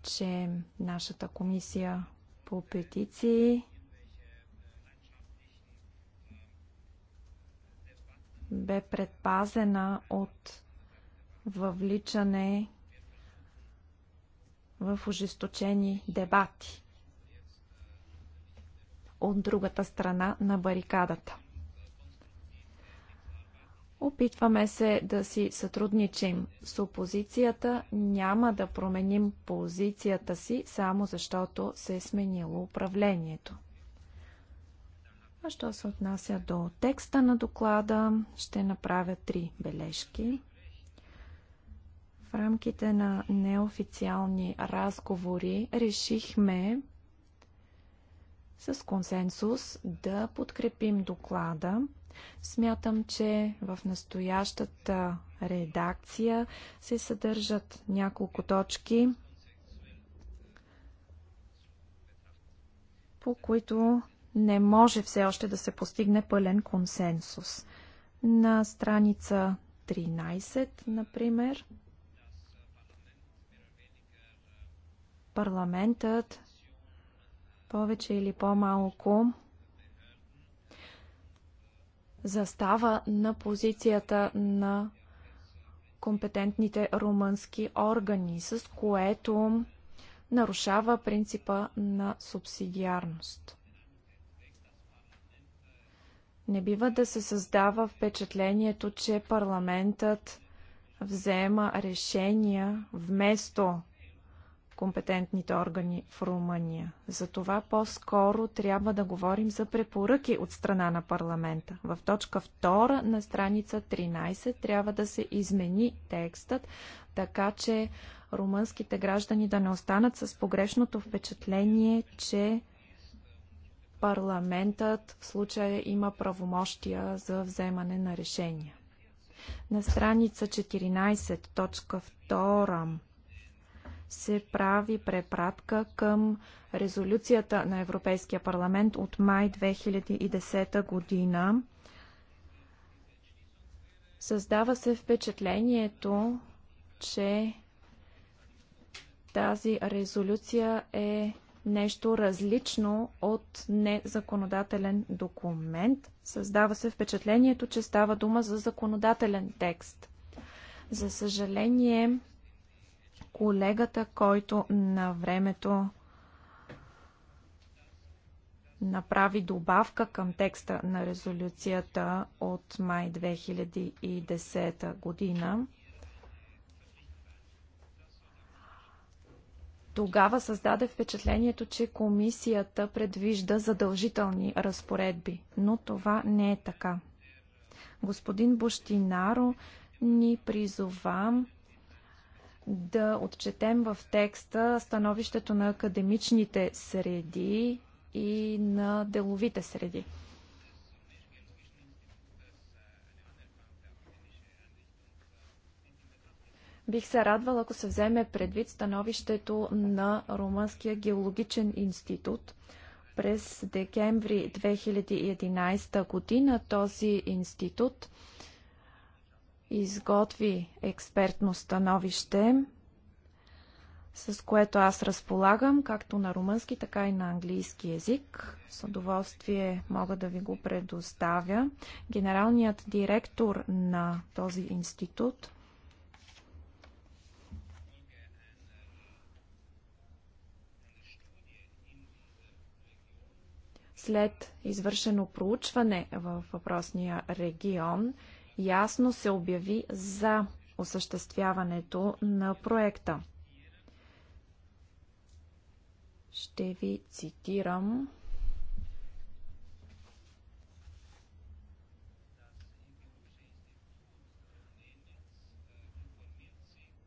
че нашата комисия по петиции бе предпазена от въвличане в ожесточени дебати от другата страна на барикадата. Опитваме се да си сътрудничим с опозицията. Няма да променим позицията си, само защото се е сменило управлението. А що се отнася до текста на доклада, ще направя три бележки. В рамките на неофициални разговори решихме с консенсус да подкрепим доклада. Смятам, че в настоящата редакция се съдържат няколко точки, по които не може все още да се постигне пълен консенсус. На страница 13, например, парламентът повече или по-малко застава на позицията на компетентните румънски органи, с което нарушава принципа на субсидиарност. Не бива да се създава впечатлението, че парламентът взема решения вместо компетентните органи в Румъния. Затова по-скоро трябва да говорим за препоръки от страна на парламента. В точка 2 на страница 13 трябва да се измени текстът, така че румънските граждани да не останат с погрешното впечатление, че Парламентът в случая има правомощия за вземане на решения. На страница 14, точка 2 се прави препратка към резолюцията на Европейския парламент от май 2010 година. Създава се впечатлението, че тази резолюция е нещо различно от незаконодателен документ. Създава се впечатлението, че става дума за законодателен текст. За съжаление, колегата, който на времето направи добавка към текста на резолюцията от май 2010 година, Тогава създаде впечатлението, че комисията предвижда задължителни разпоредби, но това не е така. Господин Бощинаро ни призова да отчетем в текста становището на академичните среди и на деловите среди. Бих се радвала, ако се вземе предвид становището на Румънския геологичен институт. През декември 2011 година този институт изготви експертно становище, с което аз разполагам, както на румънски, така и на английски язик. С удоволствие мога да ви го предоставя. Генералният директор на този институт след извършено проучване в въпросния регион, ясно се обяви за осъществяването на проекта. Ще ви цитирам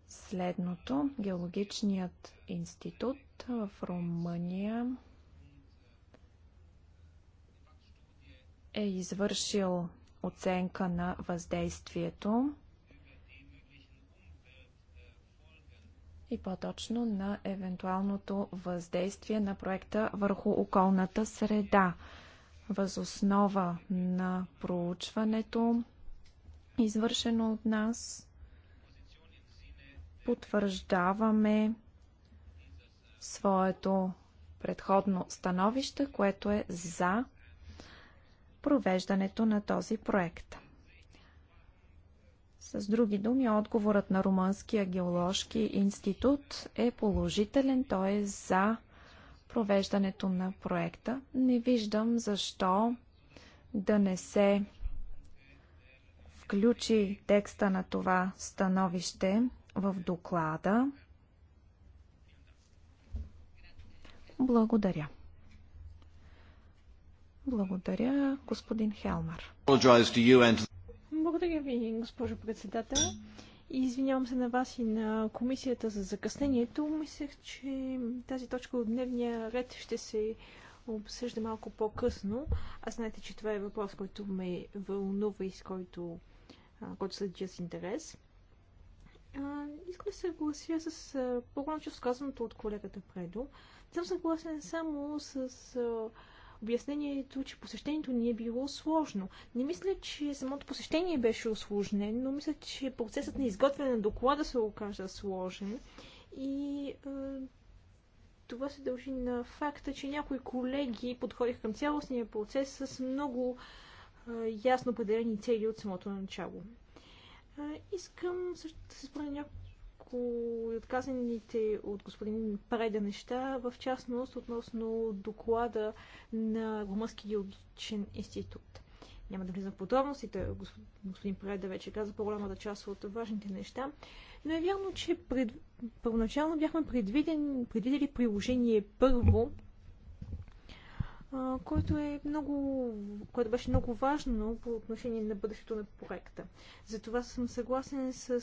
следното. Геологичният институт в Румъния е извършил оценка на въздействието и по-точно на евентуалното въздействие на проекта върху околната среда. Възоснова на проучването, извършено от нас, потвърждаваме своето предходно становище, което е за провеждането на този проект. С други думи, отговорът на Румънския геоложки институт е положителен, той е за провеждането на проекта. Не виждам защо да не се включи текста на това становище в доклада. Благодаря. Благодаря, господин Хелмар. Благодаря ви, госпожо председател. извинявам се на вас и на комисията за закъснението. Мислех, че тази точка от дневния ред ще се обсъжда малко по-късно. Аз знаете, че това е въпрос, който ме вълнува и с който, който следя с интерес. искам да се съглася с по-голямо че казаното от колегата Предо. Съм съгласен само с а, Обяснението, че посещението ни е било сложно. Не мисля, че самото посещение беше осложнено, но мисля, че процесът на изготвяне на доклада се окажа сложен. И е, това се дължи на факта, че някои колеги подходиха към цялостния процес с много е, ясно определени цели от самото начало. Е, искам също да се спомня няколко няколко отказаните от господин Преда неща, в частност относно доклада на Румънския геологичен институт. Няма да влизам в подробностите, господин Преда вече каза по-голямата част от важните неща, но е вярно, че пред... първоначално бяхме предвиден... предвидели приложение първо, което е много, което беше много важно по отношение на бъдещето на проекта. Затова съм съгласен с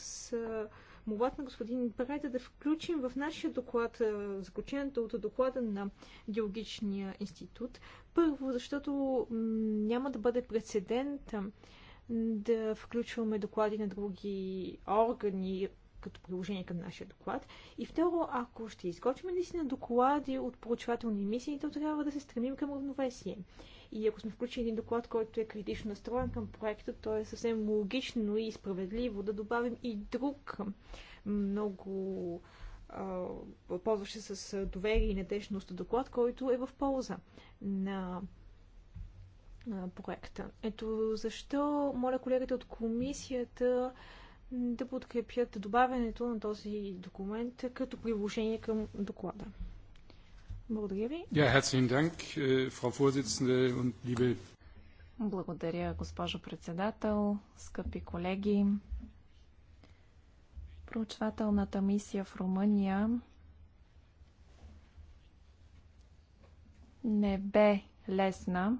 молбата на господин Прайда, да включим в нашия доклад е, заключението от доклада на Геологичния институт. Първо, защото няма да бъде прецедент да включваме доклади на други органи, като приложение към нашия доклад. И второ, ако ще изготвим наистина доклади от проучвателни мисии, то трябва да се стремим към равновесие. И ако сме включили един доклад, който е критично настроен към проекта, то е съвсем логично и справедливо да добавим и друг много ползваше с доверие и надежност доклад, който е в полза на проекта. Ето защо моля колегите от комисията да подкрепят добавянето на този документ като приложение към доклада. Äh, Благодаря госпожо председател, скъпи колеги. Проучвателната мисия в Румъния не бе лесна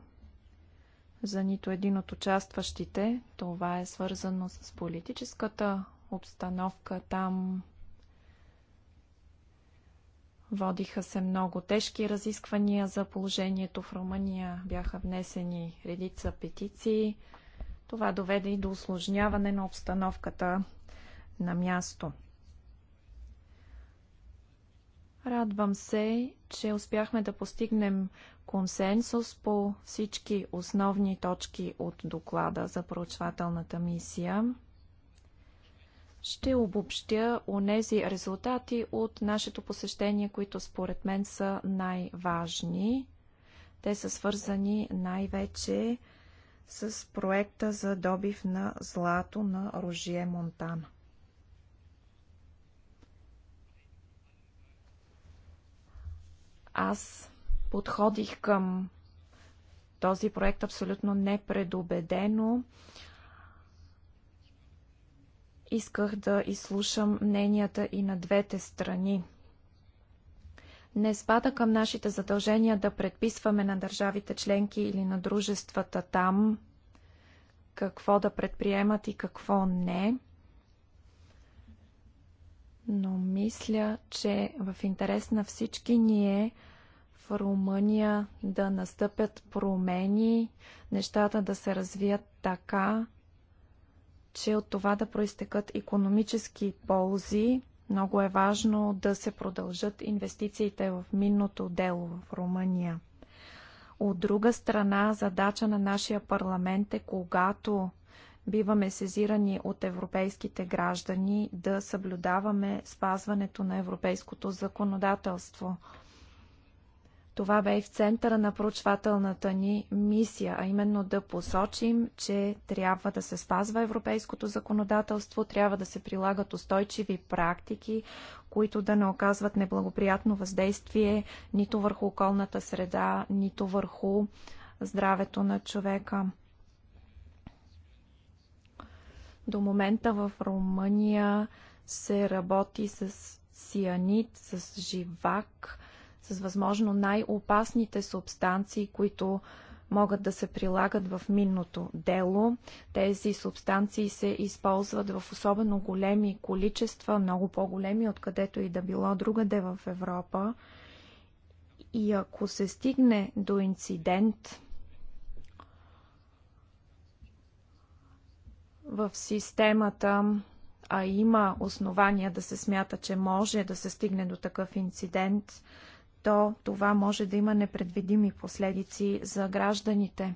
за нито един от участващите. Това е свързано с политическата обстановка там – Водиха се много тежки разисквания за положението в Румъния. Бяха внесени редица петиции. Това доведе и до осложняване на обстановката на място. Радвам се, че успяхме да постигнем консенсус по всички основни точки от доклада за проучвателната мисия ще обобщя онези резултати от нашето посещение, които според мен са най-важни. Те са свързани най-вече с проекта за добив на злато на Рожие Монтана. Аз подходих към този проект абсолютно непредубедено. Исках да изслушам мненията и на двете страни. Не спада към нашите задължения да предписваме на държавите членки или на дружествата там какво да предприемат и какво не. Но мисля, че в интерес на всички ние в Румъния да настъпят промени, нещата да се развият така, че от това да проистекат економически ползи. Много е важно да се продължат инвестициите в минното дело в Румъния. От друга страна, задача на нашия парламент е, когато биваме сезирани от европейските граждани, да съблюдаваме спазването на европейското законодателство – това бе и в центъра на проучвателната ни мисия, а именно да посочим, че трябва да се спазва европейското законодателство, трябва да се прилагат устойчиви практики, които да не оказват неблагоприятно въздействие нито върху околната среда, нито върху здравето на човека. До момента в Румъния се работи с сианит, с живак, с възможно най-опасните субстанции, които могат да се прилагат в минното дело. Тези субстанции се използват в особено големи количества, много по-големи, откъдето и да било другаде в Европа. И ако се стигне до инцидент в системата, а има основания да се смята, че може да се стигне до такъв инцидент, то това може да има непредвидими последици за гражданите.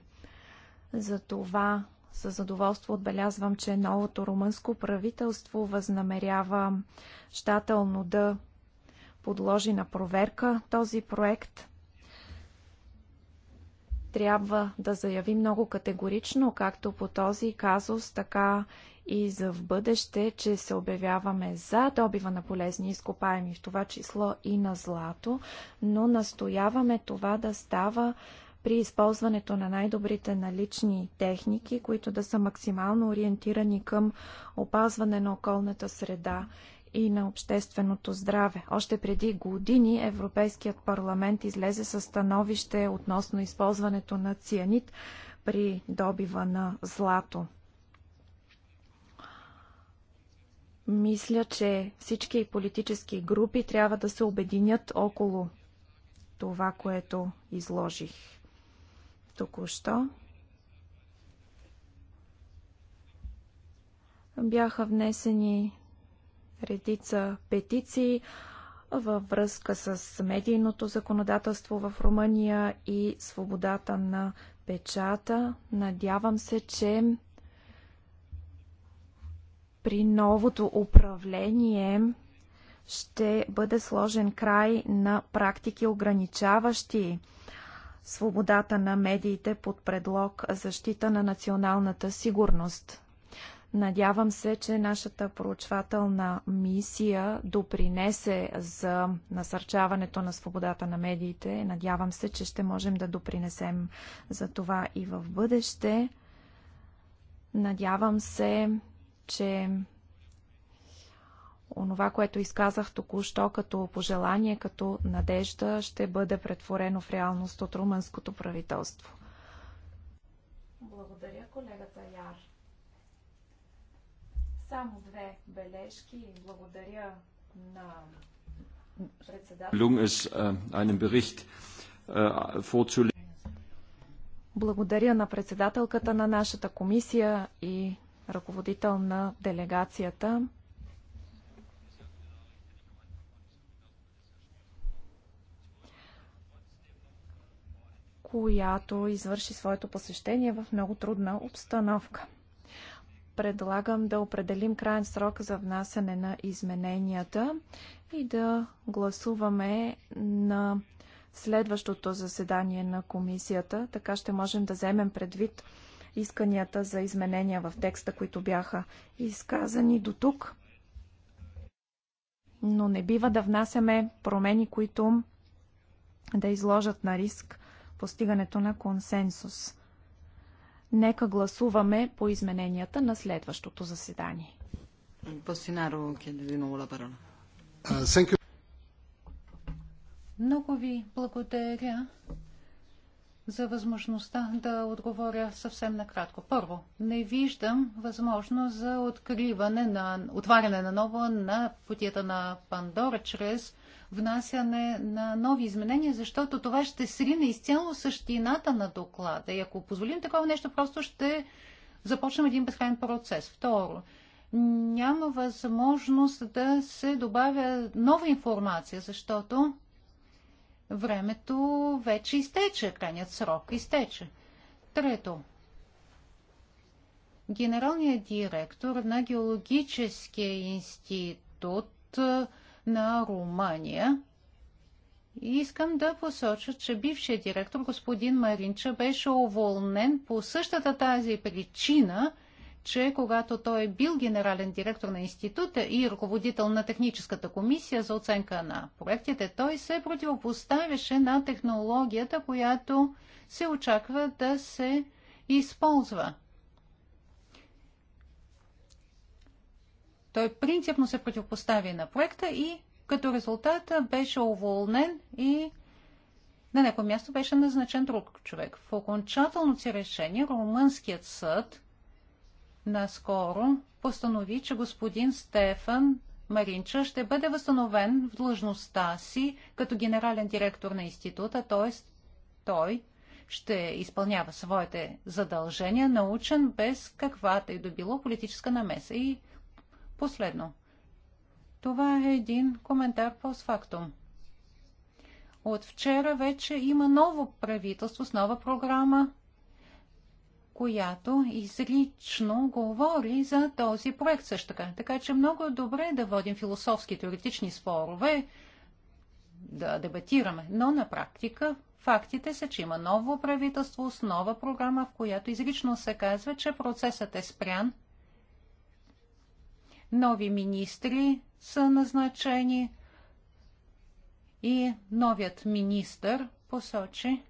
Затова със задоволство отбелязвам, че новото румънско правителство възнамерява щателно да подложи на проверка този проект. Трябва да заяви много категорично, както по този казус, така и за в бъдеще, че се обявяваме за добива на полезни изкопаеми, в това число и на злато, но настояваме това да става при използването на най-добрите налични техники, които да са максимално ориентирани към опазване на околната среда и на общественото здраве. Още преди години Европейският парламент излезе със становище относно използването на цианит при добива на злато. Мисля, че всички политически групи трябва да се обединят около това, което изложих току-що. Бяха внесени редица петиции във връзка с медийното законодателство в Румъния и свободата на печата. Надявам се, че при новото управление ще бъде сложен край на практики, ограничаващи свободата на медиите под предлог защита на националната сигурност. Надявам се, че нашата проучвателна мисия допринесе за насърчаването на свободата на медиите. Надявам се, че ще можем да допринесем за това и в бъдеще. Надявам се че онова, което изказах току-що като пожелание, като надежда, ще бъде претворено в реалност от румънското правителство. Благодаря, колегата Яр. Само две бележки. Благодаря на председателя. Äh, äh, Благодаря на председателката на нашата комисия и ръководител на делегацията. която извърши своето посещение в много трудна обстановка. Предлагам да определим крайен срок за внасяне на измененията и да гласуваме на следващото заседание на комисията. Така ще можем да вземем предвид исканията за изменения в текста, които бяха изказани до тук. Но не бива да внасяме промени, които да изложат на риск постигането на консенсус. Нека гласуваме по измененията на следващото заседание. Много ви благодаря за възможността да отговоря съвсем накратко. Първо, не виждам възможност за откриване на, отваряне на ново на путията на Пандора чрез внасяне на нови изменения, защото това ще срине изцяло същината на доклада. И ако позволим такова нещо, просто ще започнем един безкрайен процес. Второ, няма възможност да се добавя нова информация, защото времето вече изтече, крайният срок изтече. Трето, генералният директор на Геологическия институт на Румъния. И искам да посоча, че бившият директор господин Маринча беше уволнен по същата тази причина – че когато той е бил генерален директор на института и ръководител на техническата комисия за оценка на проектите, той се противопоставяше на технологията, която се очаква да се използва. Той принципно се противопостави на проекта и като резултат беше уволнен и на някое място беше назначен друг човек. В окончателното си решение румънският съд наскоро постанови, че господин Стефан Маринча ще бъде възстановен в длъжността си като генерален директор на института, т.е. той ще изпълнява своите задължения, научен без каквато и да било политическа намеса. И последно. Това е един коментар по сфактум. От вчера вече има ново правителство с нова програма, която изрично говори за този проект също така. Така че много е добре да водим философски теоретични спорове, да дебатираме, но на практика фактите са, че има ново правителство с нова програма, в която изрично се казва, че процесът е спрян, нови министри са назначени и новият министр посочи,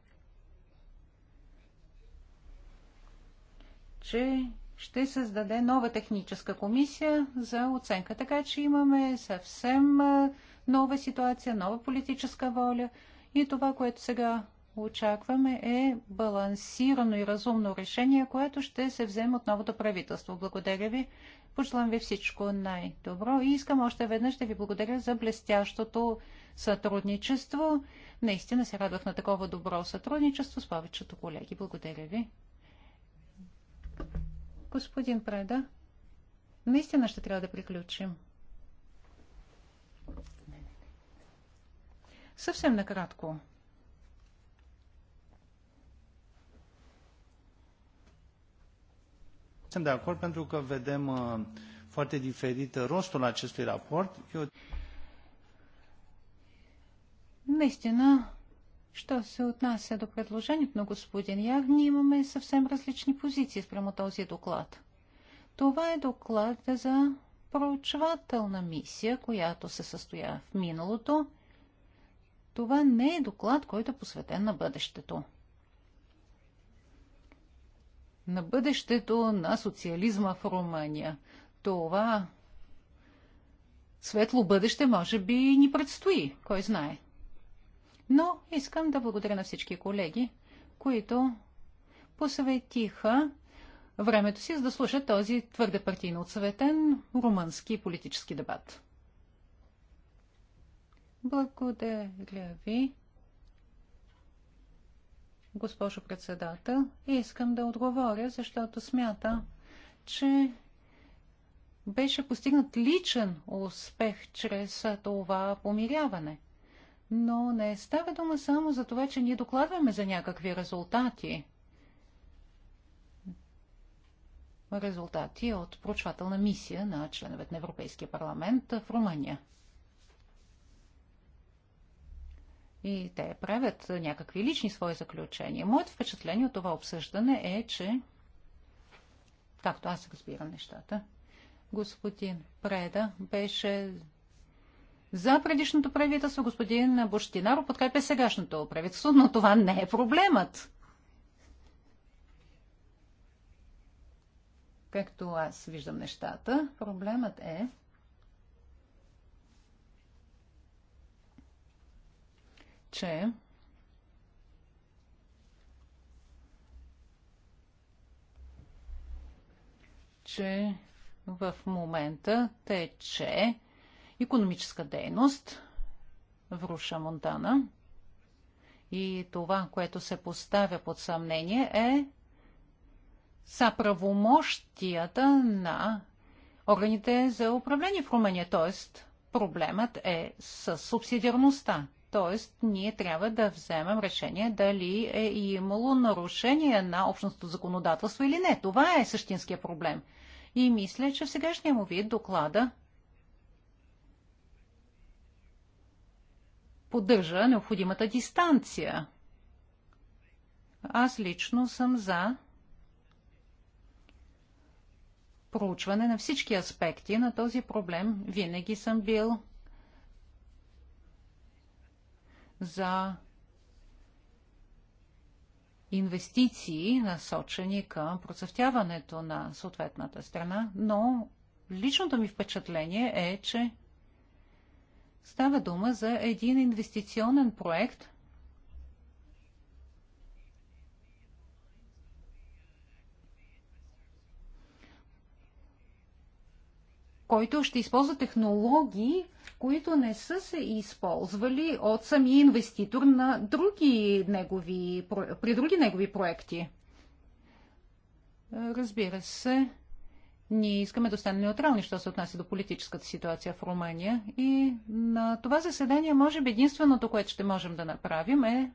че ще създаде нова техническа комисия за оценка. Така че имаме съвсем нова ситуация, нова политическа воля и това, което сега очакваме е балансирано и разумно решение, което ще се вземе от новото правителство. Благодаря ви. Пожелавам ви всичко най-добро и искам още веднъж да ви благодаря за блестящото сътрудничество. Наистина се радвах на такова добро сътрудничество с повечето колеги. Благодаря ви. Господин Преда, наистина ще трябва да приключим. Съвсем накратко. Sunt de acord pentru că vedem uh, foarte diferit uh, rostul acestui raport. Eu... Наистина, Що се отнася до предложението на господин Яр, ние имаме съвсем различни позиции спрямо този доклад. Това е доклад за проучвателна мисия, която се състоя в миналото. Това не е доклад, който е посветен на бъдещето. На бъдещето на социализма в Румъния. Това светло бъдеще може би ни предстои, кой знае. Но искам да благодаря на всички колеги, които посветиха времето си, за да слушат този твърде партийно отсъветен румънски политически дебат. Благодаря ви, госпожо председател. Искам да отговоря, защото смята, че беше постигнат личен успех чрез това помиряване – но не става дума само за това, че ние докладваме за някакви резултати. Резултати от проучвателна мисия на членовете на Европейския парламент в Румъния. И те правят някакви лични свои заключения. Моето впечатление от това обсъждане е, че както аз разбирам нещата, господин Преда беше за предишното правителство. Господин Бощинаро подкрепя сегашното правителство, но това не е проблемът. Както аз виждам нещата, проблемът е, че че в момента тече економическа дейност в Руша, Монтана. И това, което се поставя под съмнение е са правомощията на органите за управление в Румъния. Т.е. проблемът е с субсидиарността. Т.е. ние трябва да вземем решение дали е имало нарушение на общностното законодателство или не. Това е същинския проблем. И мисля, че в сегашния му вид доклада поддържа необходимата дистанция. Аз лично съм за проучване на всички аспекти на този проблем. Винаги съм бил за инвестиции, насочени към процъфтяването на съответната страна, но личното ми впечатление е, че Става дума за един инвестиционен проект, който ще използва технологии, които не са се използвали от самия инвеститор на други негови, при други негови проекти. Разбира се, ние искаме да станем неутрални, що се отнася до политическата ситуация в Румъния. И на това заседание, може би, единственото, което ще можем да направим е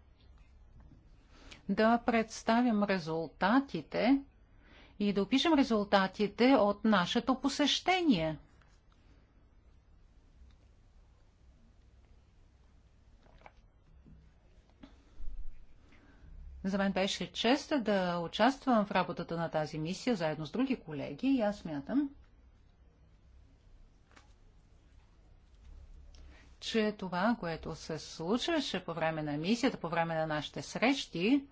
да представим резултатите и да опишем резултатите от нашето посещение – За мен беше чест да участвам в работата на тази мисия заедно с други колеги и аз смятам, че това, което се случваше по време на мисията, по време на нашите срещи,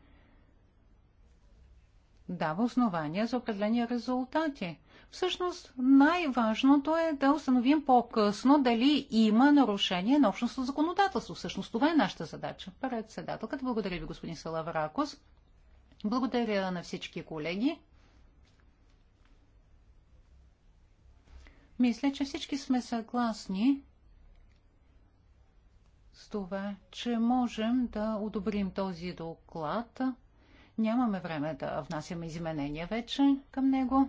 дава основания за определени резултати. Всъщност най-важното е да установим по-късно дали има нарушение на общностно законодателство. Всъщност това е нашата задача. Председателката, благодаря ви, господин Салавракос. Благодаря на всички колеги. Мисля, че всички сме съгласни с това, че можем да одобрим този доклад. Нямаме време да внасяме изменения вече към него.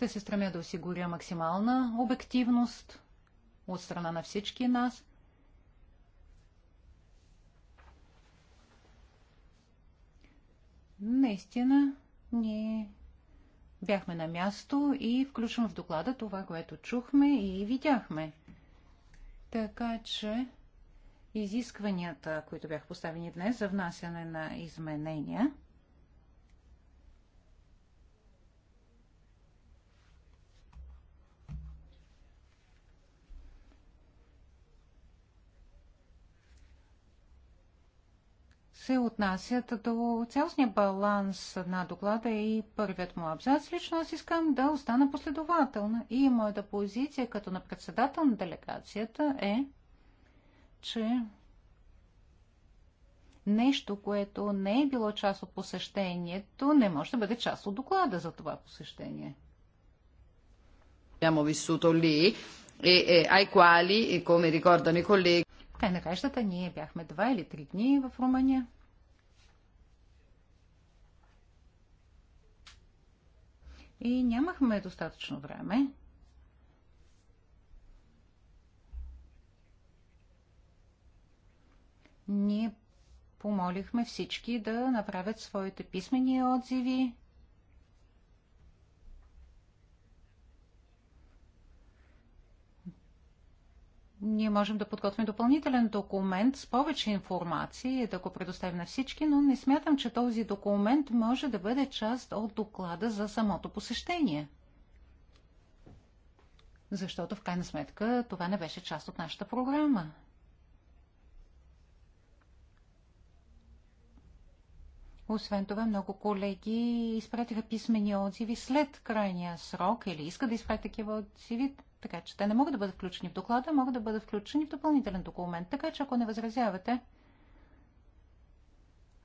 Ще се стремя да осигуря максимална обективност от страна на всички нас. Наистина, ние бяхме на място и включвам в доклада това, което чухме и видяхме. Така че изискванията, които бях поставени днес за внасяне на изменения – се отнасят до цялостния баланс на доклада и първият му абзац, лично аз искам да остана последователна. И моята позиция като на председател на делегацията е, че нещо, което не е било част от посещението, не може да бъде част от доклада за това посещение. Abbiamo vissuto lì e, e ai quali, come ricordano i colleghi, на кращата ние бяхме два или три дни в Румъния. и нямахме достатъчно време. Ние помолихме всички да направят своите писмени отзиви ние можем да подготвим допълнителен документ с повече информация и да го предоставим на всички, но не смятам, че този документ може да бъде част от доклада за самото посещение. Защото в крайна сметка това не беше част от нашата програма. Освен това, много колеги изпратиха писмени отзиви след крайния срок или искат да изпратят такива отзиви, така че те не могат да бъдат включени в доклада, могат да бъдат включени в допълнителен документ. Така че ако не възразявате,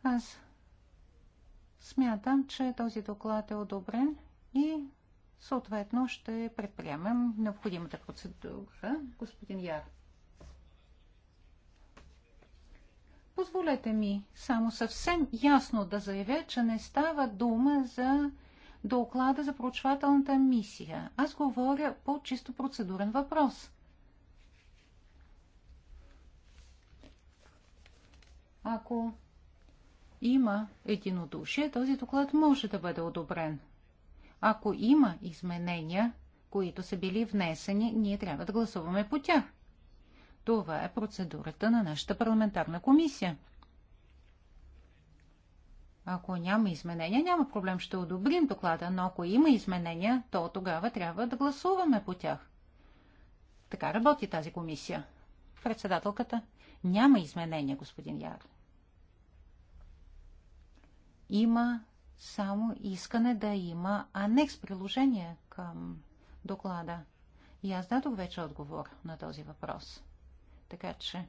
аз смятам, че този доклад е одобрен и съответно ще предприемем необходимата процедура. Господин Яр. Позволете ми само съвсем ясно да заявя, че не става дума за доклада за проучвателната мисия. Аз говоря по чисто процедурен въпрос. Ако има единодушие, този доклад може да бъде одобрен. Ако има изменения, които са били внесени, ние трябва да гласуваме по тях. Това е процедурата на нашата парламентарна комисия. Ако няма изменения, няма проблем, ще одобрим доклада, но ако има изменения, то тогава трябва да гласуваме по тях. Така работи тази комисия. Председателката, няма изменения, господин Яр. Има само искане да има анекс приложение към доклада. И аз дадох вече отговор на този въпрос. Така че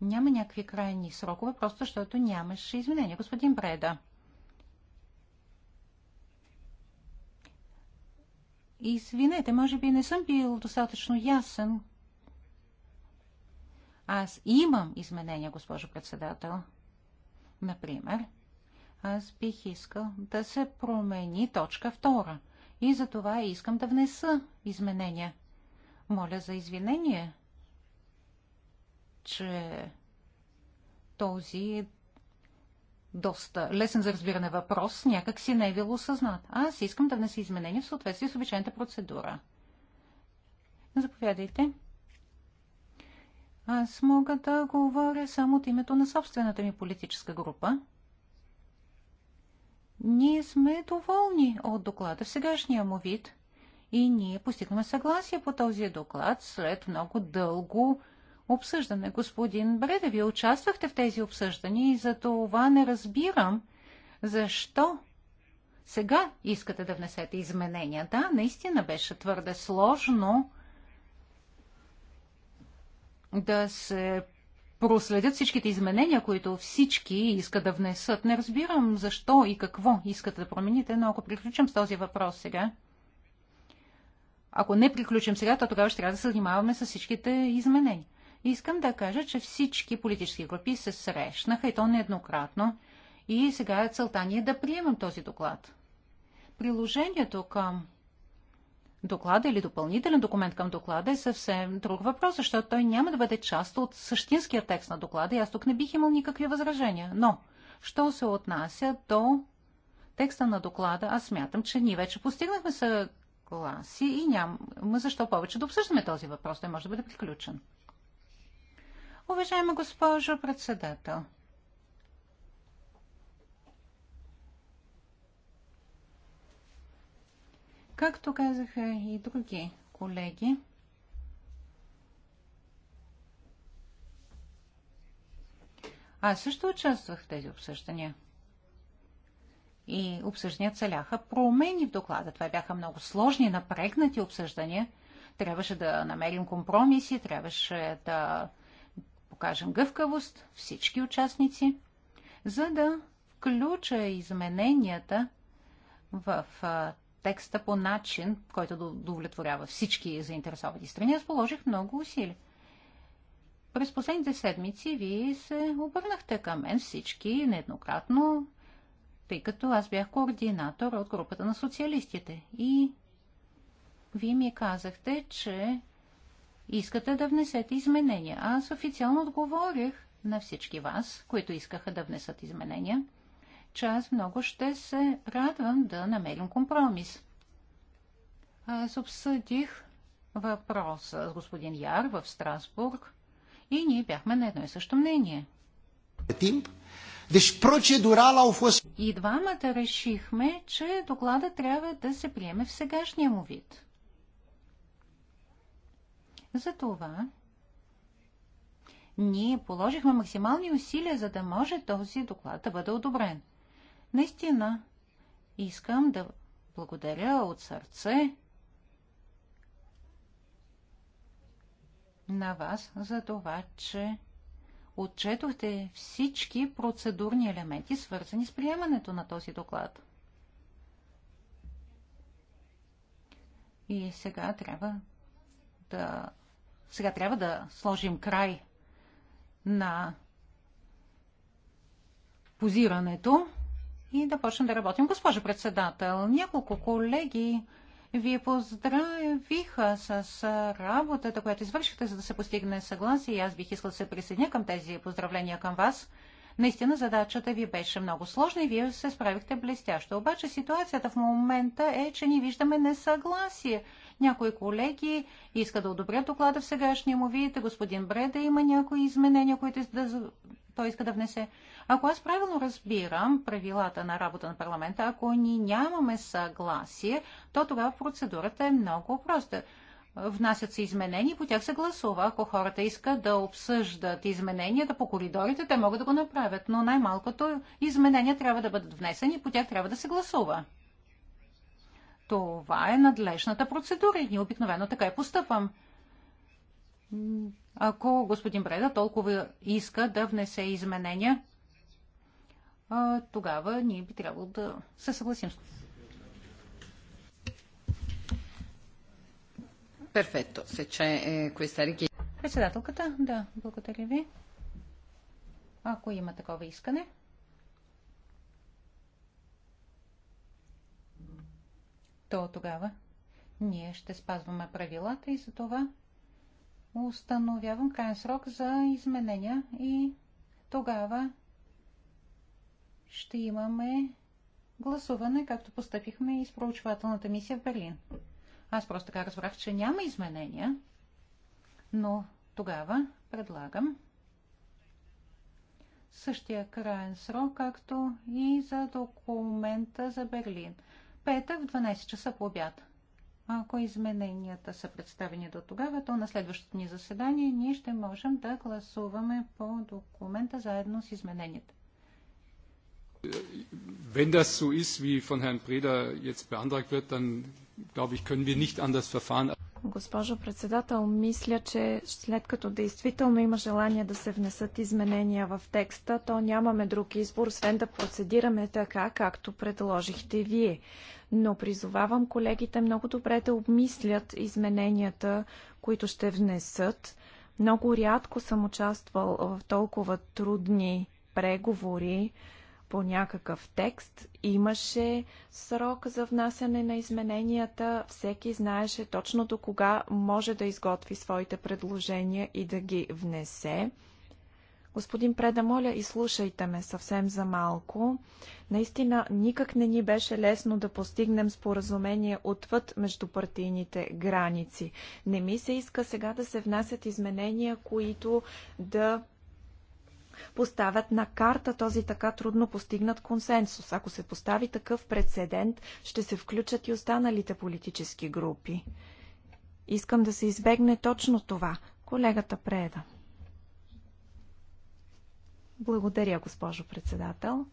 няма някакви крайни срокове, просто защото нямаше изменения. Господин Бреда. Извинете, може би не съм бил достатъчно ясен. Аз имам изменения, госпожо председател. Например, аз бих искал да се промени точка втора и за това искам да внеса изменения. Моля за извинение че този е доста лесен за разбиране въпрос някак си не е бил осъзнат. Аз искам да внеса изменения в съответствие с обичайната процедура. Заповядайте. Аз мога да говоря само от името на собствената ми политическа група. Ние сме доволни от доклада в сегашния му вид и ние постигнахме съгласие по този доклад след много дълго обсъждане. Господин Бреда, вие участвахте в тези обсъждания и за това не разбирам защо сега искате да внесете изменения. Да, наистина беше твърде сложно да се проследят всичките изменения, които всички искат да внесат. Не разбирам защо и какво искате да промените, но ако приключим с този въпрос сега, ако не приключим сега, то тогава ще трябва да се занимаваме с всичките изменения. Искам да кажа, че всички политически групи се срещнаха и то нееднократно. И сега целта ни е да приемем този доклад. Приложението към доклада или допълнителен документ към доклада е съвсем друг въпрос, защото той няма да бъде част от същинския текст на доклада и аз тук не бих имал никакви възражения. Но, що се отнася до текста на доклада, аз смятам, че ние вече постигнахме съгласие и няма защо повече да обсъждаме този въпрос. Той може да бъде приключен. Уважаема госпожо председател, Както казаха и други колеги, аз също участвах в тези обсъждания. И обсъждания целяха промени в доклада. Това бяха много сложни, напрегнати обсъждания. Трябваше да намерим компромиси, трябваше да покажем гъвкавост всички участници, за да включа измененията в текста по начин, който да удовлетворява всички заинтересовани страни. Аз положих много усилия. През последните седмици вие се обърнахте към мен всички нееднократно, тъй като аз бях координатор от групата на социалистите. И вие ми казахте, че искате да внесете изменения. Аз официално отговорих на всички вас, които искаха да внесат изменения, че аз много ще се радвам да намерим компромис. Аз обсъдих въпроса с господин Яр в Страсбург и ние бяхме на едно и също мнение. И двамата решихме, че доклада трябва да се приеме в сегашния му вид. Затова ние положихме максимални усилия, за да може този доклад да бъде одобрен. Наистина, искам да благодаря от сърце на вас за това, че отчетохте всички процедурни елементи, свързани с приемането на този доклад. И сега трябва да сега трябва да сложим край на позирането и да почнем да работим. Госпожо председател, няколко колеги ви поздравиха с работата, която извършихте, за да се постигне съгласие. И аз бих искал да се присъединя към тези поздравления към вас. Наистина задачата ви беше много сложна и вие се справихте блестящо. Обаче ситуацията в момента е, че ни виждаме несъгласие някои колеги искат да одобрят доклада в сегашния му вид. Господин Бреда има някои изменения, които да, той иска да внесе. Ако аз правилно разбирам правилата на работа на парламента, ако ни нямаме съгласие, то тогава процедурата е много проста внасят се изменения и по тях се гласува. Ако хората искат да обсъждат измененията по коридорите, те могат да го направят, но най-малкото изменения трябва да бъдат внесени и по тях трябва да се гласува. Това е надлежната процедура и ние обикновено така и постъпвам. Ако господин Бреда толкова иска да внесе изменения, тогава ние би трябвало да се съгласим с Перфекто. Се че questa е, Председателката, да, благодаря ви. Ако има такова искане. то тогава ние ще спазваме правилата и за това установявам крайен срок за изменения и тогава ще имаме гласуване, както постъпихме и с проучвателната мисия в Берлин. Аз просто така разбрах, че няма изменения, но тогава предлагам същия крайен срок, както и за документа за Берлин – петък в 12 часа по обяд. Ако измененията са представени до тогава, то на следващото ни заседание ние ще можем да гласуваме по документа заедно с измененията. Wenn das so ist, wie von Herrn Breda jetzt beantragt wird, dann glaube ich, können wir nicht anders verfahren. Госпожо председател, мисля, че след като действително има желание да се внесат изменения в текста, то нямаме друг избор, освен да процедираме така, както предложихте вие. Но призовавам колегите много добре да обмислят измененията, които ще внесат. Много рядко съм участвал в толкова трудни преговори по някакъв текст. Имаше срок за внасяне на измененията. Всеки знаеше точно до кога може да изготви своите предложения и да ги внесе. Господин Преда, моля, изслушайте ме съвсем за малко. Наистина, никак не ни беше лесно да постигнем споразумение отвъд междупартийните граници. Не ми се иска сега да се внасят изменения, които да поставят на карта този така трудно постигнат консенсус. Ако се постави такъв прецедент, ще се включат и останалите политически групи. Искам да се избегне точно това. Колегата Преда. Благодаря, госпожо председател.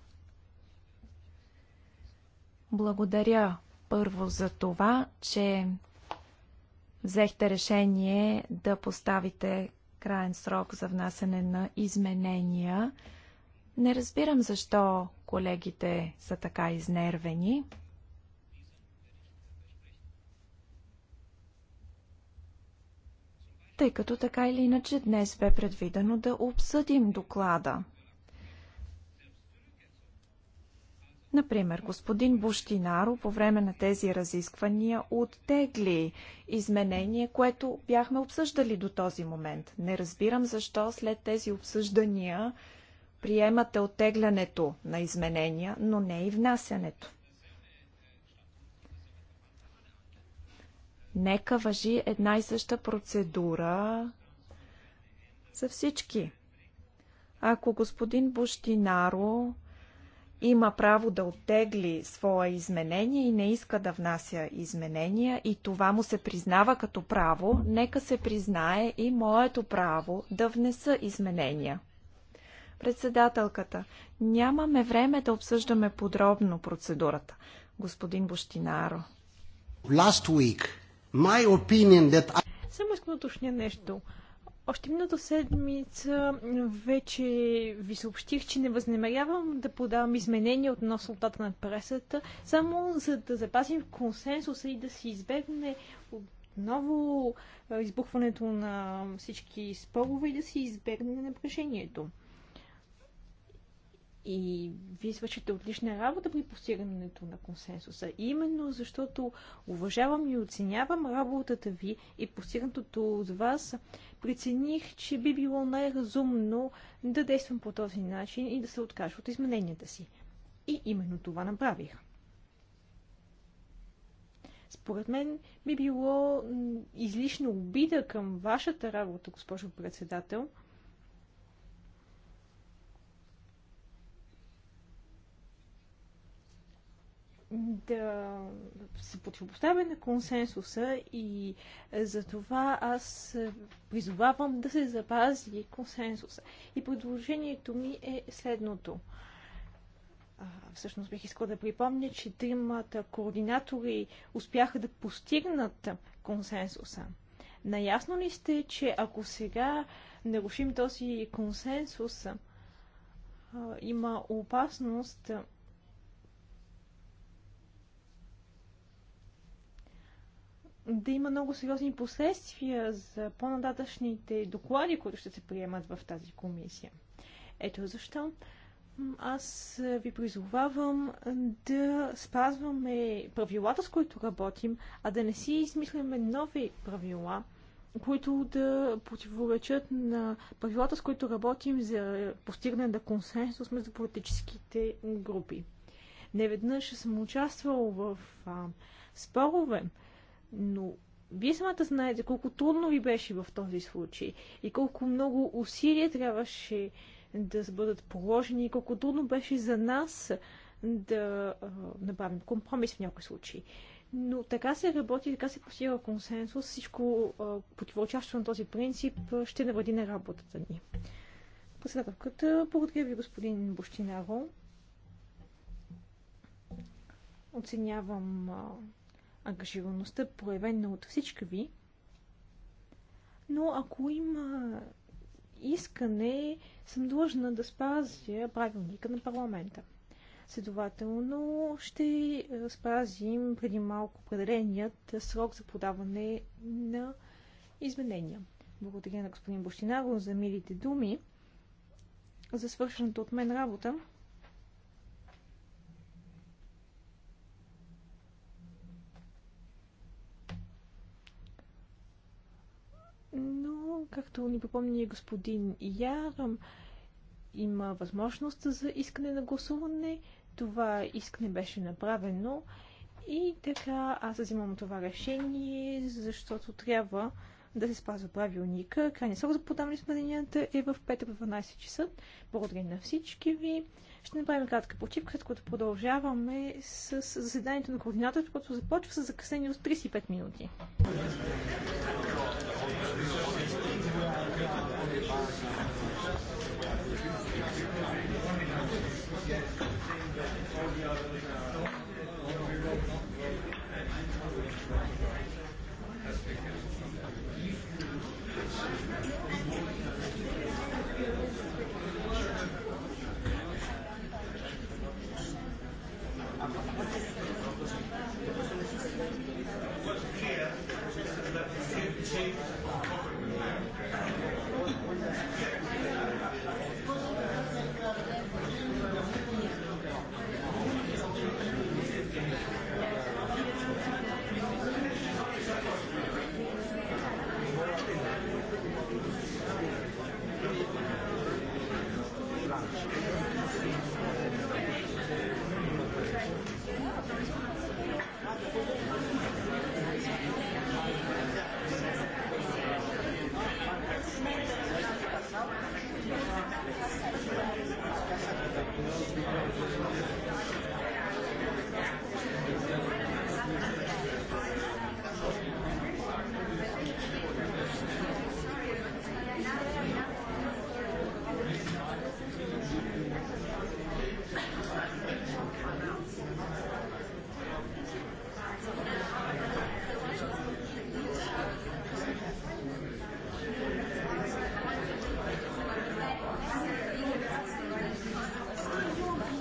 Благодаря първо за това, че взехте решение да поставите краен срок за внасене на изменения. Не разбирам защо колегите са така изнервени. Тъй като така или иначе днес бе предвидено да обсъдим доклада Например, господин Буштинаро по време на тези разисквания оттегли изменение, което бяхме обсъждали до този момент. Не разбирам защо след тези обсъждания приемате оттеглянето на изменения, но не и внасянето. Нека въжи една и съща процедура за всички. Ако господин Буштинаро има право да оттегли своя изменение и не иска да внася изменения и това му се признава като право, нека се признае и моето право да внеса изменения. Председателката, нямаме време да обсъждаме подробно процедурата. Господин Бощинаро. Last week, my opinion that I... Само искам да уточня нещо. Още миналата седмица вече ви съобщих, че не възнамерявам да подавам изменения относно дата на пресата, само за да запазим консенсуса и да се избегне отново избухването на всички спорове и да се избегне напрежението. И вие свършите отлична работа при постигането на консенсуса. Именно защото уважавам и оценявам работата ви и постигнатото от вас, прецених, че би било най-разумно да действам по този начин и да се откажа от измененията си. И именно това направих. Според мен би било излишна обида към вашата работа, госпожо председател, да се противопоставя на консенсуса и е, за това аз е, призовавам да се запази консенсуса. И предложението ми е следното. Всъщност бих искала да припомня, че тримата координатори успяха да постигнат консенсуса. Наясно ли сте, че ако сега нарушим този консенсус, има опасност да има много сериозни последствия за по-нататъчните доклади, които ще се приемат в тази комисия. Ето защо аз ви призовавам да спазваме правилата, с които работим, а да не си измисляме нови правила, които да противоречат на правилата, с които работим за постигане на консенсус между политическите групи. Неведнъж съм участвал в а, спорове но вие самата знаете колко трудно ви беше в този случай и колко много усилия трябваше да бъдат положени и колко трудно беше за нас да а, направим компромис в някои случаи. Но така се работи, така се постига консенсус, всичко противоочащо на този принцип ще навреди на работата ни. Председателката, благодаря ви господин Бощинаро. Оценявам а, ангажираността, проявена от всички ви. Но ако има искане, съм длъжна да спазя правилника на парламента. Следователно ще е, спазим преди малко определеният срок за подаване на изменения. Благодаря на господин Бощинаро за милите думи, за свършената от мен работа. Но, както ни припомни господин Ярам, има възможност за искане на гласуване. Това искане беше направено. И така аз взимам това решение, защото трябва да се спазва правилника. Крайният срок за подаване измененията е в 5 в 12 часа. Благодаря на всички ви. Ще направим кратка почивка, след като продължаваме с заседанието на координатор, което започва с закъснение от 35 минути. Thank you.